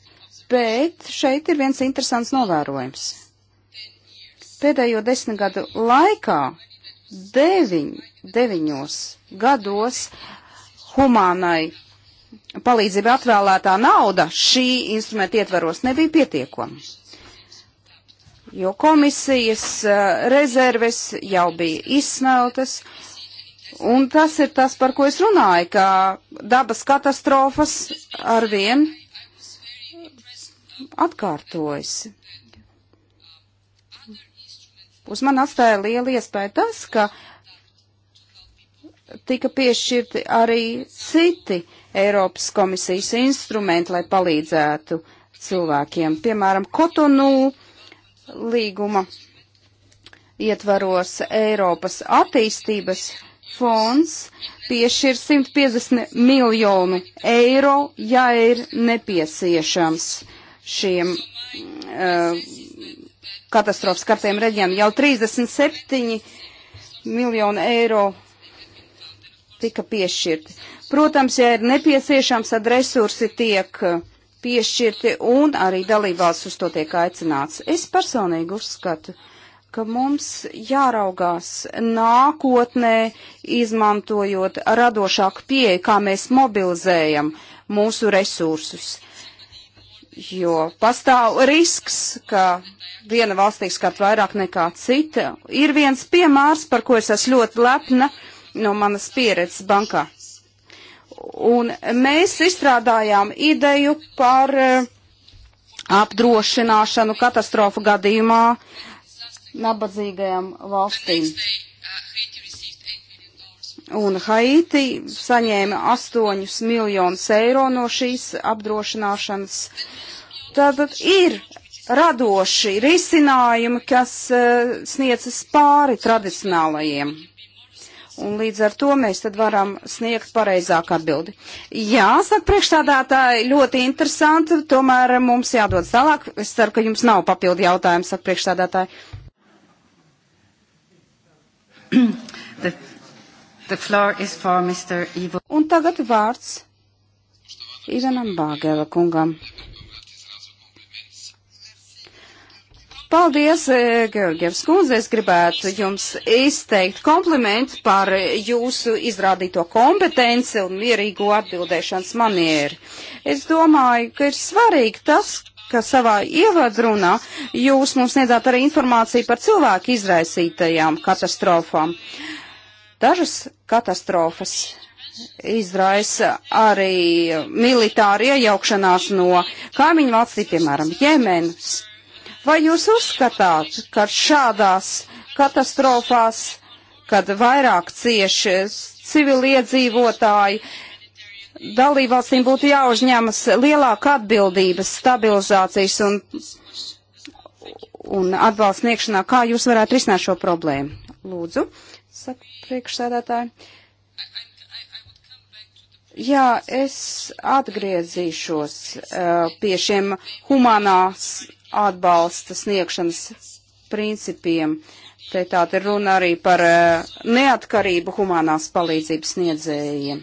bet šeit ir viens interesants novērojums. Pēdējo desmit gadu laikā deviņ, deviņos gados humānai palīdzība atvēlētā nauda šī instrumenta ietvaros nebija pietiekama. Jo komisijas eh, rezerves jau bija izsmeltas, un tas ir tas, par ko es runāju, ka dabas katastrofas arvien atkārtojas. Uz man atstāja liela iespēja tas, ka tika piešķirti arī citi Eiropas komisijas instrumenti, lai palīdzētu cilvēkiem. Piemēram, Kotonu līguma ietvaros Eiropas attīstības fonds piešķir 150 miljonu eiro, ja ir nepieciešams šiem uh, katastrofas kartiem reģioniem. Jau 37 miljoni eiro tika piešķirti. Protams, ja ir nepieciešams, tad resursi tiek eh, piešķirti un arī dalībvalsts uz to tiek aicināts. Es personīgi uzskatu, ka mums jāraugās nākotnē, izmantojot radošāku pieeju, kā mēs mobilizējam mūsu resursus. Uh, jo pastāv risks, ka viena valstī skart vairāk nekā cita. Ir viens piemērs, par ko es esmu ļoti lepna no manas pieredzes bankā. Un mēs izstrādājām ideju par eh, apdrošināšanu katastrofu gadījumā nabadzīgajām valstīm. Un Haiti saņēma 8 miljonus eiro no šīs apdrošināšanas uh, Tātad ir radoši risinājumi, kas uh, sniedzas pāri tradicionālajiem. Un līdz ar to mēs tad varam sniegt pareizāku atbildi. Jā, saka priekšstādātāji, ļoti interesanti, tomēr mums jādod tālāk. Es ceru, ka jums nav papildu jautājumu, saka priekšstādātāji. [clears throat] The, the floor is for Mr. Ivo. Un tagad vārds Ivanam Bāgela kungam. Paldies, e, Georgievs kundze, es gribētu jums izteikt komplimentu par jūsu izrādīto kompetenci un mierīgo atbildēšanas manieri. Es domāju, ka ir svarīgi tas, ka savā ievadrunā jūs mums sniedzāt arī informāciju par cilvēku izraisītajām katastrofām. Dažas katastrofas izraisa arī militāra iejaukšanās no kaimiņu valstī, piemēram, Jemens. Vai jūs uzskatāt, ka šādās katastrofās, kad vairāk cieši civiliedzīvotāji, dalībvalstīm būtu jāuzņemas lielāka atbildības stabilizācijas un, un atbalsts sniegšanā? Kā jūs varētu risināt šo problēmu? Lūdzu, saka priekšsēdētāji. Jā, es atgriezīšos uh, pie šiem humanās atbalsta sniegšanas principiem. Te tā ir runa arī par eh, neatkarību humanās palīdzības sniedzējiem.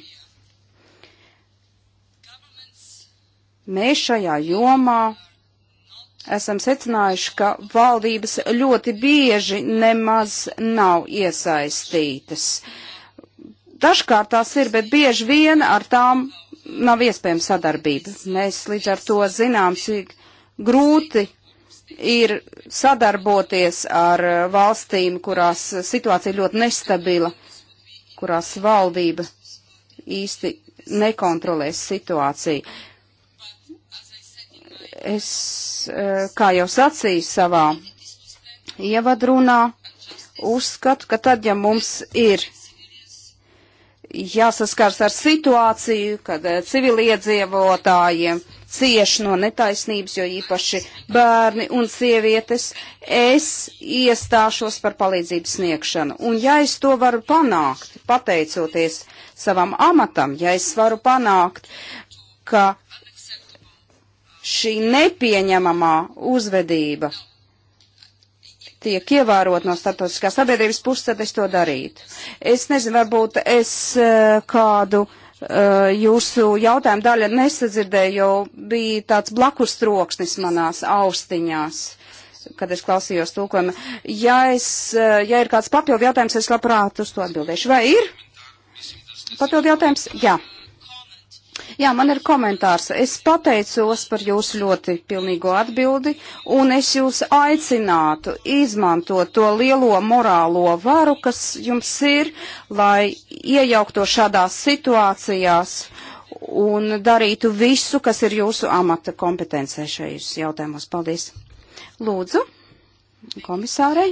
Mēs šajā jomā esam secinājuši, ka valdības ļoti bieži nemaz nav iesaistītas. Dažkārt tās ir, bet bieži vien ar tām nav iespējama sadarbība. Mēs līdz ar to zinām, cik grūti ir sadarboties ar valstīm, kurās situācija ļoti nestabila, kurās valdība īsti nekontrolēs situāciju. Es, eh, kā jau sacīju savā ievadrunā, uzskatu, ka tad, ja mums ir jāsaskars ar situāciju, kad eh, civiliedzīvotājiem, cieš no netaisnības, jo īpaši bērni un sievietes, es iestāšos par palīdzības sniegšanu. Un ja es to varu panākt, pateicoties savam amatam, ja es varu panākt, ka šī nepieņemamā uzvedība tiek ievērot no starptautiskās sabiedrības puses, tad es to darītu. Es nezinu, varbūt es eh, kādu uh, Eh, jūsu jautājuma daļa nesadzirdēju, jo bija tāds blakus troksnis manās austiņās, kad es klausījos tulkojumu. Ja, es, eh, ja ir kāds papildu jautājums, es labprāt uz to atbildēšu. Vai ir? Papildu jautājums? Jā. Jā, man ir komentārs. Es pateicos par jūsu ļoti pilnīgo atbildi, un es jūs aicinātu izmantot to lielo morālo varu, kas jums ir, lai iejaukto šādās situācijās un darītu visu, kas ir jūsu amata kompetencē šajos jautājumos. Paldies! Lūdzu, komisārei!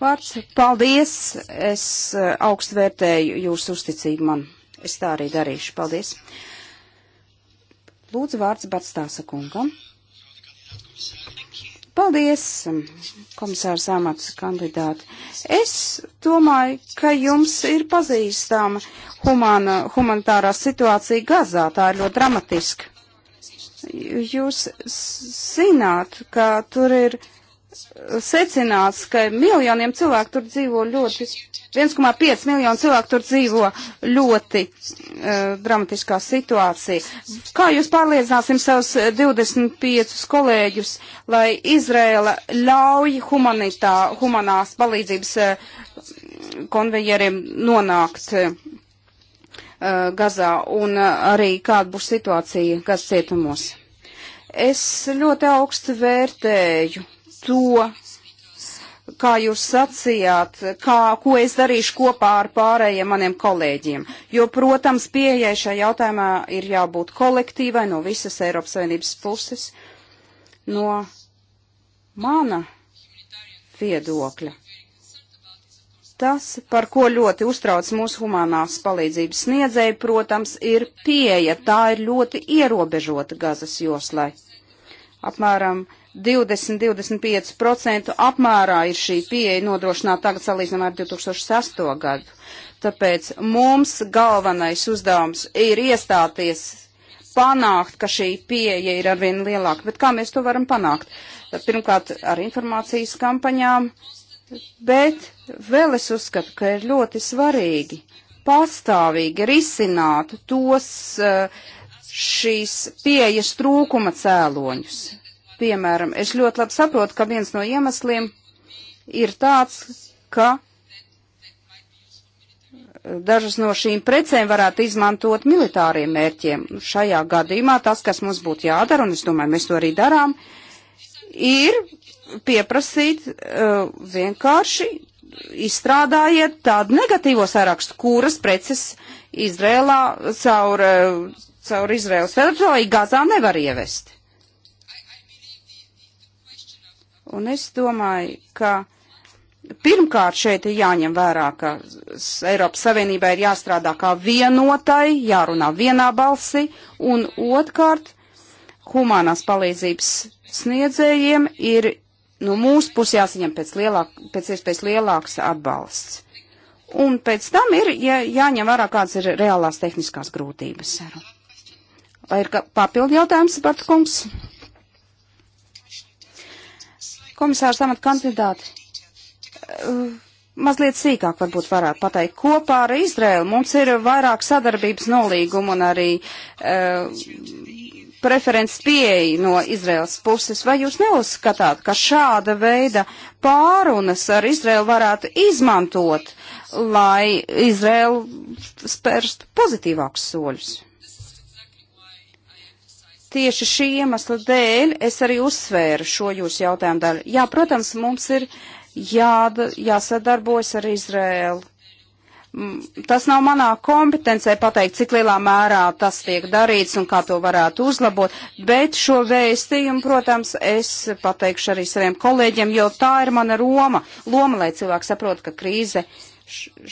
vārds. Paldies! Es eh, augstu vērtēju jūsu uzticību man. Es tā arī darīšu. Paldies! Lūdzu vārds Batstāsa kungam. Paldies, komisārs amats kandidāti. Es domāju, ka jums ir pazīstama humana, humanitārā situācija Gazā. Tā ir ļoti dramatiska. Jūs zināt, ka tur ir secināts, ka miljoniem cilvēku tur dzīvo ļoti, 1,5 miljonu cilvēku tur dzīvo ļoti uh, dramatiskā situācija. Kā jūs pārliecināsim savus 25 eh, kolēģus, lai Izrēla ļauj humanitā, humanās palīdzības uh, eh, konvejeriem nonākt uh, Gazā un uh, arī kāda būs situācija Gazas cietumos? Es ļoti augstu vērtēju to, kā jūs sacījāt, kā, ko es darīšu kopā ar pārējiem maniem kolēģiem. Jo, protams, pieejai šajā jautājumā ir jābūt kolektīvai no visas Eiropas Savienības puses, no mana viedokļa. Tas, par ko ļoti uztrauc mūsu humanās palīdzības sniedzēji, protams, ir pieeja. Tā ir ļoti ierobežota gazas joslai. Apmēram 1,5 20-25% apmērā ir šī pieeja nodrošināta tagad salīdzinām ar 2008. gadu. Tāpēc mums galvenais uzdevums ir iestāties, panākt, ka šī pieeja ir arvien lielāka. Bet kā mēs to varam panākt? Pirmkārt, ar informācijas kampaņām, bet vēl es uzskatu, ka ir ļoti svarīgi pastāvīgi risināt tos eh, šīs pieejas trūkuma cēloņus Piemēram, es ļoti labi saprotu, ka viens no iemesliem ir tāds, ka dažas no šīm precēm varētu izmantot militāriem mērķiem. Šajā gadījumā tas, kas mums būtu jādara, un es domāju, mēs to arī darām, ir pieprasīt uh, vienkārši izstrādājiet tādu negatīvo sarakstu, kuras preces Izrēlā caur, uh, caur Izrēlas teritoriju Gazā nevar ievest. Un es domāju, ka pirmkārt šeit ir jāņem vērā, ka Eiropas Savienībā ir jāstrādā kā vienotai, jārunā vienā balsi, un otrkārt, humanās palīdzības sniedzējiem ir no mūsu puses jāsaņem pēc, lielāk, pēc iespējas lielāks atbalsts. Un pēc tam ir jā, jāņem vērā, kādas ir reālās tehniskās grūtības. Vai ir papildu jautājums, Bartkungs? Komisārs amat kandidāti. Uh, mazliet sīkāk varbūt varētu pateikt. Kopā ar Izraēlu mums ir vairāk sadarbības nolīgumu un arī uh, preferences pieeja no Izraēlas puses. Vai jūs neuzskatāt, ka šāda veida pārunas ar Izraēlu varētu izmantot, lai Izraēlu spērst pozitīvākus soļus? Tieši šī iemesla dēļ es arī uzsvēru šo jūsu jautājumu daļu. Jā, protams, mums ir jā, jāsadarbojas ar Izrēlu. Tas nav manā kompetencē pateikt, cik lielā mērā tas tiek darīts un kā to varētu uzlabot, bet šo vēstījumu, protams, es pateikšu arī saviem kolēģiem, jo tā ir mana Roma, loma, lai cilvēki saprot, ka krīze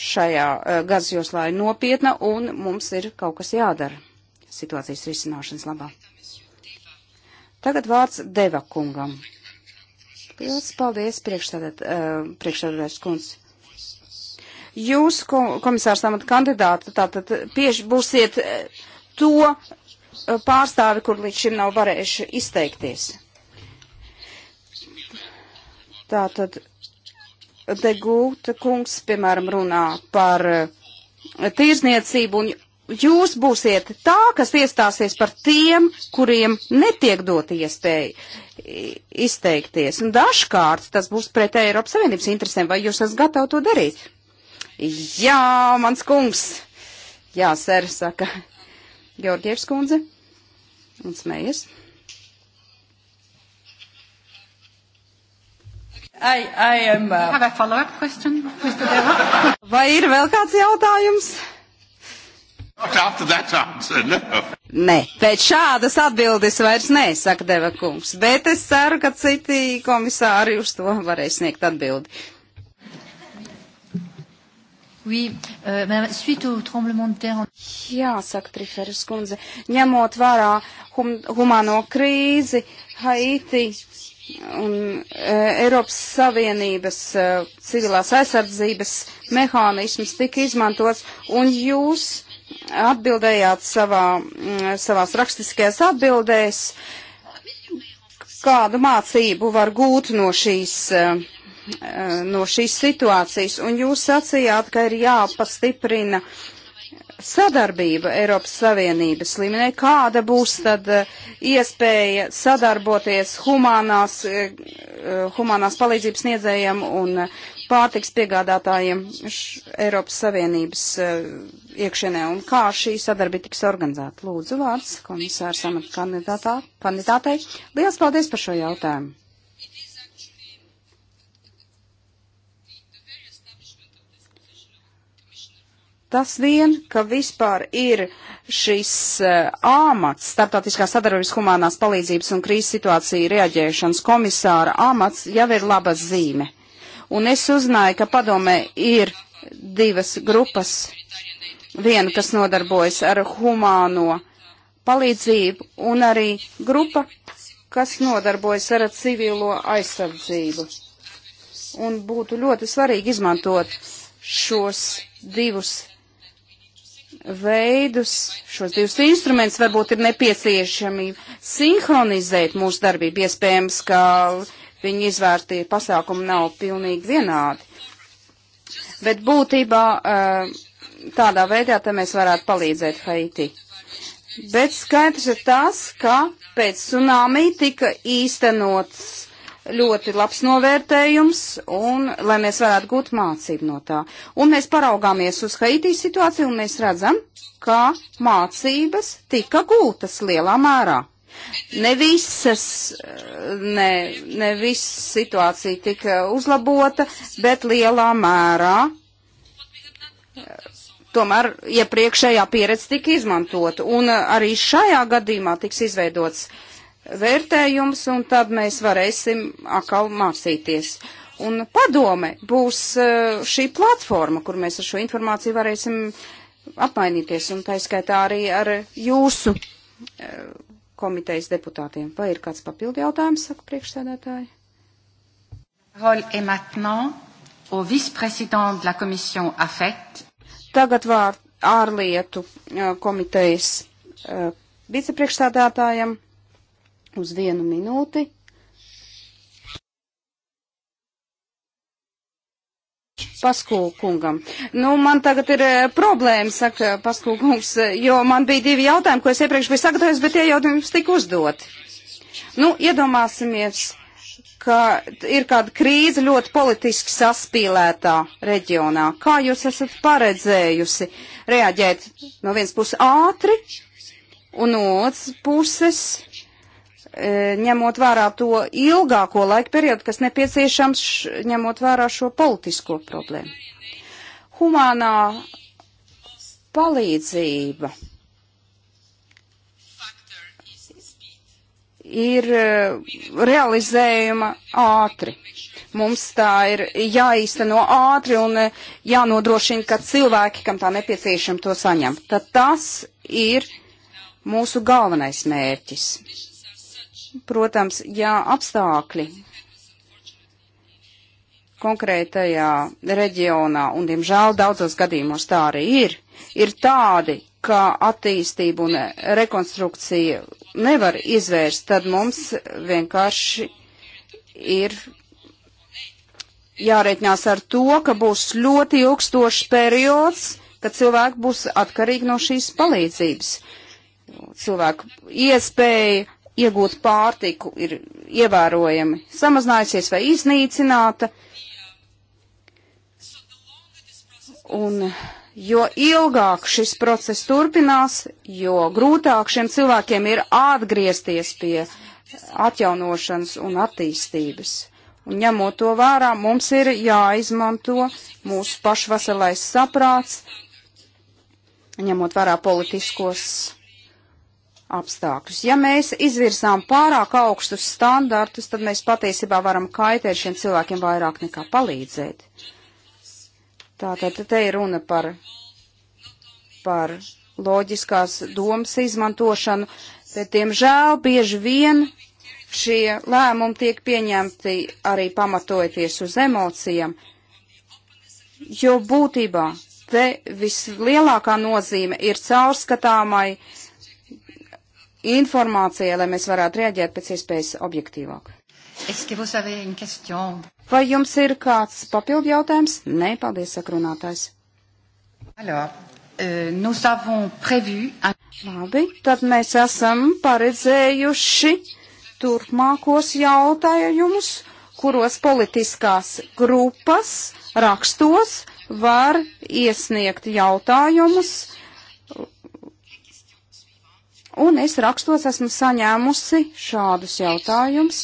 šajā e, gazjoslā ir nopietna un mums ir kaut kas jādara situācijas risināšanas labā. Tagad vārds Deva kungam. Pils, paldies, priekšstādātājs eh, uh, kundz. Jūs, komisārs amat kandidātu, tātad pieši būsiet eh, to eh, pārstāvi, kur līdz šim nav varējuši izteikties. Tātad Degūta kungs, piemēram, runā par tīrzniecību un jūs būsiet tā, kas iestāsies par tiem, kuriem netiek dot iespēju izteikties. Un dažkārt tas būs pret Eiropas Savienības interesēm, vai jūs esat gatavi to darīt? Jā, mans kungs! Jā, ser, saka Georgievs kundze un smējas. I, I am, uh... Have a follow-up question, Mr. Deva? Vai ir vēl kāds jautājums? Answer, no. Nē, pēc šādas atbildes vairs nē, saka Deva kungs, bet es ceru, ka citi komisāri uz to varēs sniegt atbildi. Oui, euh, suite au tremblement de terre. Jā, saka Triferis kundze, ņemot vērā hum, humano krīzi Haiti un e, Eiropas Savienības e, civilās aizsardzības mehānisms tika izmantots, un jūs atbildējāt savā, mm, savās rakstiskajās atbildēs, kādu mācību var gūt no šīs, eh, no šīs situācijas. Un jūs sacījāt, ka ir jāpastiprina sadarbība Eiropas Savienības līmenī. Kāda būs tad eh, iespēja sadarboties humanās, eh, humanās palīdzības sniedzējiem un pārtiks piegādātājiem Eiropas Savienības eh, iekšienē un kā šī sadarbība tiks organizēta. Lūdzu vārds komisārs amata kandidātā, kandidātei. Liels paldies par šo jautājumu. Tas vien, ka vispār ir šis uh, āmats, starptautiskās sadarbības humanās palīdzības un krīzes situācija reaģēšanas komisāra āmats, jau ir laba zīme. Un es uzzināju, ka padomē ir divas grupas. Viena, kas nodarbojas ar humāno palīdzību, un arī grupa, kas nodarbojas ar civilo aizsardzību. Un būtu ļoti svarīgi izmantot šos divus veidus, šos divus instrumentus varbūt ir nepieciešami sinhronizēt mūsu darbību. Iespējams, ka viņu izvērtie pasākumi nav pilnīgi vienādi. Bet būtībā eh, tādā veidā te mēs varētu palīdzēt Haiti. Bet skaidrs ir tas, ka pēc tsunami tika īstenots ļoti labs novērtējums, un lai mēs varētu gūt mācību no tā. Un mēs paraugāmies uz Haitī situāciju, un mēs redzam, ka mācības tika gūtas lielā mērā. Ne visas, ne, ne visa situācija tika uzlabota, bet lielā mērā. Tomēr iepriekšējā ja pieredze tika izmantota, un uh, arī šajā gadījumā tiks izveidots vērtējums, un tad mēs varēsim atkal mācīties. Un padome būs uh, šī platforma, kur mēs ar šo informāciju varēsim apmainīties, un tā skaitā arī ar jūsu uh, komitejas deputātiem. Vai ir kāds papildu jautājums, saka priekšsēdētāji? Tagad vārds ārlietu komitejas vicepriekšsēdētājam uz vienu minūti. Paskūkungam. Nu, man tagad ir eh, problēma, saka Paskūkungs, eh, jo man bija divi jautājumi, ko es iepriekš biju sagatavojis, bet tie jautājumi jums tika uzdoti. Nu, iedomāsimies, ka ir kāda krīze ļoti politiski saspīlētā reģionā. Kā jūs esat paredzējusi reaģēt no vienas puses ātri un no otras puses E, ņemot vērā to ilgāko laika periodu, kas nepieciešams, š, ņemot vērā šo politisko problēmu. Humānā palīdzība ir e, realizējama ātri. Mums tā ir jāīsteno ātri un e, jānodrošina, ka cilvēki, kam tā nepieciešama, to saņem. Tad tas ir mūsu galvenais mērķis Protams, ja apstākļi konkrētajā reģionā, un diemžēl daudzos gadījumos tā arī ir, ir tādi, ka attīstība un rekonstrukcija nevar izvērst, tad mums vienkārši ir jārēķinās ar to, ka būs ļoti ilgstošs periods, kad cilvēki būs atkarīgi no šīs palīdzības. Cilvēku iespēja iegūt pārtiku ir ievērojami samazinājusies vai iznīcināta. Un jo ilgāk šis process turpinās, jo grūtāk šiem cilvēkiem ir atgriezties pie atjaunošanas un attīstības. Un ņemot to vērā, mums ir jāizmanto mūsu pašvaselais saprāts, ņemot vērā politiskos apstākļus. Ja mēs izvirsām pārāk augstus standartus, tad mēs patiesībā varam kaitēt šiem cilvēkiem vairāk nekā palīdzēt. Tātad te ir runa par, par loģiskās domas izmantošanu, bet, diemžēl, bieži vien šie lēmumi tiek pieņemti arī pamatojoties uz emocijām, jo būtībā te vislielākā nozīme ir caurskatāmai uh, informācijai, lai mēs varētu rēģēt pēc iespējas objektīvāk. Vai jums ir kāds papildu jautājums? Nē, paldies, sakrunātājs. Alors, euh, nous avons prévu... Labi, tad mēs esam paredzējuši turpmākos jautājumus, kuros politiskās grupas rakstos var iesniegt jautājumus Un es rakstos esmu saņēmusi šādus jautājumus.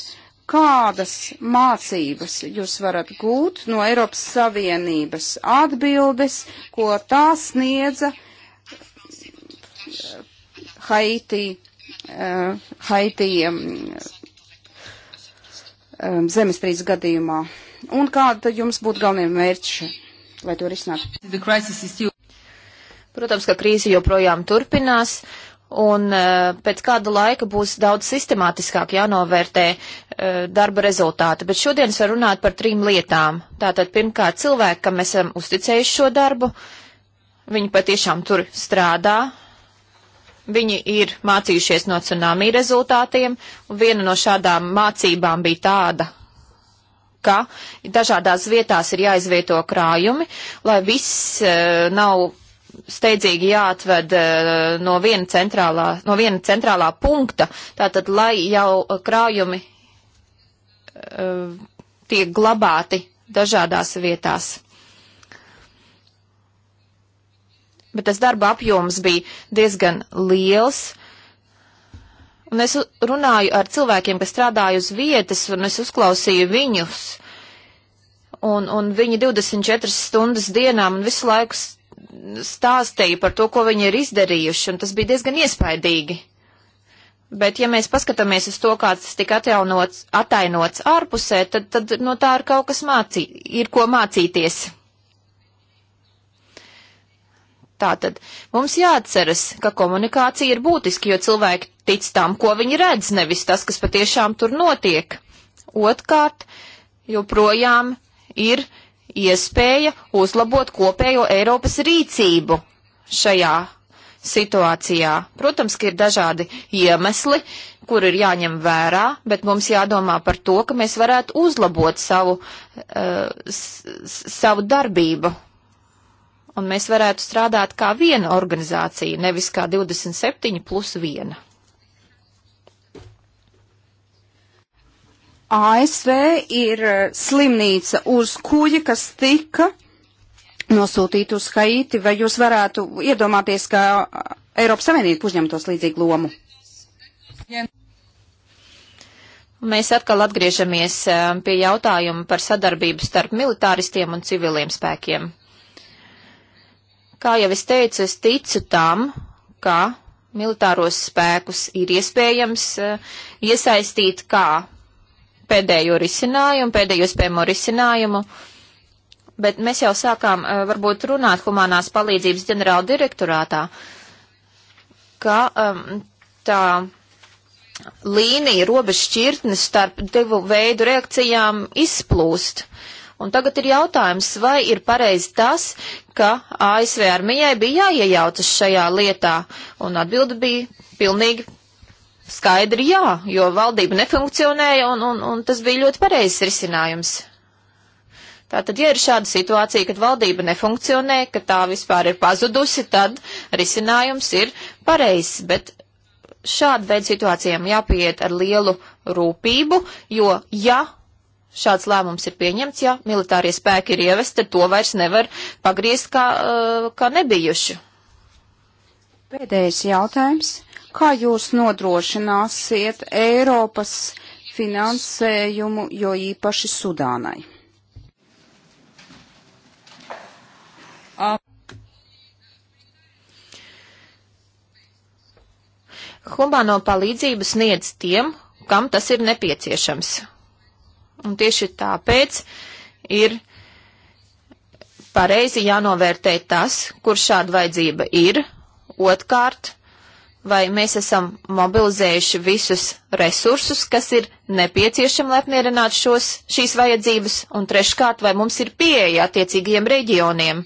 Kādas mācības jūs varat gūt no Eiropas Savienības atbildes, ko tā sniedza eh, Haiti, uh, Haiti um, zemestrīces gadījumā? Un kāda jums būtu galvenie mērķi, lai to risinātu? Protams, ka krīze joprojām turpinās, un e, pēc kāda laika būs daudz sistemātiskāk jānovērtē e, darba rezultāti. Bet šodien es varu runāt par trim lietām. Tātad pirmkārt cilvēki, kam esam uzticējuši šo darbu, viņi patiešām tur strādā, Viņi ir mācījušies no tsunami rezultātiem, un viena no šādām mācībām bija tāda, ka dažādās vietās ir jāizvieto krājumi, lai viss uh, nav steidzīgi jāatved eh, no viena centrālā, no viena centrālā punkta, tātad, lai jau krājumi eh, tiek glabāti dažādās vietās. Bet tas darba apjoms bija diezgan liels. Un es runāju ar cilvēkiem, kas strādāja uz vietas, un es uzklausīju viņus. Un, un viņi 24 stundas dienām un visu laiku stāstīja par to, ko viņi ir izdarījuši, un tas bija diezgan iespaidīgi. Bet, ja mēs paskatāmies uz to, kāds tas tika atjaunots, atainots ārpusē, tad, tad no nu, tā ir kaut kas mācī, ir ko mācīties. Tātad mums jāatceras, ka komunikācija ir būtiska, jo cilvēki tic tam, ko viņi redz, nevis tas, kas patiešām tur notiek. Otkārt, joprojām ir uh, iespēja uzlabot kopējo Eiropas rīcību šajā situācijā. Protams, ka ir dažādi iemesli, kur ir jāņem vērā, bet mums jādomā par to, ka mēs varētu uzlabot savu, uh, savu darbību. Un mēs varētu strādāt kā viena organizācija, nevis kā 27 plus viena. ASV ir eh, slimnīca uz kuģa, kas tika nosūtīta uz Haiti, vai jūs varētu iedomāties, ka eh, Eiropas Savienība uzņemtos līdzīgu lomu? Mēs atkal atgriežamies eh, pie jautājuma par sadarbību starp militāristiem un civiliem spēkiem. Kā jau es teicu, es ticu tam, ka militāros spēkus ir iespējams iesaistīt kā pēdējo risinājumu, pēdējo spējamo risinājumu, bet mēs jau sākām eh, varbūt runāt humanās palīdzības ģenerāla direktorātā, ka um, tā līnija, robeža šķirtnes starp divu veidu reakcijām izplūst. Un tagad ir jautājums, vai ir pareizi tas, ka ASV armijai bija jāiejaucas šajā lietā, un atbildi bija pilnīgi Skaidri jā, jo valdība nefunkcionēja un, un, un tas bija ļoti pareizs risinājums. Tātad, ja ir šāda situācija, kad valdība nefunkcionē, ka tā vispār ir pazudusi, tad risinājums ir pareizs, bet šāda veida situācijām jāpieiet ar lielu rūpību, jo ja šāds lēmums ir pieņemts, ja militārie spēki ir ievesti, tad to vairs nevar pagriezt kā, uh, kā nebijuši. Pēdējais jautājums. Kā jūs nodrošināsiet Eiropas finansējumu, jo īpaši Sudānai? Humāno palīdzību sniedz tiem, kam tas ir nepieciešams. Un tieši tāpēc ir pareizi jānovērtē tas, kur šāda vajadzība ir, otkārt vai mēs esam mobilizējuši visus resursus, kas ir nepieciešami, lai apmierinātu šos, šīs vajadzības, un treškārt, vai mums ir pieeja attiecīgajiem reģioniem.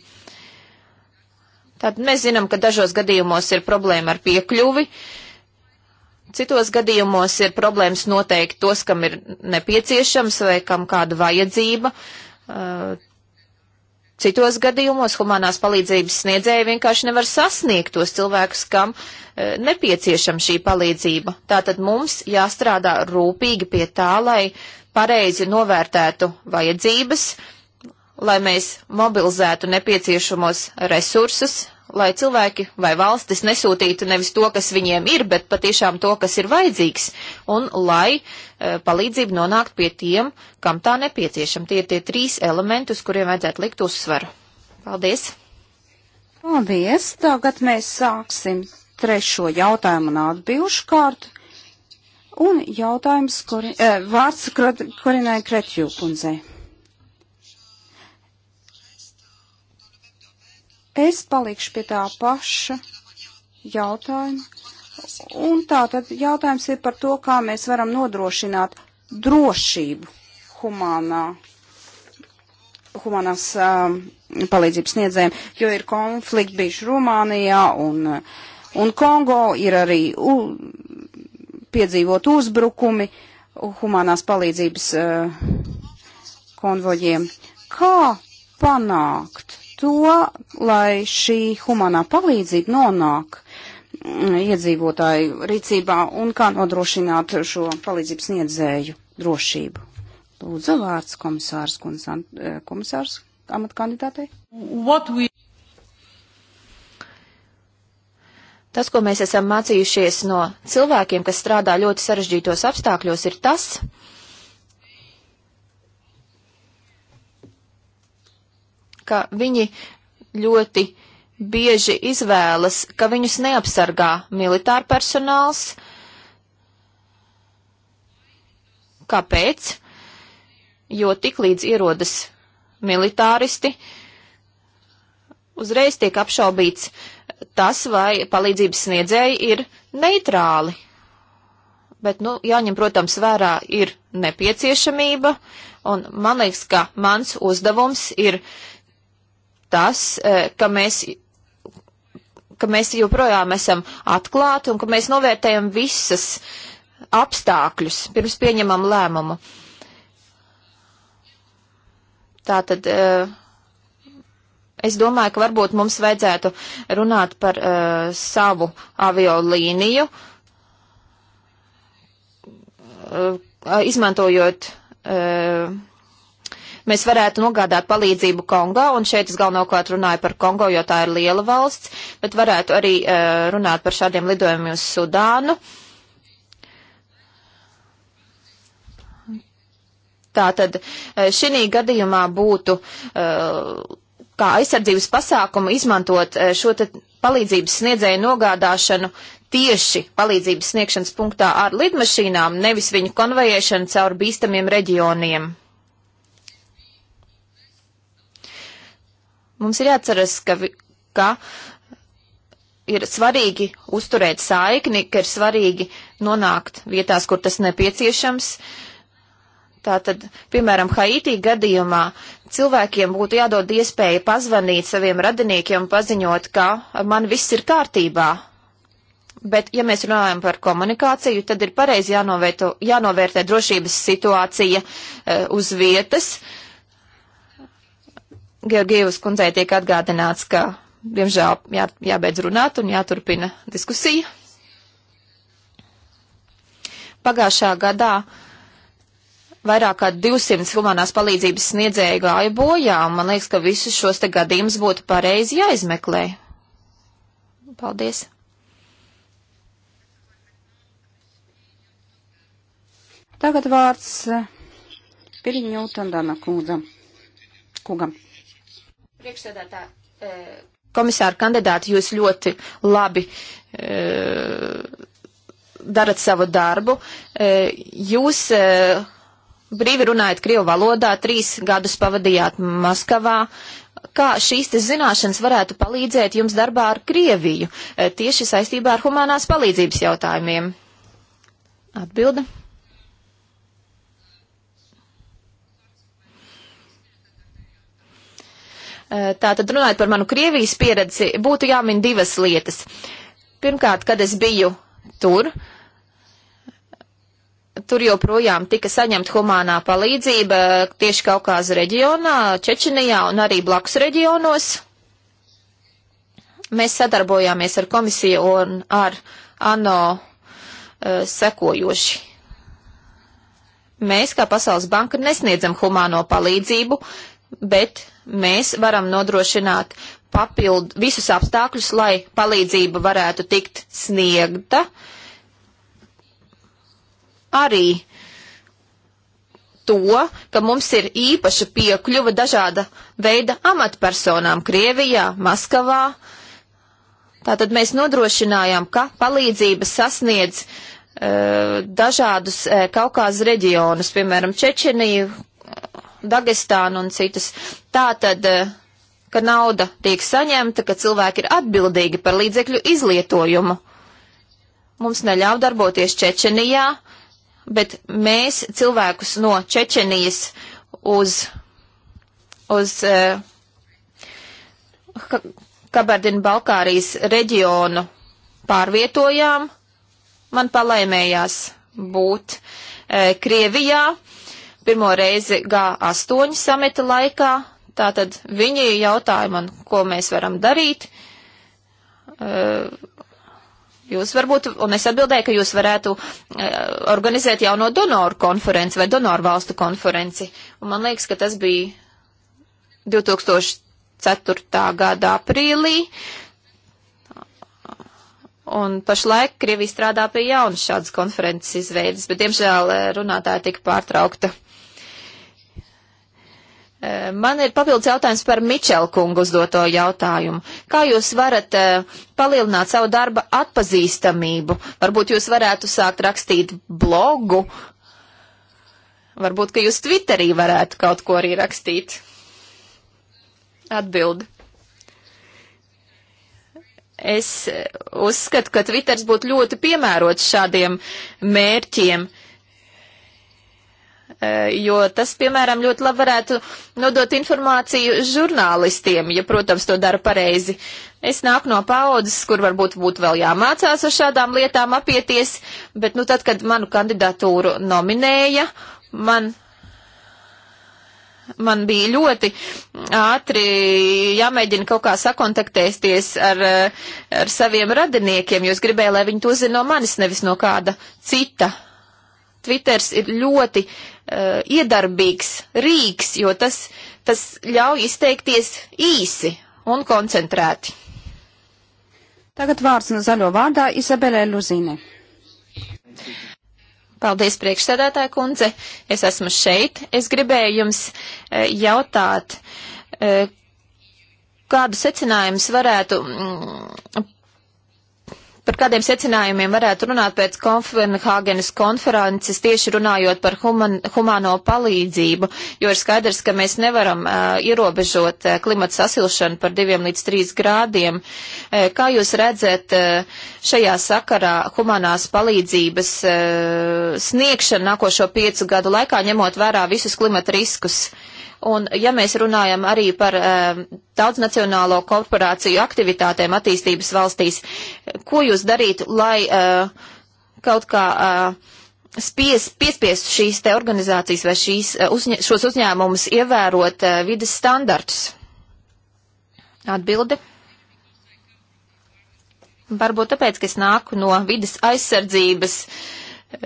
Tātad mēs zinām, ka dažos gadījumos ir problēma ar piekļuvi, citos gadījumos ir problēmas noteikt tos, kam ir nepieciešams vai kam kāda vajadzība. Uh, Citos gadījumos humanās palīdzības sniedzēji vienkārši nevar sasniegt tos cilvēkus, kam e, nepieciešama šī palīdzība. Tātad mums jāstrādā rūpīgi pie tā, lai pareizi novērtētu vajadzības, lai mēs mobilizētu nepieciešamos resursus, lai cilvēki vai valstis nesūtītu nevis to, kas viņiem ir, bet patiešām to, kas ir vajadzīgs, un lai e, palīdzība nonākt pie tiem, kam tā nepieciešama. Tie ir tie trīs elementi, uz kuriem vajadzētu likt uzsvaru. Paldies! Paldies! Tagad mēs sāksim trešo jautājumu un atbilžu kārtu. Un jautājums, kuri, eh, vārds Korinai Kretjūkundzei. Es palikšu pie tā paša jautājuma. Un tā tad jautājums ir par to, kā mēs varam nodrošināt drošību humānā, humānās um, palīdzības sniedzējiem, jo ir konflikti bijuši Rumānijā un, un Kongo, ir arī u, piedzīvot uzbrukumi humānās palīdzības uh, konvoģiem. Kā panākt to, lai šī humanā palīdzība nonāk mm, iedzīvotāju rīcībā un kā nodrošināt šo palīdzības sniedzēju drošību. Lūdzu, vārds komisārs, eh, komisārs amatkandidātei. We... Tas, ko mēs esam mācījušies no cilvēkiem, kas strādā ļoti sarežģītos apstākļos, ir tas, ka viņi ļoti bieži izvēlas, ka viņus neapsargā militāra personāls. Kāpēc? Jo tiklīdz ierodas militāristi, uzreiz tiek apšaubīts tas, vai palīdzības sniedzēji ir neitrāli. Bet, nu, jāņem, protams, vērā ir nepieciešamība, un man liekas, ka mans uzdevums ir tas, eh, ka mēs ka mēs joprojām esam atklāti un ka mēs novērtējam visas apstākļus pirms pieņemam lēmumu. Tātad eh, es domāju, ka varbūt mums vajadzētu runāt par eh, savu aviolīniju, izmantojot mēs varētu nogādāt palīdzību Kongo, un šeit es galvenokārt runāju par Kongo, jo tā ir liela valsts, bet varētu arī uh, runāt par šādiem lidojumiem uz Sudānu. Tātad eh, šī gadījumā būtu uh, kā aizsardzības pasākumu izmantot šo palīdzības sniedzēju nogādāšanu tieši palīdzības sniegšanas punktā ar lidmašīnām, nevis viņu konvejēšanu caur bīstamiem reģioniem. Mums ir jāatceras, ka, vi, ka ir svarīgi uzturēt saikni, ka ir svarīgi nonākt vietās, kur tas nepieciešams. Tātad, piemēram, Haitī gadījumā cilvēkiem būtu jādod iespēja pazvanīt saviem radiniekiem un paziņot, ka man viss ir kārtībā. Bet, ja mēs runājam par komunikāciju, tad ir pareizi jānovērtē drošības situācija eh, uz vietas. Uh, Georgievas kundzei tiek atgādināts, ka, diemžēl, jā, jābeidz runāt un jāturpina diskusija. Pagājušā gadā vairāk kā 200 humanās palīdzības sniedzēju gāja bojā, un man liekas, ka visus šos te gadījumus būtu pareizi jāizmeklē. Paldies! Tagad vārds eh, Piriņu Tandana kungam. kungam. Priekšsēdētā e, komisāra kandidāti, jūs ļoti labi e, darat savu darbu. E, jūs e, brīvi runājat Krievu valodā, trīs gadus pavadījāt Maskavā. Kā šīs zināšanas varētu palīdzēt jums darbā ar Krieviju, e, tieši saistībā ar humanās palīdzības jautājumiem? Atbilde. Eh, tātad runājot par manu Krievijas pieredzi, būtu jāmin divas lietas. Pirmkārt, kad es biju tur, tur joprojām tika saņemta humānā palīdzība tieši Kaukāza reģionā, Čečenijā un arī blakus reģionos. Mēs sadarbojāmies ar komisiju un ar ANO uh, sekojoši. Mēs, kā Pasaules banka, nesniedzam humāno palīdzību, bet mēs varam nodrošināt papildu visus apstākļus, lai palīdzība varētu tikt sniegta. Arī to, ka mums ir īpaša piekļuva dažāda veida amatpersonām Krievijā, Maskavā. Tātad mēs nodrošinājām, ka palīdzība sasniedz uh, dažādus uh, Kaukāzu reģionus, piemēram, Čečeniju, Dagestānu un citus. Tātad, eh, ka nauda tiek saņemta, ka cilvēki ir atbildīgi par līdzekļu izlietojumu. Mums neļauj darboties Čečenijā, bet mēs cilvēkus no Čečenijas uz, uz eh, Kabardina-Balkārijas reģionu pārvietojām. Man palēmējās būt eh, Krievijā pirmo reizi G8 samita laikā. Tātad viņi jautāja man, ko mēs varam darīt. Eh, jūs varbūt, un es atbildēju, ka jūs varētu eh, organizēt jauno donoru konferenci vai donoru valstu konferenci. Un man liekas, ka tas bija 2004. gada aprīlī. Un pašlaik Krievija strādā pie jaunas šādas konferences izveidas, bet, diemžēl, eh, runātāja tika pārtraukta. Eh, man ir papildus jautājums par Mičela kungu uzdoto jautājumu. Kā jūs varat eh, palielināt savu darba atpazīstamību? Varbūt jūs varētu sākt rakstīt blogu. Varbūt, ka jūs Twitterī varētu kaut ko arī rakstīt. Atbildi. Es eh, uzskatu, ka Twitters būtu ļoti piemērots šādiem mērķiem. Eh, jo tas, piemēram, ļoti labi varētu nodot informāciju žurnālistiem, ja, protams, to dara pareizi. Es nāku no paudzes, kur varbūt būtu vēl jāmācās ar šādām lietām apieties, bet, nu, tad, kad manu kandidatūru nominēja, man man bija ļoti ātri jāmēģina kaut kā sakontaktēties ar, ar saviem radiniekiem, jo es gribēju, lai viņi to zina no manis, nevis no kāda cita Twitters ir ļoti uh, iedarbīgs rīks, jo tas, tas ļauj izteikties īsi un koncentrēti. Tagad vārds no zaļo vārdā Izabelē Luzīne. Paldies, priekšsēdētāja kundze. Es esmu šeit. Es gribēju jums uh, jautāt, uh, kādu secinājumus varētu mm, Par kādiem secinājumiem varētu runāt pēc Kopenhāgenes konferences, tieši runājot par human, humāno palīdzību, jo ir skaidrs, ka mēs nevaram uh, ierobežot uh, klimata sasilšanu par diviem līdz trīs grādiem. Uh, kā jūs redzat uh, šajā sakarā humanās palīdzības uh, sniegšanu nākošo piecu gadu laikā, ņemot vērā visus klimata riskus? Uh, Un, ja mēs runājam arī par um, daudznacionālo korporāciju aktivitātēm attīstības valstīs, ko jūs darītu, lai uh, kaut kā uh, spies, piespiest šīs te organizācijas vai šīs, uh, uzņē, šos uzņēmumus ievērot uh, vides standartus? Atbilde. Varbūt tāpēc, ka es nāku no vidas aizsardzības uh,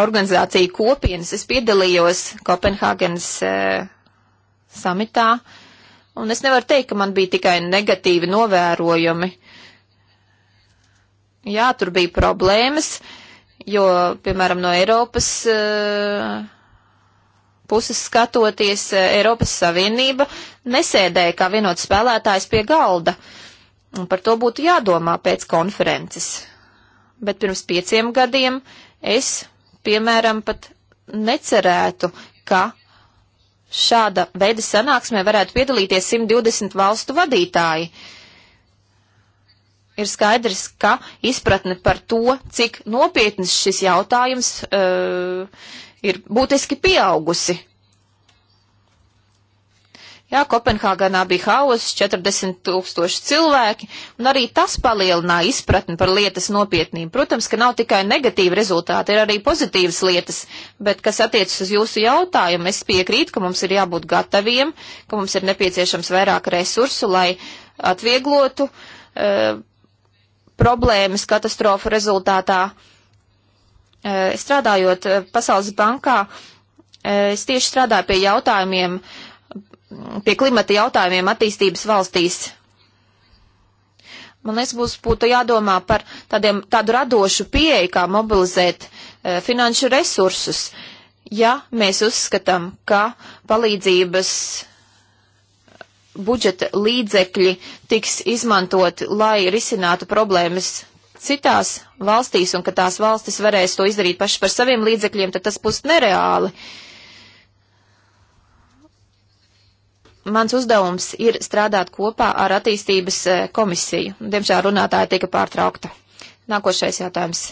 organizāciju kopienas. Es piedalījos Kopenhāgenes uh, samitā, un es nevaru teikt, ka man bija tikai negatīvi novērojumi. Jā, tur bija problēmas, jo, piemēram, no Eiropas uh, puses skatoties, eh, Eiropas Savienība nesēdēja kā vienots spēlētājs pie galda, un par to būtu jādomā pēc konferences. Bet pirms pieciem gadiem es, piemēram, pat necerētu, ka Šāda veida sanāksmē varētu piedalīties 120 valstu vadītāji. Ir skaidrs, ka izpratne par to, cik nopietnis šis jautājums uh, ir būtiski pieaugusi. Jā, Kopenhāganā bija hauss, 40 tūkstoši cilvēki, un arī tas palielināja izpratni par lietas nopietnību. Protams, ka nav tikai negatīvi rezultāti, ir arī pozitīvas lietas, bet kas attiecas uz jūsu jautājumu, es piekrītu, ka mums ir jābūt gataviem, ka mums ir nepieciešams vairāk resursu, lai atvieglotu uh, problēmas katastrofu rezultātā. Uh, strādājot e, Pasaules bankā, uh, es tieši strādāju pie jautājumiem, uh, pie klimata jautājumiem attīstības valstīs. Man liekas, būs būtu jādomā par tādiem, tādu radošu pieeju, kā mobilizēt e, finanšu resursus, ja mēs uzskatām, ka palīdzības budžeta līdzekļi tiks izmantoti, lai risinātu problēmas citās valstīs un ka tās valstis varēs to izdarīt paši par saviem līdzekļiem, tad tas būs nereāli. Uh, mans uzdevums ir strādāt kopā ar attīstības eh, komisiju. Diemžēl runātāja tika pārtraukta. Nākošais jautājums.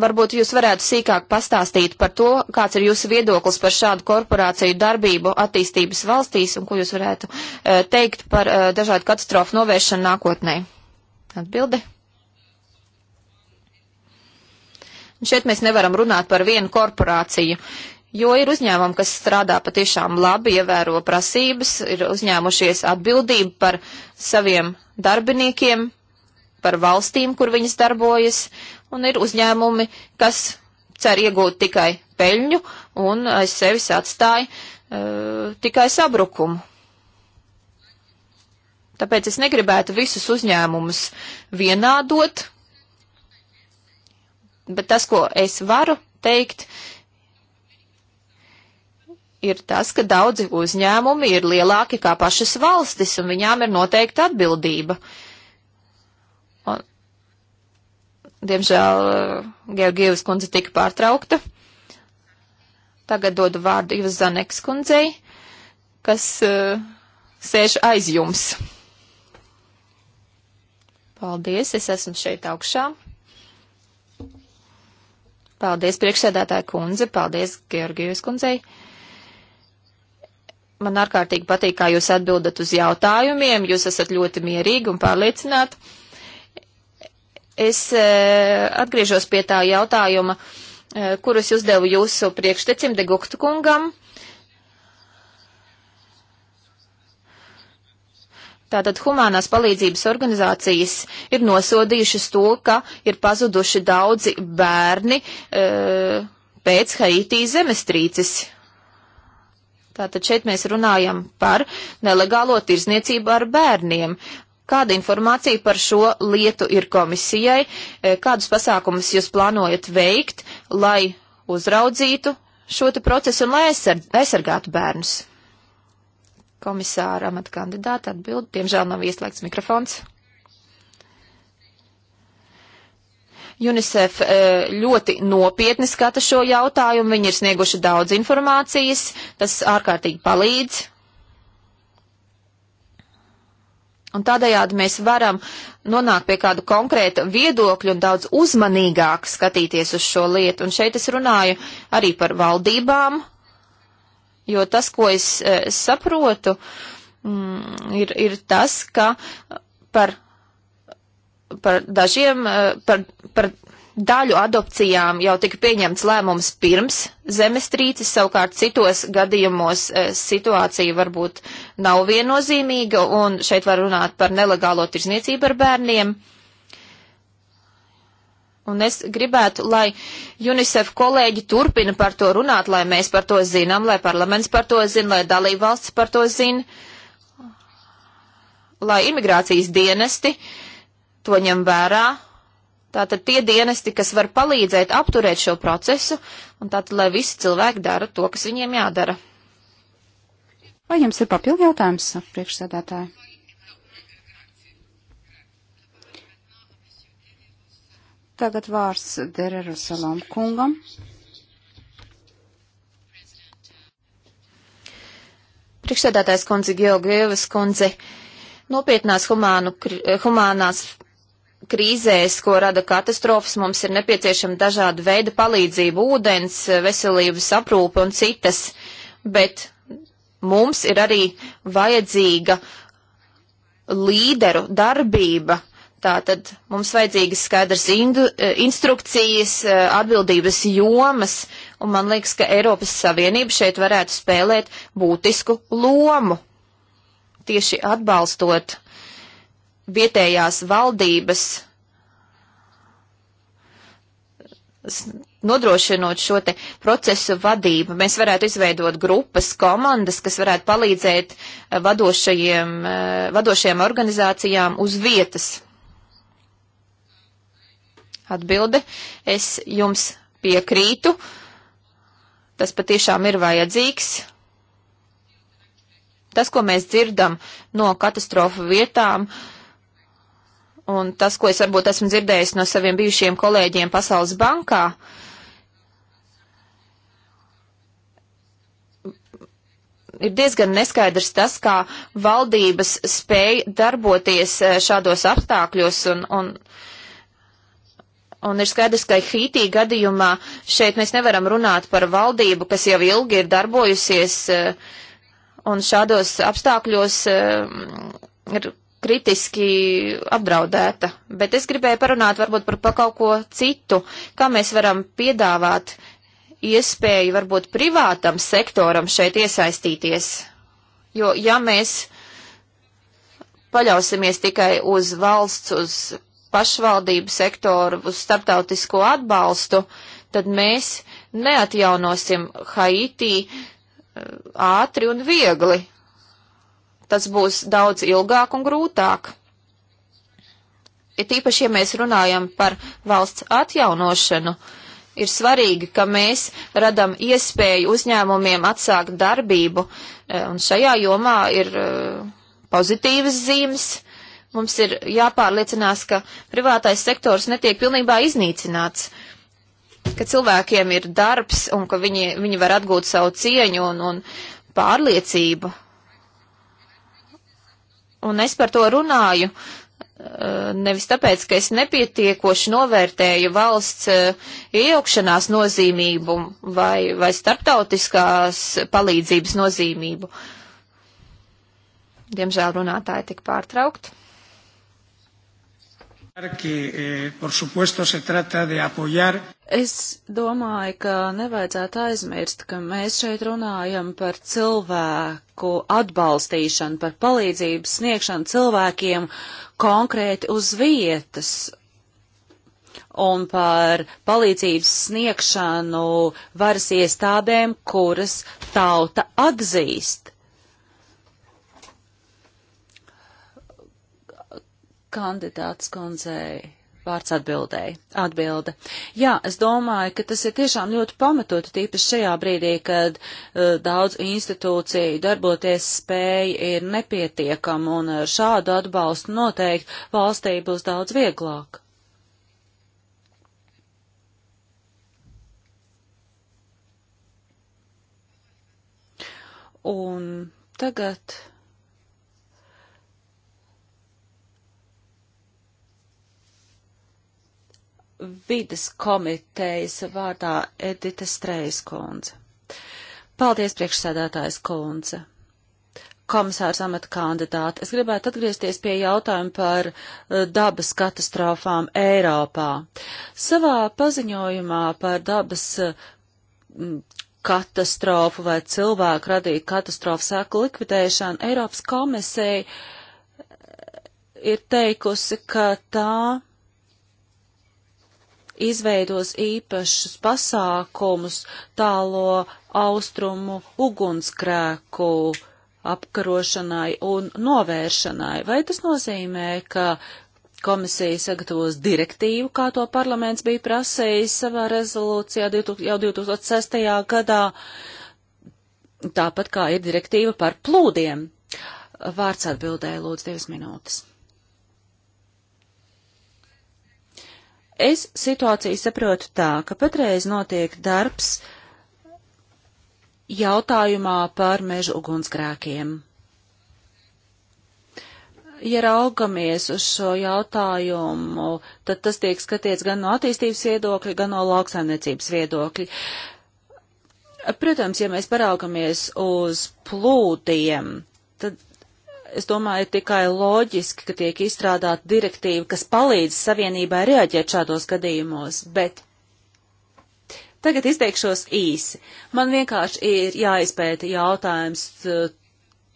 Varbūt jūs varētu sīkāk pastāstīt par to, kāds ir jūsu viedoklis par šādu korporāciju darbību attīstības valstīs un ko jūs varētu e, teikt par e, dažādu katastrofu novēršanu nākotnē. Atbildi. Un šeit mēs nevaram runāt par vienu korporāciju. E, Jo ir uzņēmumi, kas strādā patiešām labi, ievēro prasības, ir uzņēmušies atbildību par saviem darbiniekiem, par valstīm, kur viņas darbojas, un ir uzņēmumi, kas cer iegūt tikai peļņu un aiz sevis atstāja uh, eh, tikai sabrukumu. Tāpēc es negribētu visus uzņēmumus vienādot, bet tas, ko es varu teikt, ir tas, ka daudzi uzņēmumi ir lielāki kā pašas valstis, un viņām ir noteikta atbildība. Un, diemžēl eh, Georgievas kundze tika pārtraukta. Tagad dodu vārdu Ivas Zaneks kundzei, kas uh, sēž aiz jums. Paldies, es esmu šeit augšā. Paldies, priekšsēdētāja kundze, paldies Georgijas kundzei. Uh, Man ārkārtīgi patīk, kā jūs atbildat uz jautājumiem, jūs esat ļoti mierīgi un pārliecināti. Es e, atgriežos pie tā jautājuma, e, kurus jūs devu jūsu priekštecim Deguktu kungam. Tātad humanās palīdzības organizācijas ir nosodījušas to, ka ir pazuduši daudzi bērni e, pēc Haitī zemestrīces. Tātad šeit mēs runājam par nelegālo tirzniecību ar bērniem. Kāda informācija par šo lietu ir komisijai? E, kādus pasākumus jūs plānojat veikt, lai uzraudzītu šo procesu un lai aizsargātu bērnus? Komisāra amata kandidāta atbild, diemžēl nav ieslēgts mikrofons. UNICEF eh, ļoti nopietni skata šo jautājumu, viņi ir snieguši daudz informācijas, tas ārkārtīgi palīdz. Un tādējādi mēs varam nonākt pie kādu konkrētu viedokļu un daudz uzmanīgāk skatīties uz šo lietu. Un šeit es runāju arī par valdībām, jo tas, ko es, es eh, saprotu, mm, ir, ir tas, ka par par dažiem, eh, par, par daļu adopcijām jau tika pieņemts lēmums pirms zemestrīces, savukārt citos gadījumos eh, situācija varbūt nav viennozīmīga, un šeit var runāt par nelegālo tirzniecību ar bērniem. Un es gribētu, lai UNICEF kolēģi turpina par to runāt, lai mēs par to zinām, lai parlaments par to zina, lai dalībvalsts par to zina, lai imigrācijas dienesti uh, to ņem vērā. Tātad tie dienesti, kas var palīdzēt apturēt šo procesu, un tātad, lai visi cilvēki dara to, kas viņiem jādara. Vai jums ir papildu jautājums, priekšsēdētāji? Tagad vārds Dereru Salam kungam. Priekšsēdētājs kundze Georgievas kundze, nopietnās humānu, eh, humānās krīzēs, ko rada katastrofas, mums ir nepieciešama dažāda veida palīdzība - ūdens, veselības aprūpe un citas, bet mums ir arī vajadzīga līderu darbība. Tātad mums vajadzīgas skaidrs indu, eh, instrukcijas, eh, atbildības jomas, un man liekas, ka Eiropas Savienība šeit varētu spēlēt būtisku lomu. Tieši atbalstot uh, vietējās valdības nodrošinot šo te procesu vadību. Mēs varētu izveidot grupas, komandas, kas varētu palīdzēt eh, vadošajiem, eh, vadošajām organizācijām uz vietas. Atbilde. Es jums piekrītu. Tas patiešām ir vajadzīgs. Tas, ko mēs dzirdam no katastrofu vietām, uh, Un tas, ko es varbūt esmu dzirdējis no saviem bijušiem kolēģiem Pasaules bankā, ir diezgan neskaidrs tas, kā valdības spēj darboties eh, šādos apstākļos un, un, un ir skaidrs, ka Hītī gadījumā šeit mēs nevaram runāt par valdību, kas jau ilgi ir darbojusies eh, un šādos apstākļos eh, ir kritiski apdraudēta, bet es gribēju parunāt varbūt par, par kaut ko citu, kā mēs varam piedāvāt iespēju varbūt privātam sektoram šeit iesaistīties. Jo ja mēs paļausimies tikai uz valsts, uz pašvaldību sektoru, uz starptautisko atbalstu, tad mēs neatjaunosim Haiti eh, ātri un viegli tas būs daudz ilgāk un grūtāk. Ir tīpaši, ja mēs runājam par valsts atjaunošanu, ir svarīgi, ka mēs radam iespēju uzņēmumiem atsākt darbību, e, un šajā jomā ir e, pozitīvas zīmes. Mums ir jāpārliecinās, ka privātais sektors netiek pilnībā iznīcināts, ka cilvēkiem ir darbs un ka viņi, viņi var atgūt savu cieņu un, un pārliecību Un es par to runāju eh, nevis tāpēc, ka es nepietiekoši novērtēju valsts eh, iejaukšanās nozīmību vai, vai starptautiskās palīdzības nozīmību. Diemžēl runātāji tik pārtraukt. Eh, es domāju, ka nevajadzētu aizmirst, ka mēs šeit runājam par cilvēku atbalstīšanu, par palīdzības sniegšanu cilvēkiem konkrēti uz vietas un par palīdzības sniegšanu varas iestādēm, kuras tauta atzīst. kandidāts kundzei. Vārds atbildēja. Atbilde. Jā, es domāju, ka tas ir tiešām ļoti pamatot, tīpaši šajā brīdī, kad uh, daudz institūciju darboties spēja ir nepietiekama, un ar uh, šādu atbalstu noteikti valstī būs daudz vieglāk. Un tagad vidas komitejas vārdā Edita Strejas kundze. Paldies, priekšsēdētājs kundze. Komisārs amata kandidāti, es gribētu atgriezties pie jautājuma par eh, dabas katastrofām Eiropā. Savā paziņojumā par dabas eh, katastrofu vai cilvēku radītu katastrofu sēku likvidēšanu Eiropas komisija eh, ir teikusi, ka tā izveidos īpašus pasākumus tālo austrumu ugunskrēku apkarošanai un novēršanai. Vai tas nozīmē, ka komisija sagatavos direktīvu, kā to parlaments bija prasījis savā rezolūcijā jau 2006. gadā, tāpat kā ir direktīva par plūdiem? Vārds atbildēja, lūdzu, divas minūtes. Es situāciju saprotu tā, ka patreiz notiek darbs jautājumā par meža ugunsgrēkiem. Ja raugamies uz šo jautājumu, tad tas tiek skatīts gan no attīstības viedokļa, gan no lauksaimniecības viedokļa. Protams, ja mēs paraugamies uz plūdiem, tad es domāju, ir tikai loģiski, ka tiek izstrādāta direktīva, kas palīdz savienībai reaģēt šādos gadījumos, bet tagad izteikšos īsi. Man vienkārši ir jāizpēta jautājums uh,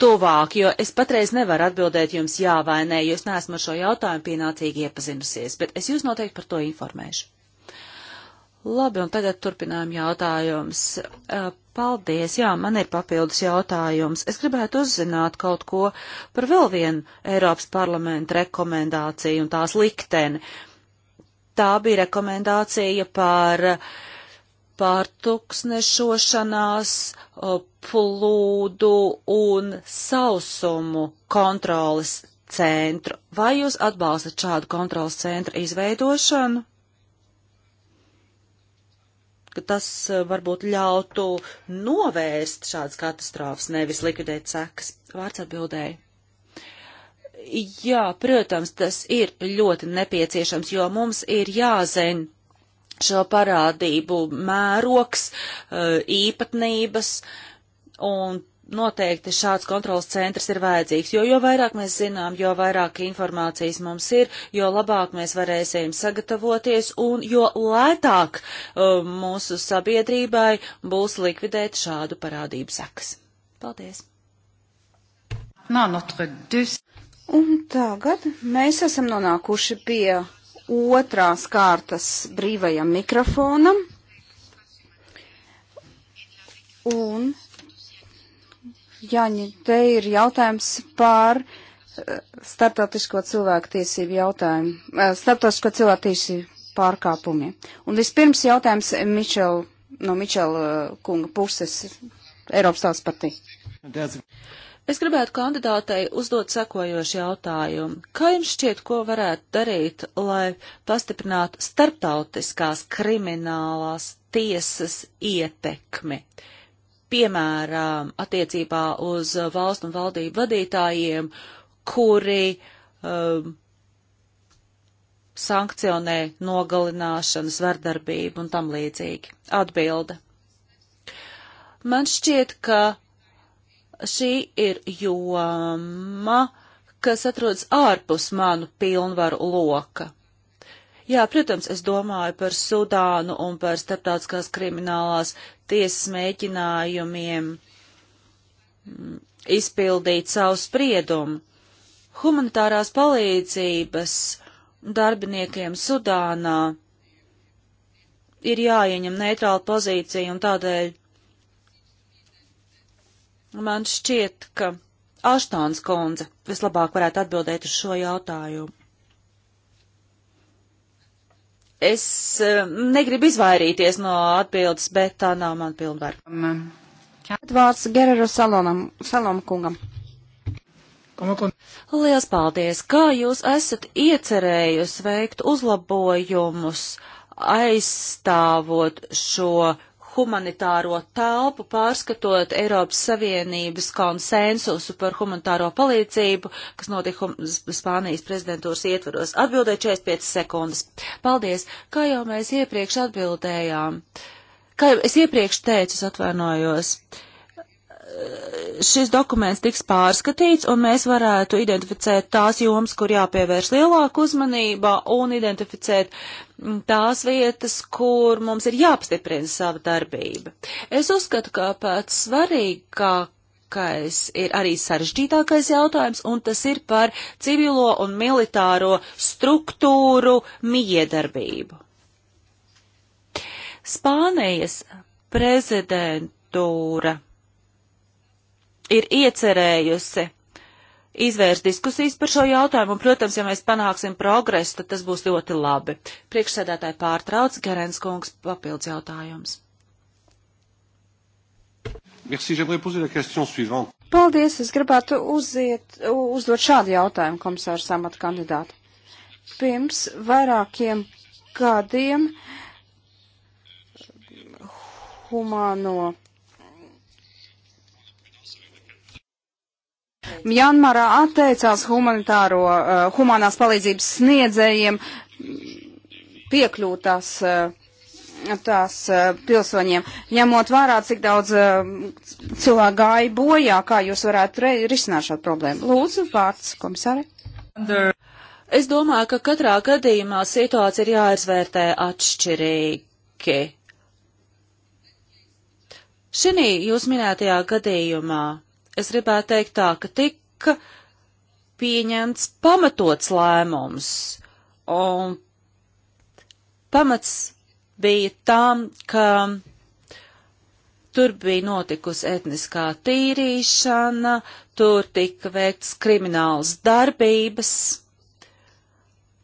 tuvāk, jo es patreiz nevaru atbildēt jums jā vai nē, jo es neesmu ar šo jautājumu pienācīgi iepazinusies, bet es jūs noteikti par to informēšu. Labi, un tagad turpinām jautājums. Paldies, jā, man ir papildus jautājums. Es gribētu uzzināt kaut ko par vēl vienu Eiropas parlamenta rekomendāciju un tās likteni. Tā bija rekomendācija par pārtuksnešošanās, plūdu un sausumu kontrolas centru. Vai jūs atbalstat šādu kontrolas centru izveidošanu? ka tas eh, varbūt ļautu novērst šādas katastrofas, nevis likvidēt sekas. Vārds atbildēja. Jā, protams, tas ir ļoti nepieciešams, jo mums ir jāzina šo parādību mēroks, eh, īpatnības, un noteikti šāds kontrols centrs ir vajadzīgs, jo jo vairāk mēs zinām, jo vairāk informācijas mums ir, jo labāk mēs varēsim sagatavoties un jo lētāk uh, mūsu sabiedrībai būs likvidēt šādu parādību sekas. Paldies! Un tagad mēs esam nonākuši pie otrās kārtas brīvajam mikrofonam. Un Jāņi, te ir jautājums par eh, starptautisko cilvēku tiesību jautājumu, eh, starptautisko cilvēku tiesību pārkāpumiem. Un vispirms jautājums Mičel, no Mičela eh, kunga puses, Eiropas tās partija. Es gribētu kandidātei uzdot sekojošu jautājumu. Kā jums šķiet, ko varētu darīt, lai pastiprinātu starptautiskās kriminālās tiesas ietekmi? Uh, piemēram, attiecībā uz valstu un valdību vadītājiem, kuri um, sankcionē nogalināšanas, vardarbību un tam līdzīgi. Atbilde. Man šķiet, ka šī ir joma, kas atrodas ārpus manu pilnvaru loka. Jā, protams, es domāju par Sudānu un par starptautiskās kriminālās tiesas mēģinājumiem mm, izpildīt savu spriedumu. Humanitārās palīdzības darbiniekiem Sudānā ir jāieņem neitrāla pozīcija, un tādēļ man šķiet, ka Aštāns kundze vislabāk varētu atbildēt uz šo jautājumu. Es eh, negribu izvairīties no atbildes, bet tā nav man pilnvar. Vārds Gerero Salonam, Salom kungam. Lielas paldies! Kā jūs esat iecerējusi veikt uzlabojumus, aizstāvot šo humanitāro telpu, pārskatot Eiropas Savienības konsensusu par humanitāro palīdzību, kas notika Spānijas prezidentūras ietvaros. Atbildēju 45 sekundes. Paldies, kā jau mēs iepriekš atbildējām. Kā jau es iepriekš teicu, atvainojos. Uh, šis dokuments tiks pārskatīts, un mēs varētu identificēt tās jomas, kur jāpievērš lielāka uzmanība, un identificēt mm, tās vietas, kur mums ir jāpastiprina sava darbība. Es uzskatu, ka pēc svarīgākais ir arī sarežģītākais jautājums, un tas ir par civilo un militāro struktūru miedarbību. Spānijas prezidentūra ir iecerējusi izvērst diskusijas par šo jautājumu, un, protams, ja mēs panāksim progresu, tad tas būs ļoti labi. Priekšsēdētāji pārtrauc, Gerens kungs papildz jautājums. Merci, Paldies, es gribētu uziet, uzdot šādu jautājumu komisāru samatu kandidātu. Pirms vairākiem gadiem humāno Mjanmarā atteicās humanitāro, uh, humanās palīdzības sniedzējiem piekļūtās uh, tās uh, pilsoņiem, ņemot vērā, cik daudz uh, cilvēku gāja bojā, kā jūs varētu risināt šo problēmu. Lūdzu, vārds komisāri. Es domāju, ka katrā gadījumā situācija ir jāizvērtē atšķirīgi. Šī jūs minētajā gadījumā es gribētu teikt tā, ka tika pieņemts pamatots lēmums, un pamats bija tam, ka Tur bija notikusi etniskā tīrīšana, tur tika veikts krimināls darbības.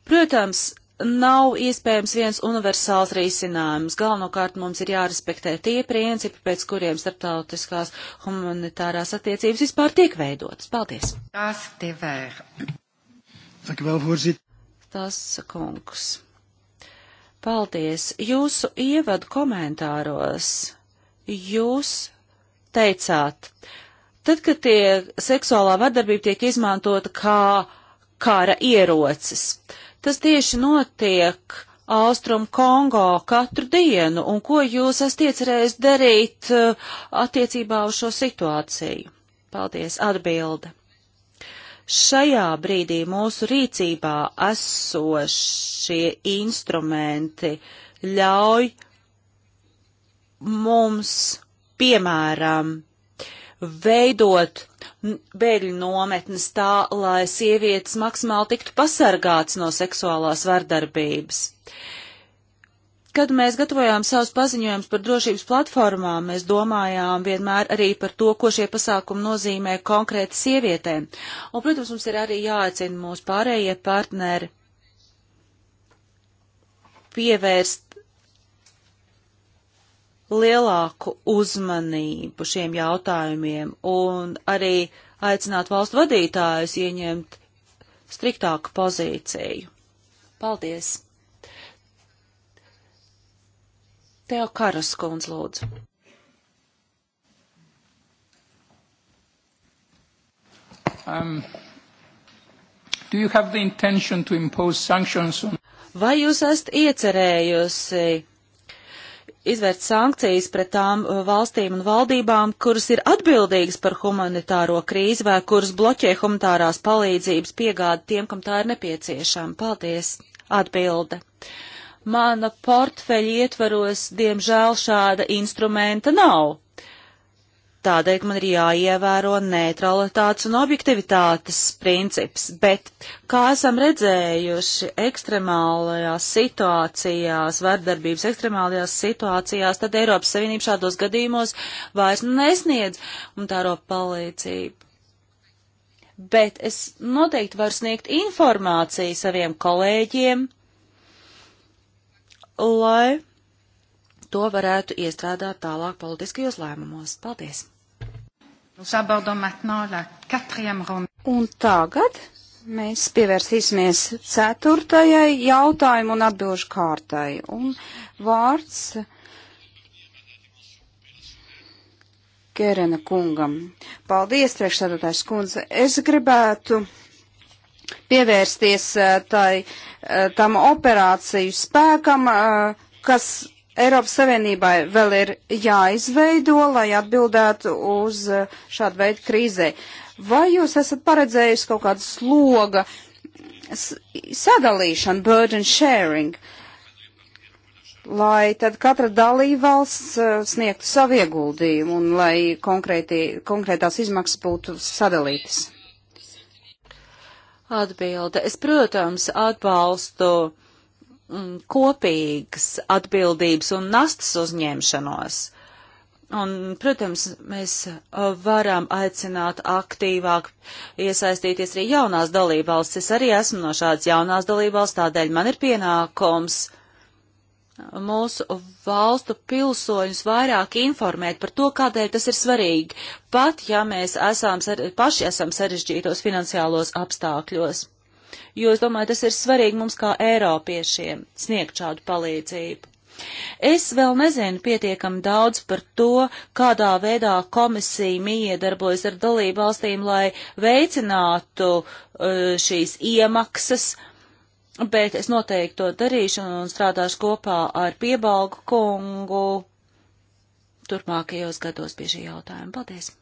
Protams, nav iespējams viens universāls risinājums. Galvenokārt mums ir jārespektē tie principi, pēc kuriem starptautiskās humanitārās attiecības vispār tiek veidotas. Paldies! Tas kungs. Paldies! Jūsu ievadu komentāros jūs teicāt, tad, kad tie seksuālā vardarbība tiek izmantota kā kara ierocis, uh, Tas tieši notiek Austrum Kongo katru dienu, un ko jūs esat iecerējis darīt uh, attiecībā uz šo situāciju? Paldies, atbilde. Šajā brīdī mūsu rīcībā esošie instrumenti ļauj mums, piemēram, veidot bēgļu nometnes tā, lai sievietes maksimāli tiktu pasargāts no seksuālās vardarbības. Kad mēs gatavojām savus paziņojumus par drošības platformām, mēs domājām vienmēr arī par to, ko šie pasākumi nozīmē konkrēti sievietēm. Un, protams, mums ir arī jāaicina mūsu pārējie partneri pievērst lielāku uzmanību šiem jautājumiem un arī aicināt valstu vadītājus ieņemt striktāku pozīciju. Paldies! Tev Karas kundz lūdzu. Um, do you have the intention to impose sanctions on... Vai jūs esat iecerējusi izvērst sankcijas pret tām uh, valstīm un valdībām, kuras ir atbildīgas par humanitāro krīzi vai kuras bloķē humanitārās palīdzības piegādi tiem, kam tā ir nepieciešama. Paldies! Atbilde. Mana portfeļa ietvaros, diemžēl, šāda instrumenta nav. Tādēļ man ir jāievēro neutralitātes un objektivitātes princips, bet, kā esam redzējuši ekstremālajās situācijās, vardarbības ekstremālajās situācijās, tad Eiropas Savienība šādos gadījumos vairs nesniedz humanitāro palīdzību bet es noteikti varu sniegt informāciju saviem kolēģiem, lai to varētu iestrādāt tālāk politiskajos lēmumos. Paldies! Un tagad mēs pievērsīsimies ceturtajai jautājumu un atbilžu kārtai. Un vārds Kerena kungam. Paldies, priekšsēdētājs kundze. Es gribētu pievērsties eh, tai, eh, tam operāciju spēkam, eh, kas Eiropas Savienībai vēl ir jāizveido, lai atbildētu uz eh, šādu veidu krīzē. Vai jūs esat paredzējusi kaut kādu sloga sadalīšanu, burden sharing, lai tad katra dalībvalsts eh, sniegtu savu ieguldījumu un lai konkrētās izmaksas būtu sadalītas? Atbilde. Es, protams, atbalstu Mm, kopīgas atbildības un nastas uzņemšanos. Un, protams, mēs uh, varam aicināt aktīvāk iesaistīties arī jaunās dalībvalstis. Es arī esmu no šādas jaunās dalībvalsts, tādēļ man ir pienākums mūsu valstu pilsoņus vairāk informēt par to, kādēļ tas ir svarīgi, pat ja mēs esam, paši esam sarežģītos finansiālos apstākļos jo es domāju, tas ir svarīgi mums kā Eiropiešiem sniegt šādu palīdzību. Es vēl nezinu pietiekami daudz par to, kādā veidā komisija miedarbojas ar dalību valstīm, lai veicinātu uh, šīs iemaksas, bet es noteikti to darīšu un strādāšu kopā ar piebalgu kungu turpmākajos gados pie šī jautājuma. Paldies!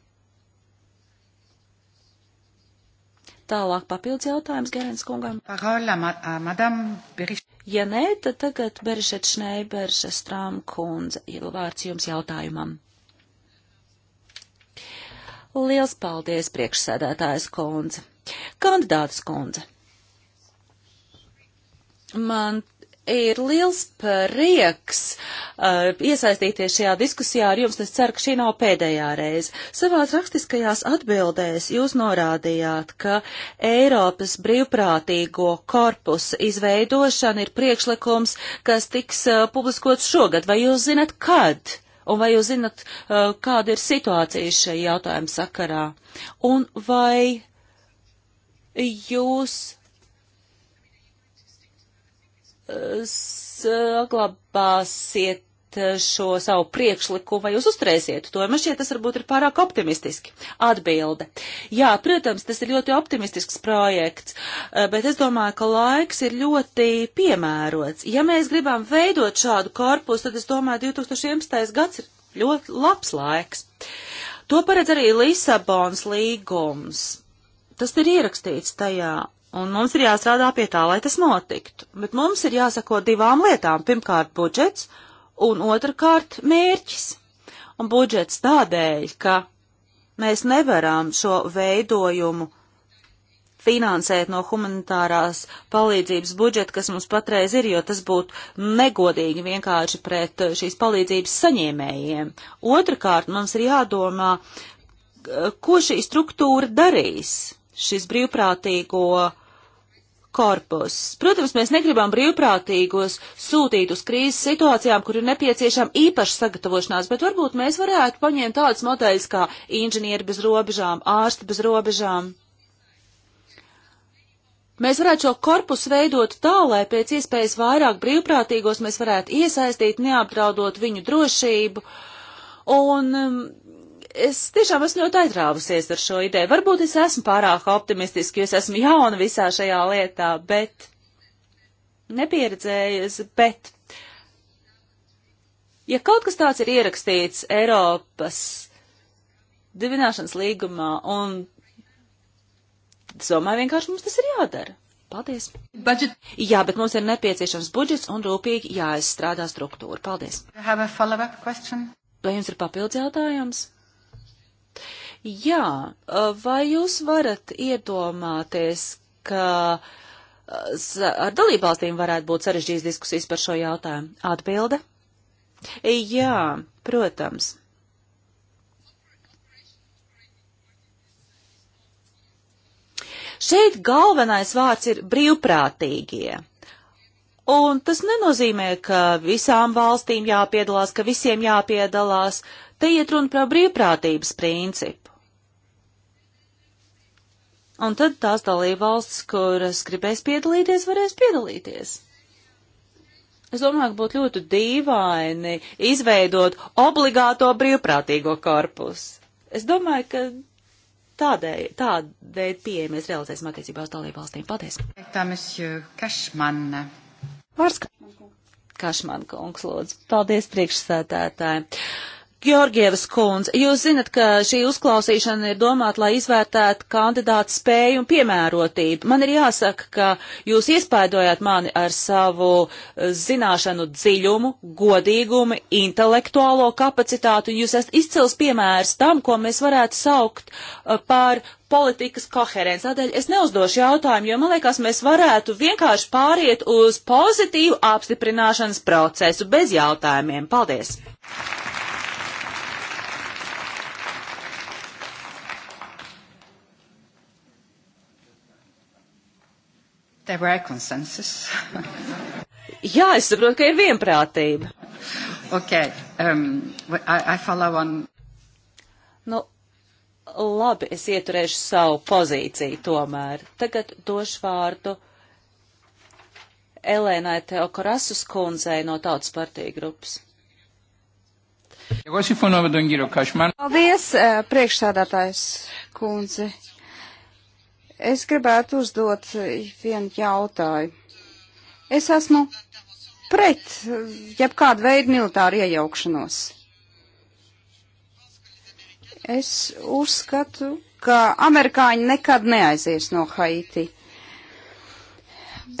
Tālāk papildus jautājums Gerens kungam. Parola, ma, madam, beriš... Ja nē, tad tagad Berišet Šneiberša Strām kundze vārds jums jautājumam. Liels paldies, priekšsēdētājs kundze. Kandidātas kundze. Man ir liels prieks uh, iesaistīties šajā diskusijā ar jums. Es ceru, ka šī nav pēdējā reize. Savās rakstiskajās atbildēs jūs norādījāt, ka Eiropas brīvprātīgo korpusu izveidošana ir priekšlikums, kas tiks uh, publiskots šogad. Vai jūs zinat, kad? Un vai jūs zinat, uh, kāda ir situācija šajā jautājuma sakarā? Un vai jūs saglabāsiet šo savu priekšlikumu vai jūs uzturēsiet to? Man šķiet, tas varbūt ir pārāk optimistiski. Atbilde. Jā, protams, tas ir ļoti optimistisks projekts, eh, bet es domāju, ka laiks ir ļoti piemērots. Ja mēs gribam veidot šādu korpusu, tad es domāju, 2011. gads ir ļoti labs laiks. To paredz arī Lisabons līgums. Tas ir ierakstīts tajā, Un mums ir jāstrādā pie tā, lai tas notiktu. Bet mums ir jāsako divām lietām. Pirmkārt, budžets, un otrkārt, mērķis. Un budžets tādēļ, ka mēs nevaram šo veidojumu finansēt no humanitārās palīdzības budžeta, kas mums patreiz ir, jo tas būtu negodīgi vienkārši pret šīs palīdzības saņēmējiem. Otrakārt, mums ir jādomā, eh, ko šī struktūra darīs šis brīvprātīgo korpus. Protams, mēs negribam brīvprātīgos sūtīt uz krīzes situācijām, kur ir nepieciešama īpaša sagatavošanās, bet varbūt mēs varētu paņemt tādus modeļus kā inženieri bez robežām, ārsti bez robežām. Mēs varētu šo korpusu veidot tā, lai pēc iespējas vairāk brīvprātīgos mēs varētu iesaistīt, neapdraudot viņu drošību. Un um, es tiešām esmu ļoti aizrāvusies ar šo ideju. Varbūt es esmu pārāk optimistiski, jo es esmu jauna visā šajā lietā, bet nepieredzējusi, bet ja kaut kas tāds ir ierakstīts Eiropas dibināšanas līgumā, un es domāju, vienkārši mums tas ir jādara. Paldies. Budget. Jā, bet mums ir nepieciešams budžets un rūpīgi jāizstrādā struktūra. Paldies. Vai jums ir papildus jautājums? Jā, eh, vai jūs varat iedomāties, ka eh, ar dalībvalstīm varētu būt sarežģīts diskusijas par šo jautājumu? Atbilde? Jā, protams. Šeit galvenais vārds ir brīvprātīgie. Un tas nenozīmē, ka visām valstīm jāpiedalās, ka visiem jāpiedalās. Te iet runa par brīvprātības principu. Un tad tās dalībvalstis, kuras gribēs piedalīties, varēs piedalīties. Es domāju, ka būtu ļoti dīvaini izveidot obligāto brīvprātīgo korpusu. Es domāju, ka tādēļ, tādēļ pieeja mēs realizēsim attiecībās dalībvalstīm. Paldies! Vārds Kašman kungs, lūdzu. Paldies priekšsētētāji. Georgievas kundze, jūs zinat, ka šī uzklausīšana ir domāta, lai izvērtētu kandidātu spēju un piemērotību. Man ir jāsaka, ka jūs iespaidojāt mani ar savu eh, zināšanu dziļumu, godīgumu, intelektuālo kapacitātu, un jūs esat izcils piemērs tam, ko mēs varētu saukt eh, par politikas koherenci. Tādēļ es neuzdošu jautājumu, jo man liekas, mēs varētu vienkārši pāriet uz pozitīvu apstiprināšanas procesu bez jautājumiem. Paldies! Thank you. There were consensus. [laughs] Jā, es saprotu, ka ir vienprātība. Okay, um, I, I follow on. Nu, labi, es ieturēšu savu pozīciju tomēr. Tagad došu vārdu Elēnai Teokorasus kundzei no Tautas partija grupas. Paldies, eh, priekšsādātājs kundze. Es gribētu uzdot vienu jautāju. Es esmu pret jebkādu veidu militāru iejaukšanos. Es uzskatu, ka amerikāņi nekad neaizies no Haiti.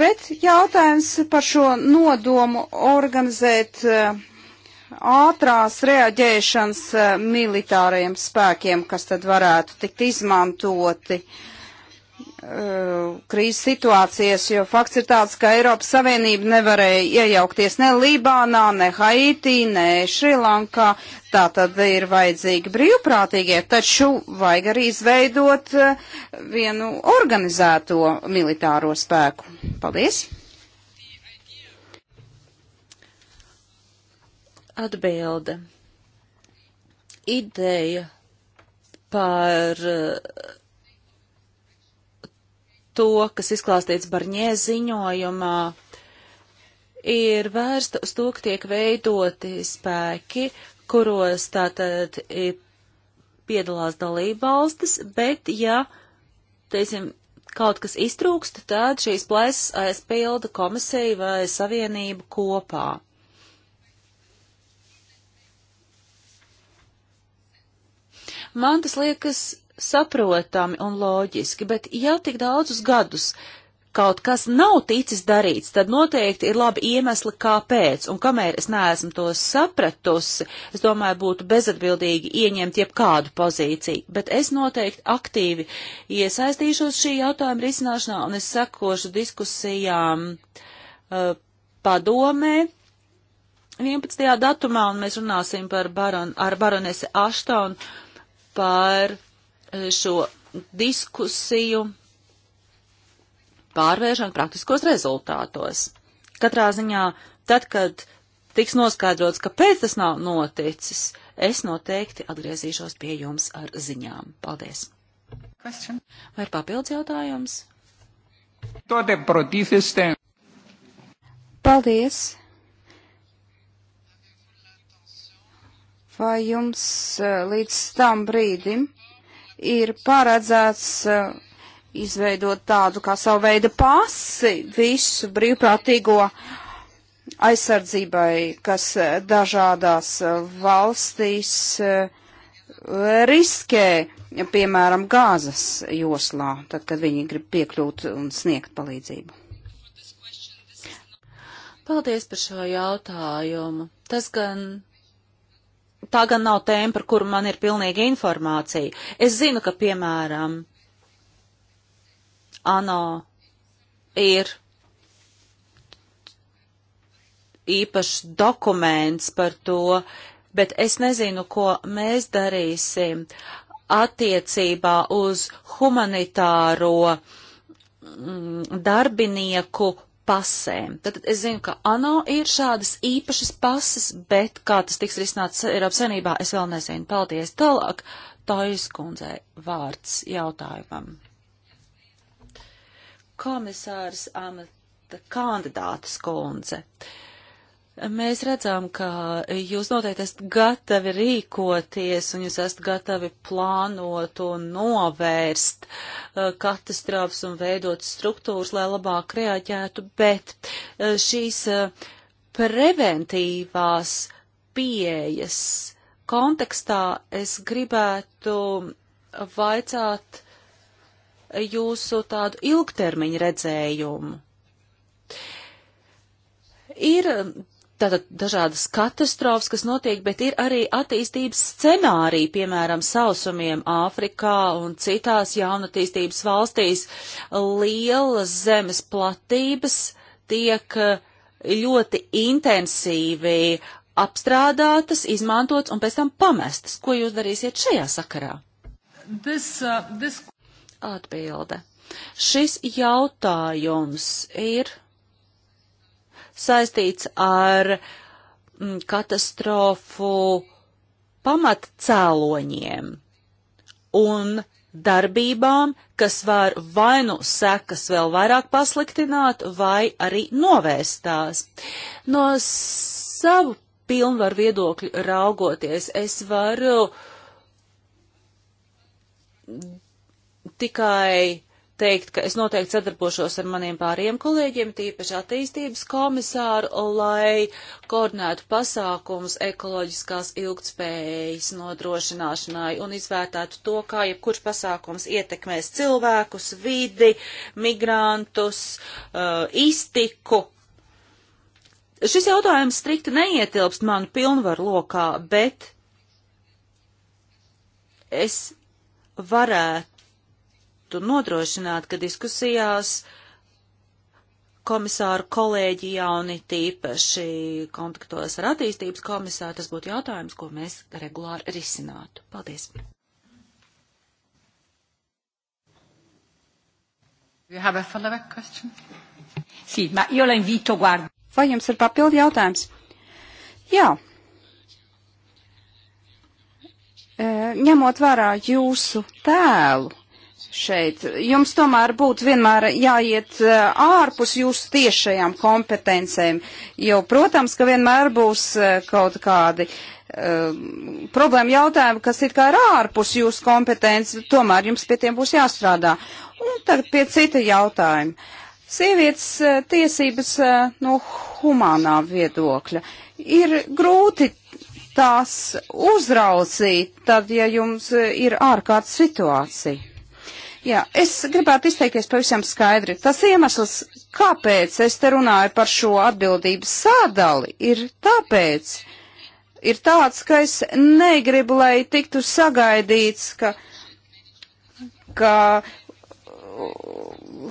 Bet jautājums par šo nodomu organizēt eh, ātrās reaģēšanas eh, militārajiem spēkiem, kas tad varētu tikt izmantoti uh, Uh, krīzes situācijas, jo fakts ir tāds, ka Eiropas Savienība nevarēja iejaukties ne Libānā, ne Haitī, ne Šrilankā. Tā tad ir vajadzīgi brīvprātīgie, taču vajag arī izveidot uh, vienu organizēto militāro spēku. Paldies! Atbilde. Ideja par uh, to, kas izklāstīts Barņē ziņojumā, ir vērsta uz to, ka tiek veidoti spēki, kuros tātad piedalās dalībvalstis, bet ja, teiksim, kaut kas iztrūkst, tad šīs plaisas aizpilda komisija vai savienība kopā. Man tas liekas saprotami un loģiski, bet ja tik daudzus gadus kaut kas nav ticis darīts, tad noteikti ir labi iemesli, kāpēc, un kamēr es neesmu to sapratusi, es domāju, būtu bezatbildīgi ieņemt jebkādu pozīciju, bet es noteikti aktīvi iesaistīšos šī jautājuma risināšanā, un es sekošu diskusijām uh, padomē, 11. datumā, un mēs runāsim par baron, ar baronesi Aštonu par Eh, šo diskusiju pārvēršanu praktiskos rezultātos. Katrā ziņā, tad, kad tiks noskaidrots, kāpēc tas nav noticis, es noteikti atgriezīšos pie jums ar ziņām. Paldies! Question. Vai ir papildus jautājums? Paldies! Vai jums eh, līdz tam brīdim ir paredzēts e, izveidot tādu kā savu veidu pasi visu brīvprātīgo aizsardzībai, kas e, dažādās e, valstīs riskē, piemēram, gāzes joslā, tad, kad viņi grib piekļūt un sniegt palīdzību. Paldies par šo jautājumu. Tas gan tā gan nav tēma, par kuru man ir pilnīga informācija. Es zinu, ka, piemēram, ANO ir īpašs dokuments par to, bet es nezinu, ko mēs darīsim attiecībā uz humanitāro mm, darbinieku pasēm. Tad es zinu, ka ANO ir šādas īpašas pases, bet kā tas tiks risināts Eiropas Savienībā, es vēl nezinu. Paldies. Tālāk, Tojas kundzei vārds jautājumam. Komisārs amata kandidātas kundze. Uh, Mēs redzam, ka jūs noteikti esat gatavi rīkoties un jūs esat gatavi plānot un novērst uh, katastrofas un veidot struktūras, lai labāk reaģētu, bet uh, šīs uh, preventīvās pieejas kontekstā es gribētu vaicāt jūsu tādu ilgtermiņu redzējumu. Ir um, tātad dažādas katastrofas, kas notiek, bet ir arī attīstības scenāriji, piemēram, sausumiem Āfrikā un citās jaunatīstības valstīs. Lielas zemes platības tiek eh, ļoti intensīvi apstrādātas, izmantotas un pēc tam pamestas. Ko jūs darīsiet šajā sakarā? This, uh, this... Atbilde. Šis jautājums ir saistīts ar mm, katastrofu pamatcēloņiem un darbībām, kas var vai nu sekas vēl vairāk pasliktināt, vai arī novērstās. No savu pilnvaru viedokļu raugoties, es varu tikai teikt, ka es noteikti sadarbošos ar maniem pāriem kolēģiem, tīpaši attīstības komisāru, lai koordinētu pasākumus ekoloģiskās ilgtspējas nodrošināšanai un izvērtētu to, kā jebkurš pasākums ietekmēs cilvēkus, vidi, migrantus, uh, iztiku. Šis jautājums strikti neietilpst manu pilnvaru lokā, bet es varētu varētu nodrošināt, ka diskusijās komisāru kolēģijā un it īpaši kontaktos ar attīstības komisāru, tas būtu jautājums, ko mēs regulāri risinātu. Paldies! Vai jums ir papildu jautājums? Jā. E, ņemot vērā jūsu tēlu, šeit. Jums tomēr būtu vienmēr jāiet eh, ārpus jūsu tiešajām kompetencēm, jo, protams, ka vienmēr būs eh, kaut kādi uh, problēma jautājumi, kas it kā ir ārpus jūsu kompetences, tomēr jums pie tiem būs jāstrādā. Un tagad pie cita jautājuma. Sievietes uh, tiesības uh, no humānā viedokļa ir grūti tās uzraucīt, tad, ja jums ir ārkārtas situācija. Jā, es gribētu izteikties pavisam skaidri. Tas iemesls, kāpēc es te runāju par šo atbildības sādali, ir tāpēc, ir tāds, ka es negribu, lai tiktu sagaidīts, ka, ka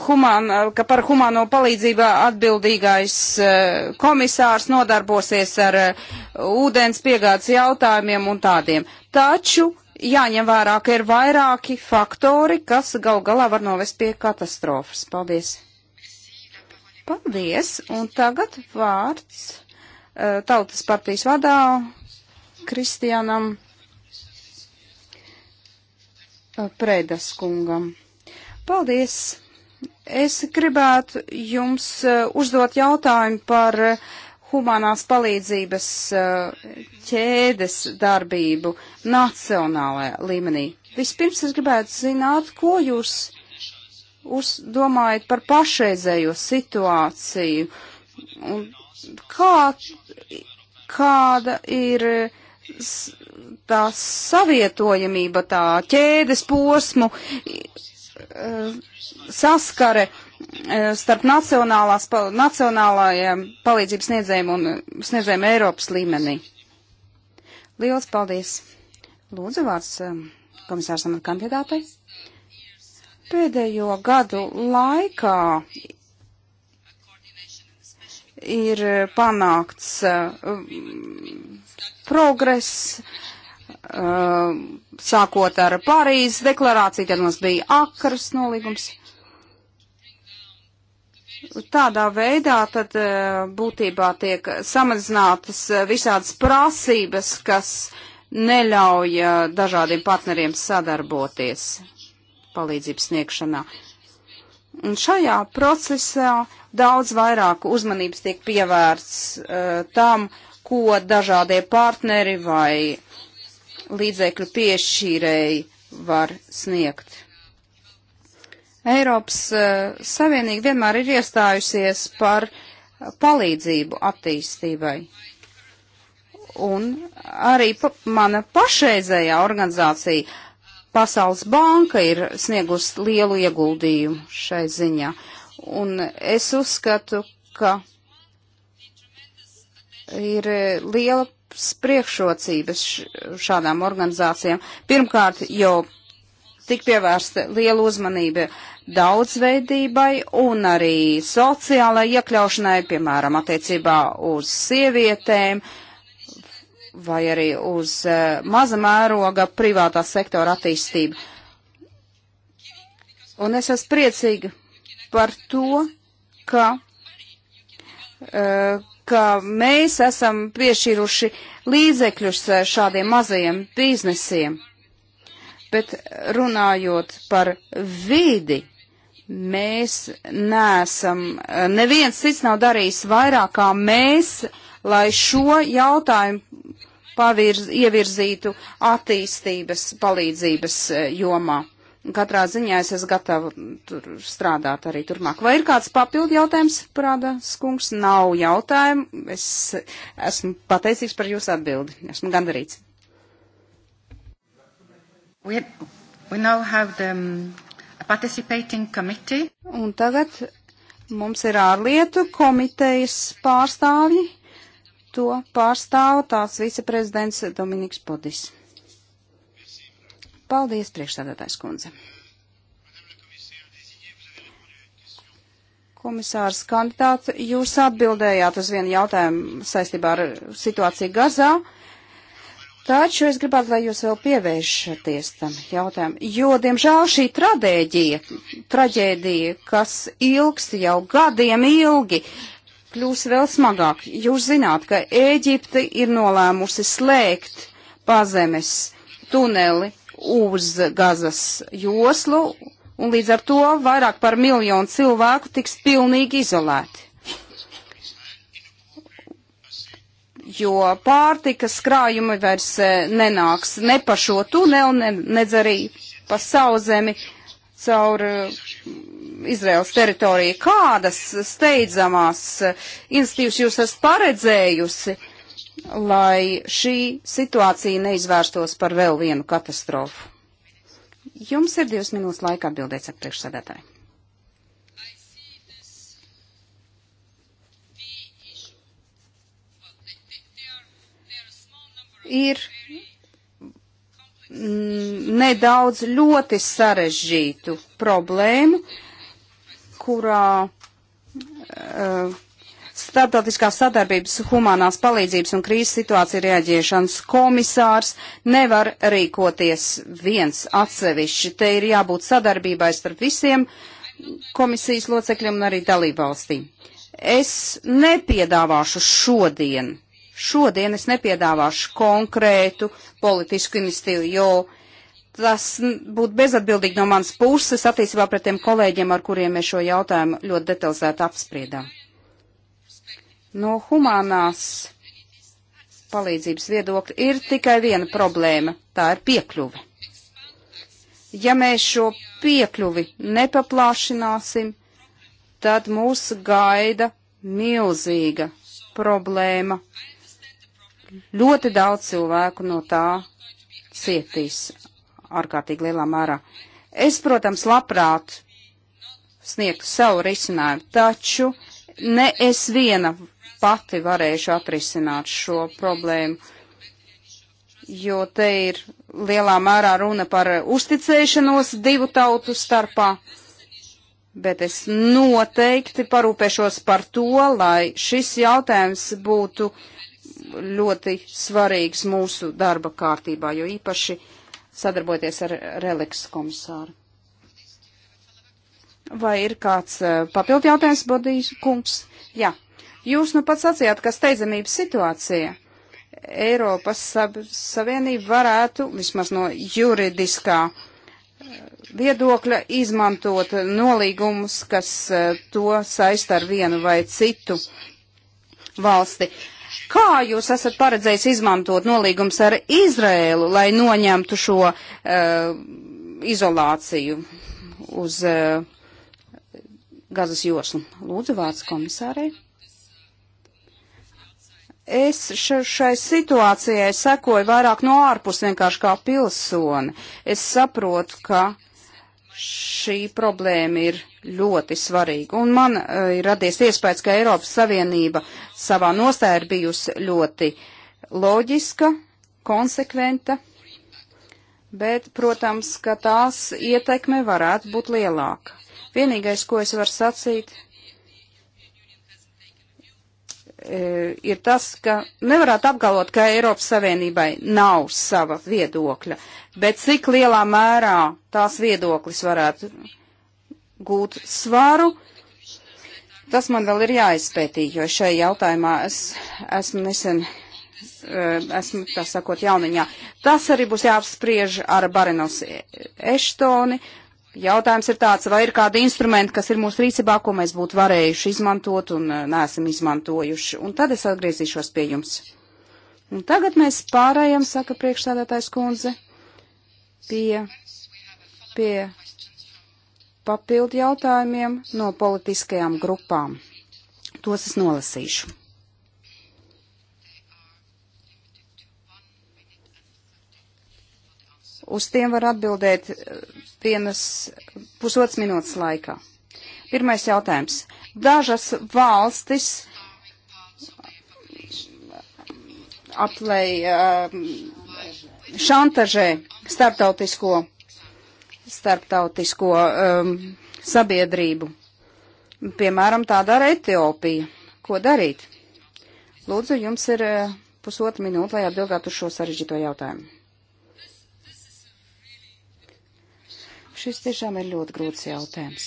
human, ka par humāno palīdzību atbildīgais eh, komisārs nodarbosies ar eh, ūdens piegādes jautājumiem un tādiem. Taču jāņem vērā, ka ir vairāki faktori, kas gal galā var novest pie katastrofas. Paldies! Paldies! Un tagad vārds eh, Tautas partijas vadā Kristianam eh, Prēdas kungam. Paldies! Es gribētu jums eh, uzdot jautājumu par uh, humanās palīdzības eh, ķēdes darbību nacionālajā līmenī. Vispirms es gribētu zināt, ko jūs domājat par pašreizējo situāciju un kā, kāda ir tā savietojamība, tā ķēdes posmu eh, saskare E, starp nacionālās, nacionālajiem palīdzības sniedzējiem un sniedzējiem Eiropas līmenī. Lielas paldies! Lūdzu vārds e, komisārs amat kandidātai. Pēdējo gadu laikā ir panākts e, progress, sākot ar Parīzes deklarāciju, tad mums bija akras nolīgums. Tādā veidā tad e, būtībā tiek samazinātas e, visādas prasības, kas neļauj e, dažādiem partneriem sadarboties palīdzības sniegšanā. Un šajā procesā daudz vairāk uzmanības tiek pievērts uh, tam, ko dažādie partneri vai līdzekļu piešķīrēji var sniegt. Eiropas uh, Savienība vienmēr ir iestājusies par palīdzību attīstībai. Un arī pa mana pašreizējā organizācija, Pasaules banka, ir sniegus lielu ieguldījumu šai ziņā. Un es uzskatu, ka ir eh, liela priekšrocības šādām organizācijām. Pirmkārt, jo tik pievērsta liela uzmanība daudzveidībai un arī sociālai iekļaušanai, piemēram, attiecībā uz sievietēm vai arī uz eh, maza mēroga privātā sektora attīstību. Un es esmu priecīga par to, ka, eh, ka mēs esam piešķīruši līdzekļus eh, šādiem mazajiem biznesiem. Bet runājot par vidi, mēs nesam, neviens cits nav darījis vairāk kā mēs, lai šo jautājumu pavirz, ievirzītu attīstības palīdzības e, jomā. Katrā ziņā es esmu gatava tur strādāt arī turmāk. Vai ir kāds papildu jautājums, prāda skungs? Nav jautājumu. Es esmu pateicīgs par jūsu atbildi. Esmu gandarīts. We, we now have the um, participating committee. Un tagad mums ir ārlietu komitejas pārstāvji. To pārstāv tāds viceprezidents Dominiks Podis. Paldies, priekšstādātājs kundze. Komisārs kandidāts, jūs atbildējāt uz vienu jautājumu saistībā ar situāciju Gazā. Uh, Taču es gribētu, lai jūs vēl pievēršaties tam jautājumam, jo, diemžēl, šī traģēdija, traģēdija, kas ilgst jau gadiem ilgi, kļūs vēl smagāk. Jūs zināt, ka Ēģipte ir nolēmusi slēgt pazemes tuneli uz Gazas joslu, un līdz ar to vairāk par miljonu cilvēku tiks pilnīgi izolēti. jo pārtikas krājumi vairs e, nenāks ne pa šo tuneli, ne, nedz arī pa sauzemi caur e, Izraels teritoriju. Kādas steidzamās e, institīvas jūs esat paredzējusi, lai šī situācija neizvērstos par vēl vienu katastrofu? Jums ir divas minūtes laika atbildēt ar priekšsēdētāju. ir nedaudz ļoti sarežģītu problēmu, kurā uh, eh, Startautiskās sadarbības humanās palīdzības un krīzes situācija reaģēšanas komisārs nevar rīkoties viens atsevišķi. Te ir jābūt sadarbībai starp visiem komisijas locekļiem un arī dalībvalstīm. Es nepiedāvāšu šodien Šodien es nepiedāvāšu konkrētu politisku inicitīvu, jo tas būtu bezatbildīgi no manas puses attiecībā pret tiem kolēģiem, ar kuriem mēs šo jautājumu ļoti detalizēti apspriedām. No humanās palīdzības viedokļa ir tikai viena problēma - tā ir piekļuve. Ja mēs šo piekļuvi nepaplāšināsim, tad mūs gaida milzīga problēma ļoti daudz cilvēku no tā cietīs ārkārtīgi lielā mērā. Es, protams, labprāt sniegtu savu risinājumu, taču ne es viena pati varēšu atrisināt šo problēmu, jo te ir lielā mērā runa par uzticēšanos divu tautu starpā, bet es noteikti parūpēšos par to, lai šis jautājums būtu ļoti svarīgs mūsu darba kārtībā, jo īpaši sadarboties ar Reliks komisāru. Vai ir kāds eh, papildu jautājums, Bodīs kungs? Jā. Jūs nu pats sacījāt, ka steidzamības situācija Eiropas Savienība varētu vismaz no juridiskā eh, viedokļa izmantot nolīgumus, kas eh, to saist ar vienu vai citu valsti. Kā jūs esat paredzējis izmantot nolīgums ar Izrēlu, lai noņemtu šo uh, izolāciju uz uh, gazas joslu? Lūdzu, vārds komisārei. Es šai situācijai sekoju vairāk no ārpus vienkārši kā pilsoni. Es saprotu, ka šī problēma ir ļoti svarīga. Un man uh, ir radies iespējas, ka Eiropas Savienība savā nostāja ir bijusi ļoti loģiska, konsekventa, bet, protams, ka tās ietekme varētu būt lielāka. Vienīgais, ko es varu sacīt, E, ir tas, ka nevarētu apgalvot, ka Eiropas Savienībai nav sava viedokļa, bet cik lielā mērā tās viedoklis varētu gūt svaru, tas man vēl ir jāizpētī, jo šai jautājumā es esmu nesen, e, esmu, tā sakot, jauniņā. Tas arī būs jāapspriež ar Barenos Eštoni, Jautājums ir tāds, vai ir kādi instrumenti, kas ir mūsu rīcībā, ko mēs būtu varējuši izmantot un eh, neesam izmantojuši. Un tad es atgriezīšos pie jums. Un tagad mēs pārējām, saka priekšstādātājs kundze, pie, pie papildu jautājumiem no politiskajām grupām. Tos es nolasīšu. Uz tiem var atbildēt eh, vienas pusotras minūtes laikā. Pirmais jautājums. Dažas valstis eh, aplēj eh, šantažē starptautisko, starptautisko um, sabiedrību. Piemēram, tādā ar Etiopiju. Ko darīt? Lūdzu, jums ir pusotra minūte, lai atbildētu uz šo sarežģīto jautājumu. Šis tiešām ir ļoti grūts jautājums.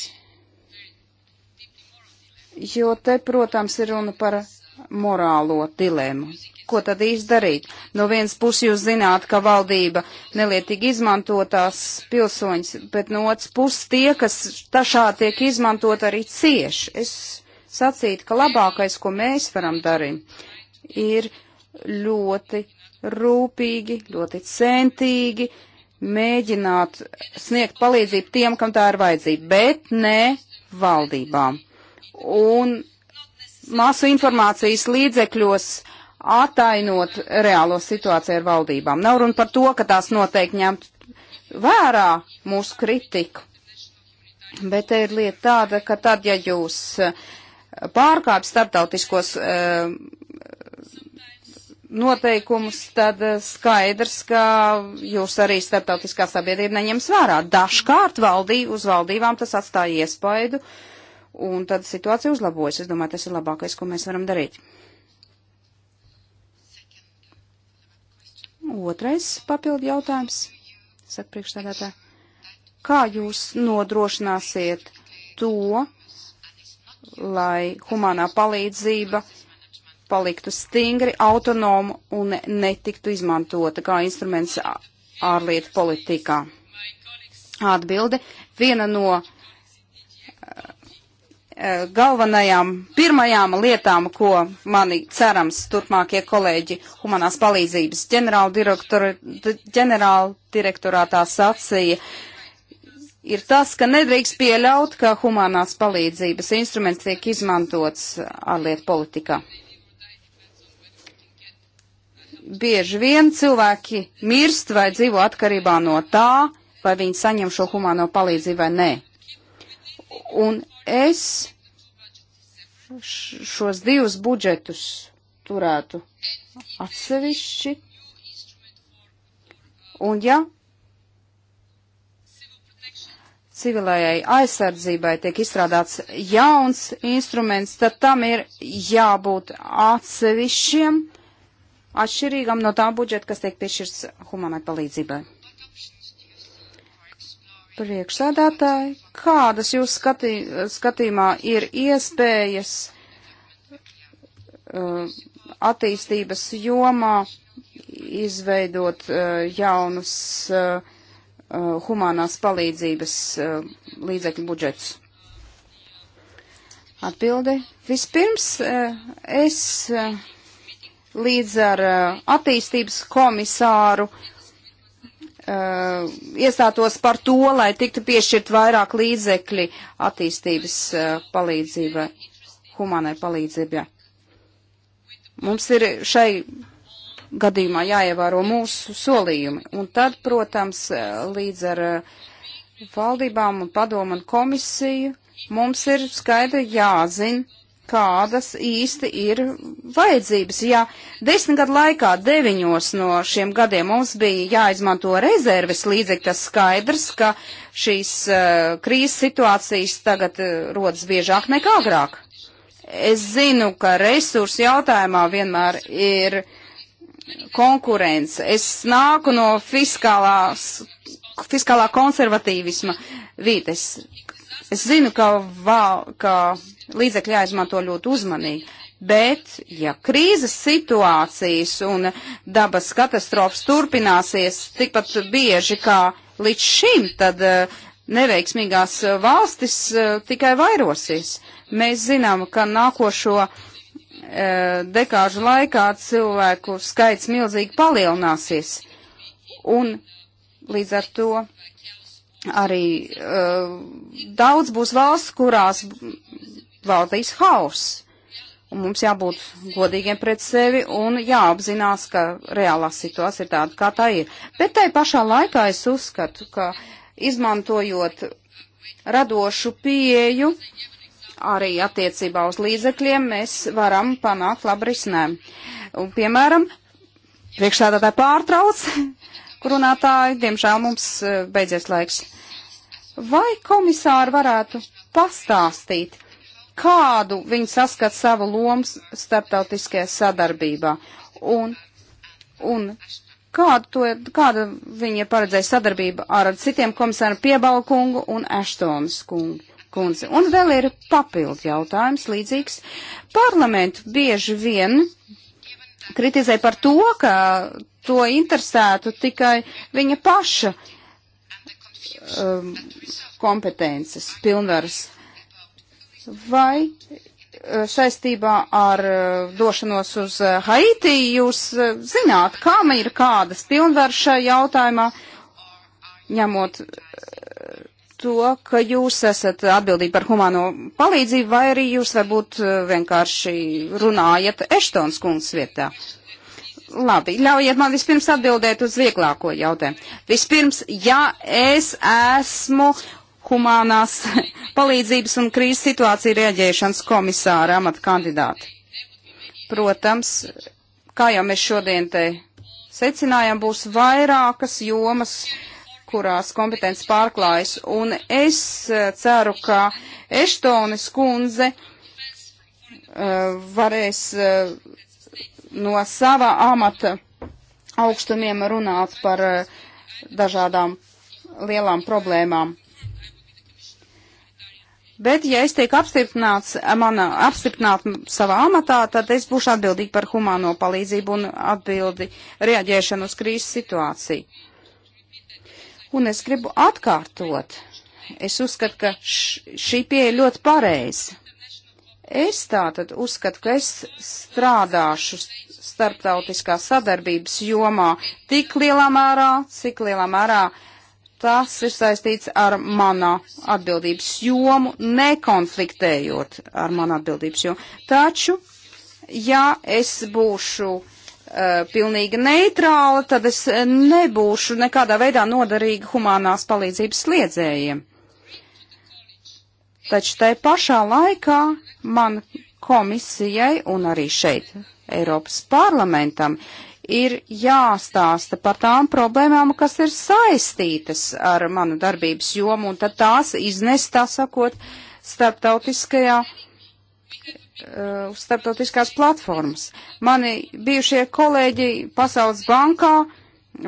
Jo te, protams, ir runa par morālo dilēmu. Ko tad izdarīt? No vienas puses jūs zināt, ka valdība nelietīgi izmantotās pilsoņus, bet no otras puses tie, kas tašā tiek izmantot, arī cieši. Es sacītu, ka labākais, ko mēs varam darīt, ir ļoti rūpīgi, ļoti centīgi mēģināt sniegt palīdzību tiem, kam tā ir vajadzība, bet ne valdībām. Un masu informācijas līdzekļos atainot reālo situāciju ar valdībām. Nav runa par to, ka tās noteikti ņemt vērā mūsu kritiku, bet te ir lieta tāda, ka tad, ja jūs pārkāpj starptautiskos uh, noteikumus, tad eh, skaidrs, ka jūs arī starptautiskā sabiedrība neņems vērā. Dažkārt valdī, uz valdībām tas atstāja iespaidu, un tad situācija uzlabojas. Es domāju, tas ir labākais, ko mēs varam darīt. Otrais papildu jautājums, saka priekšstādātāji. Kā jūs nodrošināsiet to, lai humanā palīdzība paliktu stingri autonoma un netiktu izmantota kā instruments ārlietu politikā. Atbilde. Viena no galvenajām, pirmajām lietām, ko mani cerams turpmākie kolēģi humanās palīdzības ģenerāldirektorātā sacīja, ir tas, ka nedrīkst pieļaut, ka humanās palīdzības instruments tiek izmantots ārlietu politikā bieži vien cilvēki mirst vai dzīvo atkarībā no tā, vai viņi saņem šo humāno palīdzību vai nē. Un es šos divus budžetus turētu atsevišķi. Un ja civilējai aizsardzībai tiek izstrādāts jauns instruments, tad tam ir jābūt atsevišķiem atšķirīgam no tā budžeta, kas tiek piešķirts humanai palīdzībai. Priekšsēdētāji, kādas jūs skatī, skatījumā ir iespējas uh, attīstības jomā izveidot uh, jaunus uh, uh humanās palīdzības uh, līdzekļu budžets? Atbildi. Vispirms uh, es līdz ar attīstības komisāru iestātos par to, lai tiktu piešķirt vairāk līdzekļi attīstības palīdzībai, humānai palīdzībai. Mums ir šai gadījumā jāievēro mūsu solījumi. Un tad, protams, līdz ar valdībām un padomu un komisiju mums ir skaidri jāzina, kādas īsti ir vajadzības. Ja desmit gadu laikā deviņos no šiem gadiem mums bija jāizmanto rezerves līdzekļi, tas skaidrs, ka šīs uh, krīzes situācijas tagad uh, rodas biežāk nekā agrāk. Es zinu, ka resursu jautājumā vienmēr ir konkurence. Es nāku no fiskālās, fiskālā konservatīvisma vītes. Es zinu, ka, vā, ka līdzekļi jāizmanto ļoti uzmanīgi. Bet, ja krīzes situācijas un dabas katastrofas turpināsies tikpat bieži kā līdz šim, tad eh, neveiksmīgās eh, valstis eh, tikai vairosies. Mēs zinām, ka nākošo dekāžu laikā cilvēku skaits milzīgi palielināsies. Un līdz ar to arī uh, daudz būs valsts, kurās valdīs hauss. Un mums jābūt godīgiem pret sevi un jāapzinās, ka reālā situācija ir tāda, kā tā ir. Bet tai pašā laikā es uzskatu, ka izmantojot radošu pieju arī attiecībā uz līdzekļiem, mēs varam panākt labu risinājumu. Un, piemēram, priekšstādātāji pārtrauc, [laughs] kur runātāji, diemžēl mums eh, beidzies laiks. Vai komisāri varētu pastāstīt? kādu viņi saskat savu lomu starptautiskajā sadarbībā un, un kādu to, kāda viņa paredzēja sadarbība ar citiem komisāriem Piebalkungu un Ashtonas kungu. Kundze. Un vēl ir papildu jautājums līdzīgs. Parlamentu bieži vien kritizē par to, ka to interesētu tikai viņa paša um, kompetences, pilnvaras. Uh, Vai eh, saistībā ar eh, došanos uz eh, Haiti jūs zināt, kam ir kādas pilnvaru šajā jautājumā, ņemot to, ka jūs esat atbildīgi par humāno palīdzību, vai arī jūs varbūt vienkārši runājat Eštons kundas vietā? Labi, ļaujiet man vispirms atbildēt uz vieglāko jautājumu. Vispirms, ja es esmu humānās [laughs] palīdzības un krīzes situācija rieģēšanas komisāra amata kandidāti. Protams, kā jau mēs šodien te secinājām, būs vairākas jomas, kurās kompetences pārklājas, un es eh, ceru, ka Eštonis kundze uh, varēs uh, no sava amata augstumiem runāt par uh, dažādām lielām problēmām. Bet, ja es tiek apstiprināts, mana apstiprināt savā amatā, tad es būšu atbildīgi par humāno palīdzību un atbildi reaģēšanu uz krīzes situāciju. Un es gribu atkārtot. Es uzskatu, ka š, šī pieeja ļoti pareiza. Es tātad uzskatu, ka es strādāšu starptautiskā sadarbības jomā tik lielā mērā, cik lielā mērā uh, tas ir saistīts ar manā atbildības jomu, nekonfliktējot ar manā atbildības jomu. Taču, ja es būšu uh, pilnīgi neitrāla, tad es nebūšu nekādā veidā nodarīga humanās palīdzības sliedzējiem. Taču tai pašā laikā man komisijai un arī šeit Eiropas parlamentam uh, ir jāstāsta par tām problēmām, kas ir saistītas ar manu darbības jomu, un tad tās iznest, tā sakot, starptautiskajā, uh, starptautiskās platformas. Mani bijušie kolēģi Pasaules bankā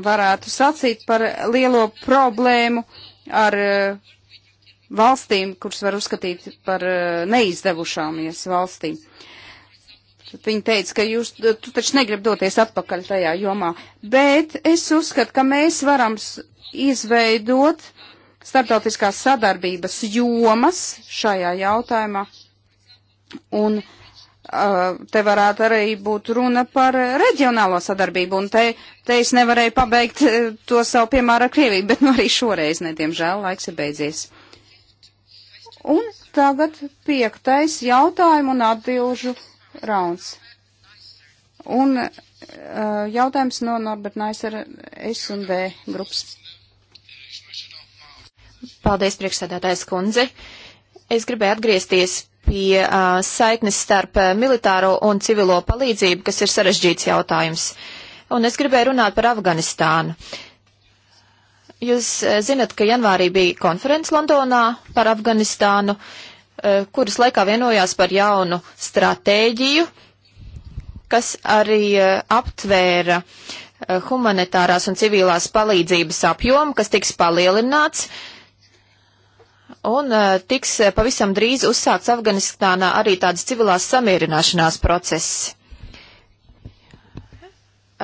varētu sacīt par lielo problēmu ar uh, valstīm, kuras var uzskatīt par uh, neizdevušāmies valstīm. Uh, Viņa teica, ka jūs tu taču negrib doties atpakaļ tajā jomā, bet es uzskatu, ka mēs varam izveidot starptautiskās sadarbības jomas šajā jautājumā. Un uh, te varētu arī būt runa par reģionālo sadarbību, un te, te es nevarēju pabeigt uh, to savu piemēru ar Krieviju, bet nu arī šoreiz, ne, diemžēl, laiks ir beidzies. Un tagad piektais jautājumu un atbilžu rauns. Un uh, jautājums no Norbert Naisera S un D grupas. Paldies, priekšsēdētājs kundze. Es gribēju atgriezties pie uh, saiknes starp uh, militāro un civilo palīdzību, kas ir sarežģīts jautājums. Un es gribēju runāt par Afganistānu. Jūs uh, zinat, ka janvārī bija konferences Londonā par Afganistānu. Uh, Eh, kuras laikā vienojās par jaunu stratēģiju, kas arī eh, aptvēra eh, humanitārās un civilās palīdzības apjomu, kas tiks palielināts un tiks pavisam drīz uzsākts Afganistānā arī tāds civilās samierināšanās process.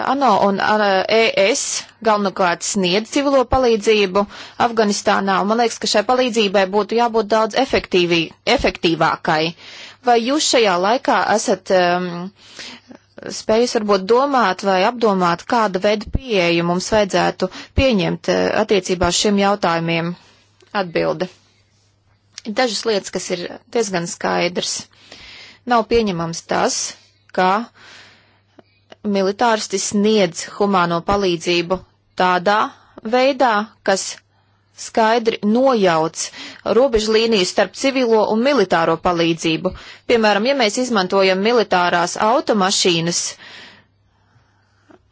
ANO un ES galvenokārt sniedz civilo palīdzību Afganistānā, un man liekas, ka šai palīdzībai būtu jābūt daudz efektīvi, efektīvākai. Vai jūs šajā laikā esat um, spējis varbūt domāt vai apdomāt, kāda veida pieeju mums vajadzētu pieņemt uh, attiecībā uz šiem jautājumiem? Atbilde. Dažas lietas, kas ir diezgan skaidrs. Nav pieņemams tas, ka uh, militāristi sniedz humāno palīdzību tādā veidā, kas skaidri nojauc robežu līniju starp civilo un militāro palīdzību. Piemēram, ja mēs izmantojam militārās automašīnas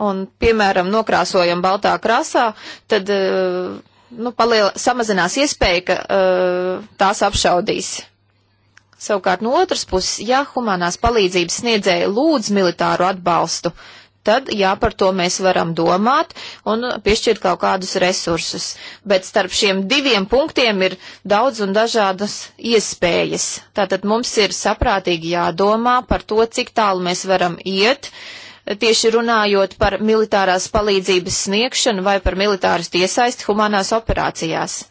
un, piemēram, nokrāsojam baltā krāsā, tad eh, nu, paliel, samazinās iespēja, ka uh, tās apšaudīs. Savukārt no otras puses, ja humanās palīdzības sniedzēja lūdz militāru atbalstu, tad jā, par to mēs varam domāt un piešķirt kaut kādus resursus. Bet starp šiem diviem punktiem ir daudz un dažādas iespējas. Tātad mums ir saprātīgi jādomā par to, cik tālu mēs varam iet. Tieši runājot par militārās palīdzības sniegšanu vai par militāras iesaisti humanās operācijās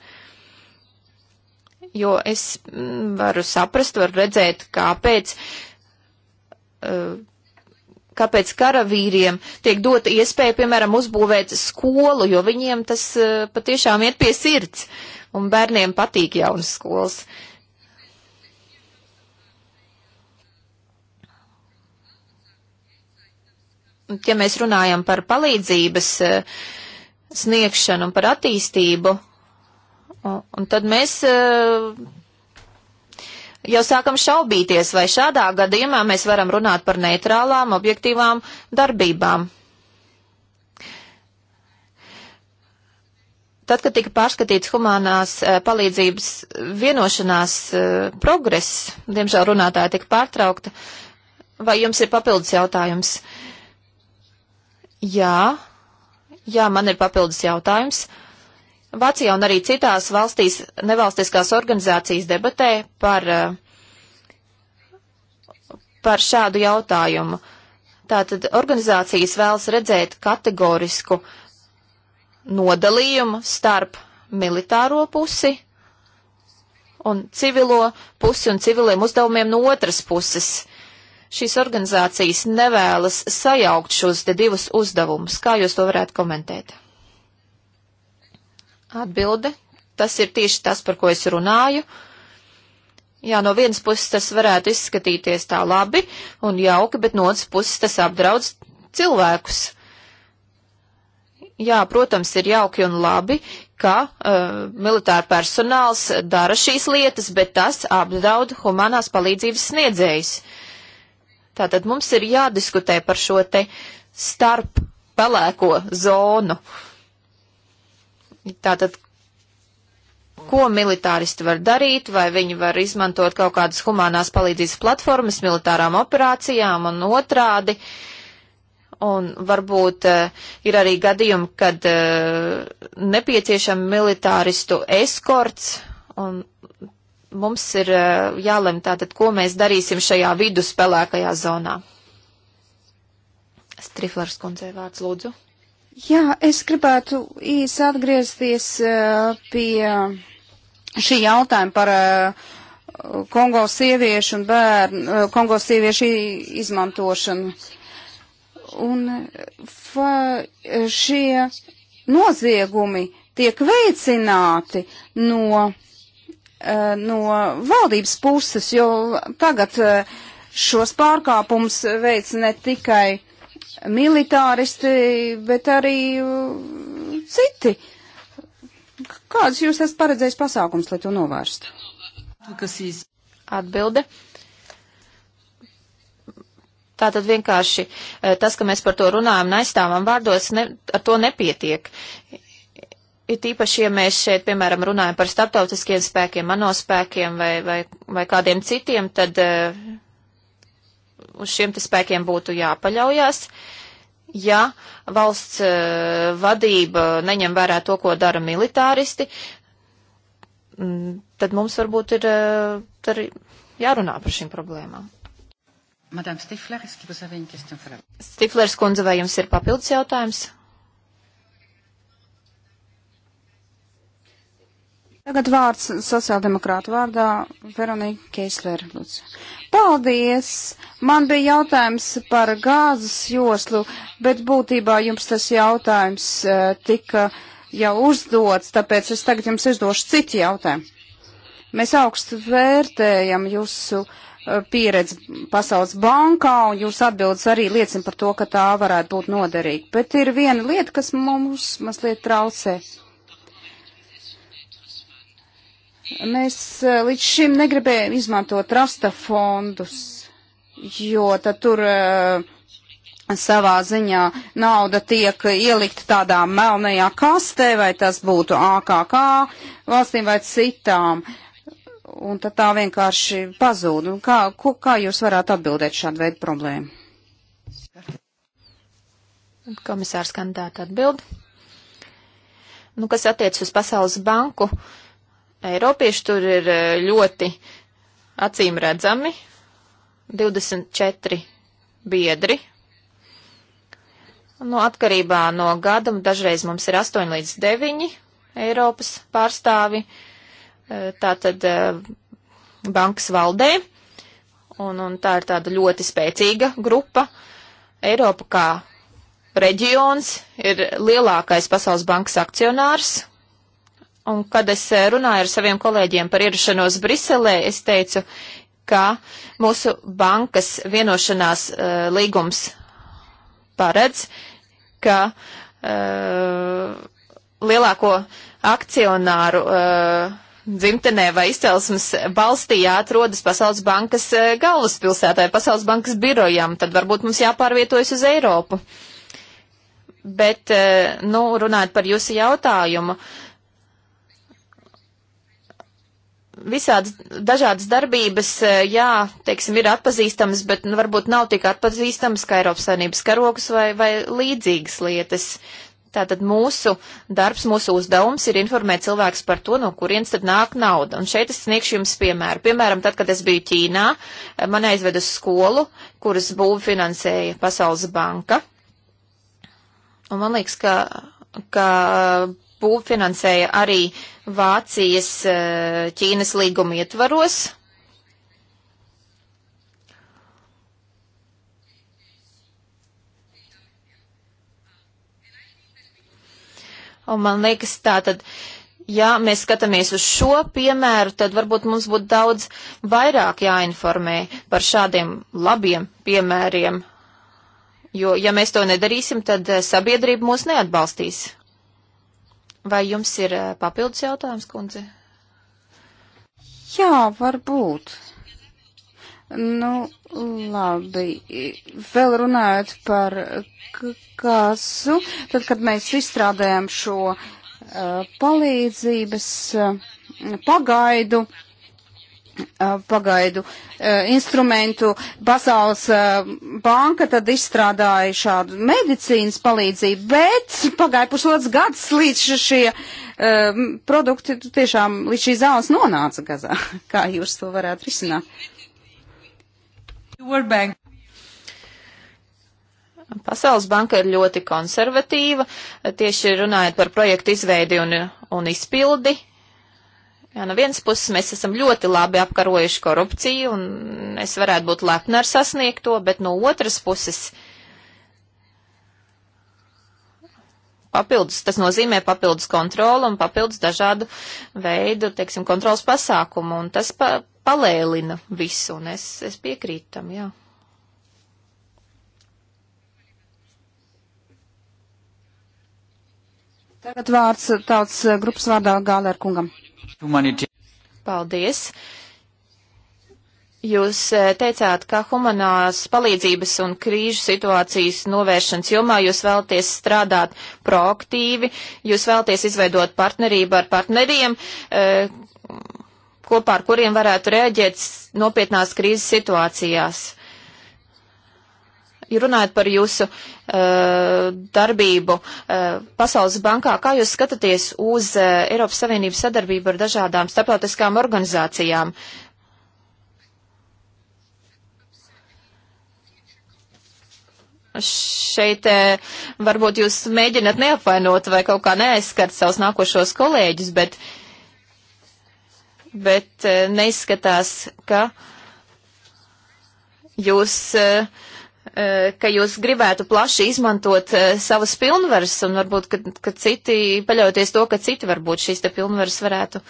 jo es mm, varu saprast, varu redzēt, kāpēc, eh, kāpēc karavīriem tiek dota iespēja, piemēram, uzbūvēt skolu, jo viņiem tas eh, patiešām iet pie sirds, un bērniem patīk jaunas skolas. Ja mēs runājam par palīdzības eh, sniegšanu un par attīstību, Un, un tad mēs eh, jau sākam šaubīties, vai šādā gadījumā mēs varam runāt par neitrālām, objektīvām darbībām. Tad, kad tika pārskatīts humanās eh, palīdzības vienošanās eh, progress, diemžēl runātāja tika pārtraukta, vai jums ir papildus jautājums? Jā, jā, man ir papildus jautājums. Uh, Vācijā un arī citās valstīs nevalstiskās organizācijas debatē par, eh, par šādu jautājumu. Tātad organizācijas vēlas redzēt kategorisku nodalījumu starp militāro pusi un civilo pusi un civiliem uzdevumiem no otras puses. Šīs organizācijas nevēlas sajaukt šos te divus uzdevumus. Kā jūs to varētu komentēt? Atbilde. Tas ir tieši tas, par ko es runāju. Jā, no vienas puses tas varētu izskatīties tā labi un jauki, bet no otras puses tas apdraudz cilvēkus. Jā, protams, ir jauki un labi, ka uh, militāra personāls dara šīs lietas, bet tas apdraud humanās palīdzības sniedzējus. Tātad mums ir jādiskutē par šo te starp pelēko zonu. Uh, Tātad, ko militāristi var darīt, vai viņi var izmantot kaut kādas humanās palīdzības platformas militārām operācijām un otrādi. Un varbūt uh, ir arī gadījumi, kad uh, eh, nepieciešama militāristu eskorts, un mums ir uh, jālem tātad, ko mēs darīsim šajā vidusspēlēkajā zonā. Striflers kundzei vārds lūdzu. Jā, es gribētu īsi atgriezties eh, pie šī jautājuma par eh, Kongo sieviešu un bērnu, eh, Kongo sieviešu izmantošanu. Un šie noziegumi tiek veicināti no, no valdības puses, jo tagad šos pārkāpumus veic ne tikai militāristi, bet arī mm, citi. Kāds jūs esat paredzējis pasākums, lai to novērstu? Atbilde. Tātad vienkārši eh, tas, ka mēs par to runājam un aizstāvam vārdos, ne, ar to nepietiek. Ir tīpaši, ja mēs šeit, piemēram, runājam par starptautiskiem spēkiem, mano spēkiem vai, vai, vai kādiem citiem, tad eh, uz šiem te spēkiem būtu jāpaļaujas, ja valsts e, vadība neņem vērā to, ko dara militāristi, tad mums varbūt ir e, jārunā par šīm problēmām. Madame Stifler, est-ce que vous avez une question pour la... Stiflers kundze, vai jums ir papildus jautājums? Tagad vārds sociāldemokrātu vārdā Veronika Keisler. Lūdzu. Paldies! Man bija jautājums par gāzes joslu, bet būtībā jums tas jautājums e, tika jau uzdots, tāpēc es tagad jums izdošu citu jautājumu. Mēs augstu vērtējam jūsu e, pieredzi Pasaules bankā, un jūsu atbildes arī liecina par to, ka tā varētu būt noderīga. Bet ir viena lieta, kas mums mazliet traucē. Uh, Mēs e, līdz šim negribējām izmantot rasta fondus, jo tad tur e, savā ziņā nauda tiek ielikt tādā melnajā kastē, vai tas būtu AKK valstīm vai citām. Un tad tā vienkārši pazūd. Un kā, ko, kā jūs varētu atbildēt šādu veidu problēmu? Komisārs kandidāti atbild. Nu, kas attiec uz Pasaules banku? Uh, Eiropieši tur ir eh, ļoti acīm redzami. 24 biedri. No nu, atkarībā no gada dažreiz mums ir 8 līdz 9 Eiropas pārstāvi, eh, tātad eh, bankas valdē, un, un tā ir tāda ļoti spēcīga grupa. Eiropa kā reģions ir lielākais pasaules bankas akcionārs, Un kad es eh, runāju ar saviem kolēģiem par ierašanos Briselē, es teicu, ka mūsu bankas vienošanās uh, līgums paredz, ka uh, lielāko akcionāru uh, dzimtenē vai izcelsmes valstī jāatrodas Pasaules bankas galvaspilsētā vai Pasaules bankas birojām, tad varbūt mums jāpārvietojas uz Eiropu. Bet, nu, runājot par jūsu jautājumu, uh, visādas dažādas darbības, e, jā, teiksim, ir atpazīstamas, bet nu, varbūt nav tik atpazīstamas kā Eiropas Savienības karoks vai, vai līdzīgas lietas. Tātad mūsu darbs, mūsu uzdevums ir informēt cilvēks par to, no kurienes tad nāk nauda. Un šeit es sniegšu jums piemēru. Piemēram, tad, kad es biju Ķīnā, e, man aizveda skolu, kuras būvu finansēja Pasaules banka. Un man liekas, ka, ka būvu finansēja arī Vācijas eh, Ķīnas līguma ietvaros. Un man liekas, tā tad, ja mēs skatāmies uz šo piemēru, tad varbūt mums būtu daudz vairāk jāinformē par šādiem labiem piemēriem. Jo, ja mēs to nedarīsim, tad eh, sabiedrība mūs neatbalstīs. Vai jums ir eh, papildus jautājums, kundze? Jā, varbūt. Nu, labi. Vēl runājot par kasu, tad, kad mēs izstrādājām šo uh, palīdzības uh, pagaidu, uh, pagaidu instrumentu. Pasaules banka tad izstrādāja šādu medicīnas palīdzību, bet pagāja pusotrs gads līdz šie produkti tiešām līdz šī zāles nonāca gazā. [laughs] Kā jūs to varētu risināt? World Pasaules banka ir ļoti konservatīva, tieši runājot par projektu izveidi un, un izpildi, Jā, no vienas puses mēs esam ļoti labi apkarojuši korupciju, un es varētu būt lepna ar sasniegto, bet no otras puses papildus, tas nozīmē papildus kontrolu un papildus dažādu veidu, teiksim, kontrolas pasākumu, un tas pa, palēlina visu, un es, es piekrītu tam, jā. Tagad vārds tautas eh, grupas vārdā Gālēr kungam. Humanity. Paldies! Jūs eh, teicāt, ka humanās palīdzības un krīžu situācijas novēršanas jomā jūs vēlaties strādāt proaktīvi, jūs vēlaties izveidot partnerību ar partneriem, eh, kopā ar kuriem varētu rēģēt nopietnās krīzes situācijās runājot par jūsu uh, darbību uh, Pasaules bankā, kā jūs skatāties uz uh, Eiropas Savienības sadarbību ar dažādām starptautiskām organizācijām? Šeit uh, varbūt jūs mēģināt neapvainot vai kaut kā neaizskart savus nākošos kolēģus, bet, bet uh, neizskatās, ka jūs uh, Eh, ka jūs gribētu plaši izmantot eh, savas pilnvaras un varbūt, ka, ka citi, paļauties to, ka citi varbūt šīs te pilnvaras varētu eh,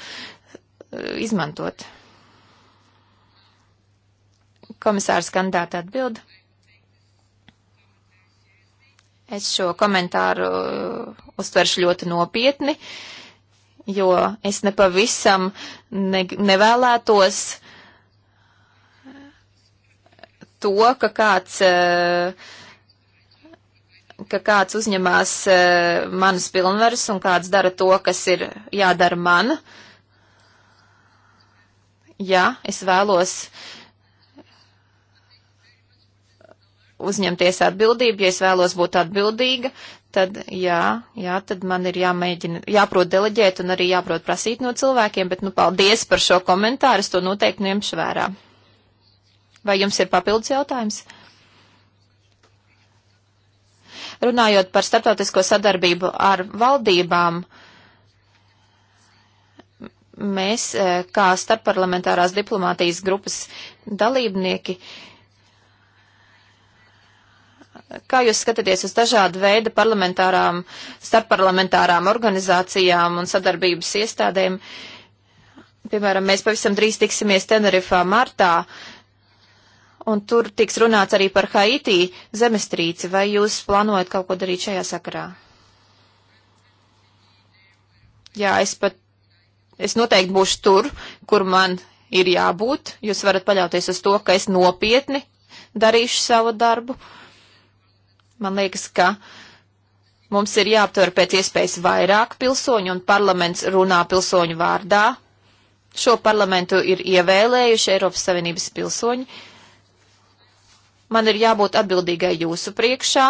izmantot. Komisārs kandidāti atbild. Es šo komentāru uztveršu ļoti nopietni, jo es nepavisam ne, nevēlētos to, ka kāds, eh, ka kāds uzņemās eh, manas pilnvaras un kāds dara to, kas ir jādara man. Jā, es vēlos uzņemties atbildību, ja es vēlos būt atbildīga, tad jā, jā, tad man ir jāmēģina, jāprot deleģēt un arī jāprot prasīt no cilvēkiem, bet nu paldies par šo komentāru, es to noteikti ņemšu vērā. Vai jums ir papildus jautājums? Runājot par starptautisko sadarbību ar valdībām, mēs, e, kā starpparlamentārās diplomātijas grupas dalībnieki, kā jūs skatāties uz dažādu veidu parlamentārām, starpparlamentārām organizācijām un sadarbības iestādēm? Piemēram, mēs pavisam drīz tiksimies Tenerifā martā. Uh, Un tur tiks runāts arī par Haiti zemestrīci. Vai jūs plānojat kaut ko darīt šajā sakarā? Jā, es pat, es noteikti būšu tur, kur man ir jābūt. Jūs varat paļauties uz to, ka es nopietni darīšu savu darbu. Man liekas, ka mums ir jāaptver pēc iespējas vairāk pilsoņu, un parlaments runā pilsoņu vārdā. Šo parlamentu ir ievēlējuši Eiropas Savienības pilsoņi. Uh, man ir jābūt atbildīgai jūsu priekšā,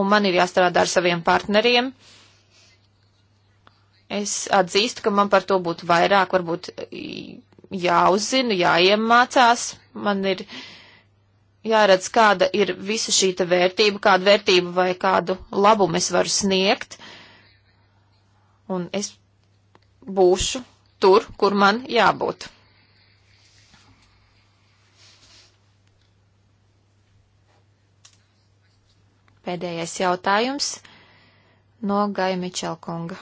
un man ir jāstrādā ar saviem partneriem. Es atzīstu, ka man par to būtu vairāk, varbūt jāuzzina, jāiemācās. Man ir jāredz, kāda ir visa šī vērtība, kādu vērtību vai kādu labumu es varu sniegt. Un es būšu tur, kur man jābūt. Pēdējais jautājums no Gaja Mičelkunga.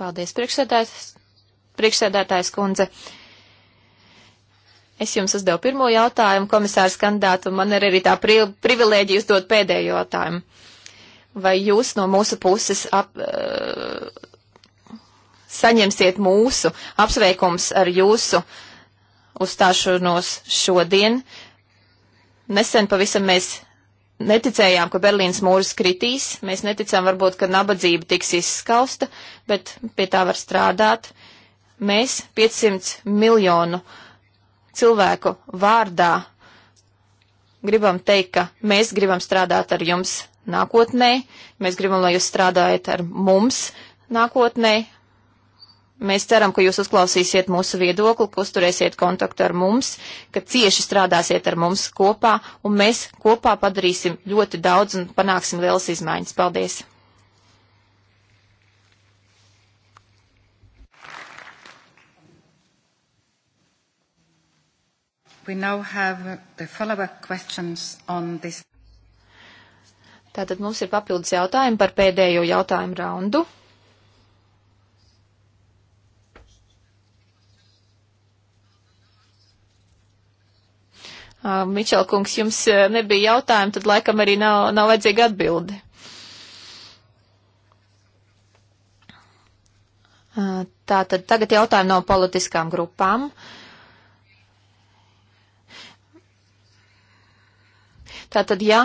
Paldies, priekšsēdētājs, priekšsēdētājs kundze. Es jums uzdevu pirmo jautājumu, komisārs kandidātu, un man ir arī tā pri privilēģija uzdot pēdējo jautājumu. Vai jūs no mūsu puses ap, uh, saņemsiet mūsu apsveikums ar jūsu uzstāšanos šodien? Nesen pavisam mēs neticējām, ka Berlīnas mūris kritīs, mēs neticām varbūt, ka nabadzība tiks izskausta, bet pie tā var strādāt. Mēs 500 miljonu cilvēku vārdā gribam teikt, ka mēs gribam strādāt ar jums nākotnē, mēs gribam, lai jūs strādājat ar mums nākotnē, Mēs ceram, ka jūs uzklausīsiet mūsu viedokli, ka uzturēsiet kontaktu ar mums, ka cieši strādāsiet ar mums kopā, un mēs kopā padarīsim ļoti daudz un panāksim lielas izmaiņas. Paldies! We now have the follow-up questions on this. Tātad mums ir papildus jautājumi par pēdējo jautājumu raundu. Ah, Mičelkungs, jums eh, nebija jautājumu, tad laikam arī nav, nav vajadzīga atbildi. Ah, tātad tagad jautājumi no politiskām grupām. Tātad, ja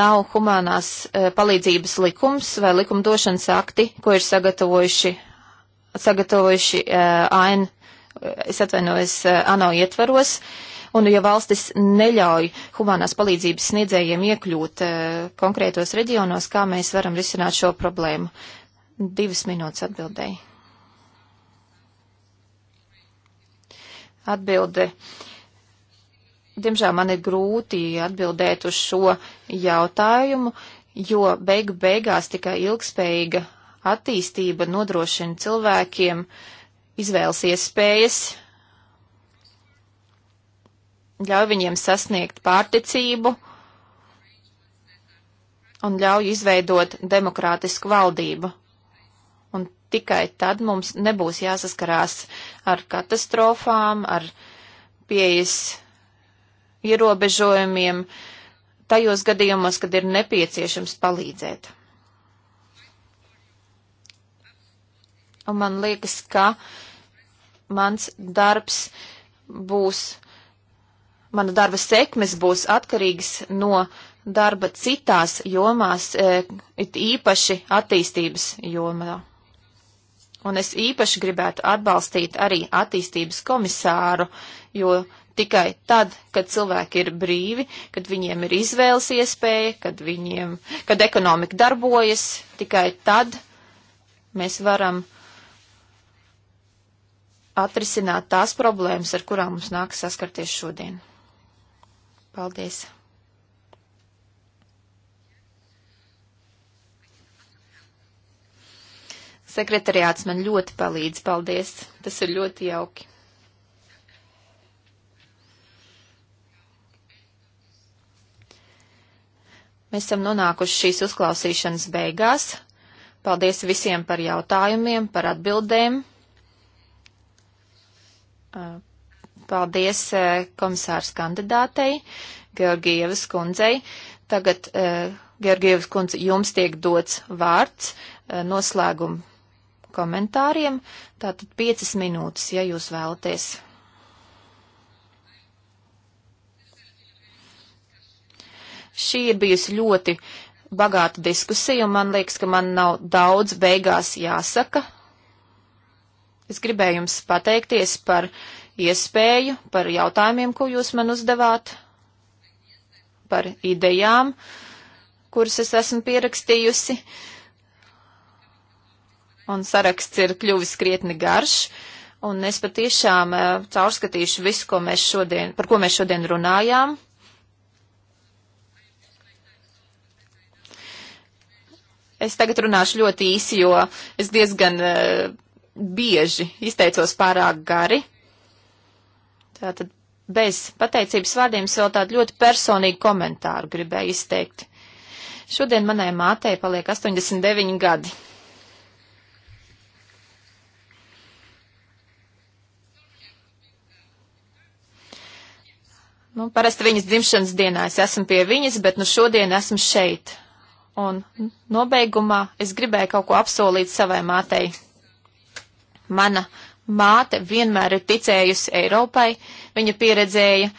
nav humanās eh, palīdzības likums vai likumdošanas akti, ko ir sagatavojuši, sagatavojuši eh, AN, es atvainojos, ANO ietvaros, uh, Un ja valstis neļauj humanās palīdzības sniedzējiem iekļūt e, konkrētos reģionos, kā mēs varam risināt šo problēmu? Divas minūtes atbildēji. Atbilde. Diemžēl man ir grūti atbildēt uz šo jautājumu, jo beigu beigās tikai ilgspējīga attīstība nodrošina cilvēkiem izvēles iespējas ļauj viņiem sasniegt pārticību un ļauj izveidot demokrātisku valdību. Un tikai tad mums nebūs jāsaskarās ar katastrofām, ar pieejas ierobežojumiem tajos gadījumos, kad ir nepieciešams palīdzēt. Un man liekas, ka mans darbs būs mana darba sekmes būs atkarīgas no darba citās jomās, e, it īpaši attīstības jomā. Un es īpaši gribētu atbalstīt arī attīstības komisāru, jo tikai tad, kad cilvēki ir brīvi, kad viņiem ir izvēles iespēja, kad, viņiem, kad ekonomika darbojas, tikai tad mēs varam atrisināt tās problēmas, ar kurām mums nāk saskarties šodien. Paldies! Sekretariāts man ļoti palīdz, paldies. Tas ir ļoti jauki. Mēs esam nonākuši šīs uzklausīšanas beigās. Paldies visiem par jautājumiem, par atbildēm. Uh, Paldies e, komisārs kandidātei Georgievas kundzei. Tagad, e, Georgievas kundze, jums tiek dots vārds e, noslēgumu komentāriem. Tātad piecas minūtes, ja jūs vēlaties. Šī ir bijusi ļoti bagāta diskusija, un man liekas, ka man nav daudz beigās jāsaka. Es gribēju jums pateikties par iespēju, par jautājumiem, ko jūs man uzdevāt, par idejām, kuras es esmu pierakstījusi. Un saraksts ir kļuvis krietni garš, un es patiešām eh, caurskatīšu visu, ko mēs šodien, par ko mēs šodien runājām. Es tagad runāšu ļoti īsi, jo es diezgan uh, bieži izteicos pārāk gari. Uh, Tātad bez pateicības vārdiem es vēl tādu ļoti personīgu komentāru gribēju izteikt. Šodien manai mātei paliek 89 gadi. Nu, parasti viņas dzimšanas dienā es esmu pie viņas, bet nu šodien esmu šeit. Un nobeigumā es gribēju kaut ko apsolīt savai mātei. Mana Māte vienmēr ir ticējusi Eiropai, viņa pieredzēja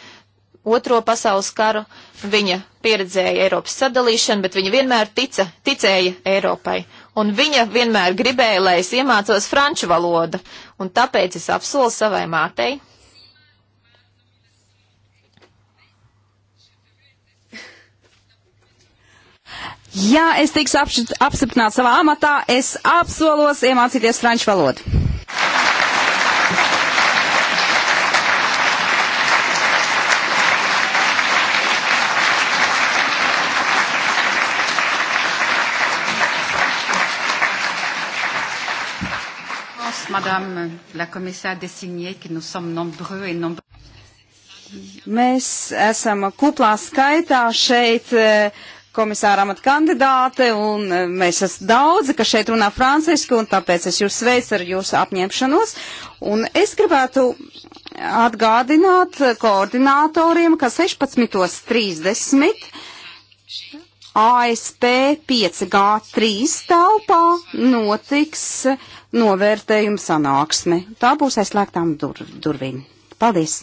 otro pasaules karu, viņa pieredzēja Eiropas sadalīšanu, bet viņa vienmēr tica, ticēja Eiropai. Un viņa vienmēr gribēja, lai es iemācos franču valodu, un tāpēc es apsolu savai mātei. Ja es tiks apstiprināts savā amatā, es apsolos iemācīties franču valodu. Madame la commissaire désignée, que nous sommes nombreux et nombreux. Mēs esam kuplā skaitā šeit eh, komisāra amata kandidāte, un eh, mēs esam daudzi, kas šeit runā franciski, un tāpēc es jūs sveicu ar jūsu apņemšanos. Un es gribētu atgādināt koordinātoriem, ka 16.30 ASP 5G3 telpā notiks novērtējuma sanāksme. Tā būs aizslēgtām dur durvīm. Paldies!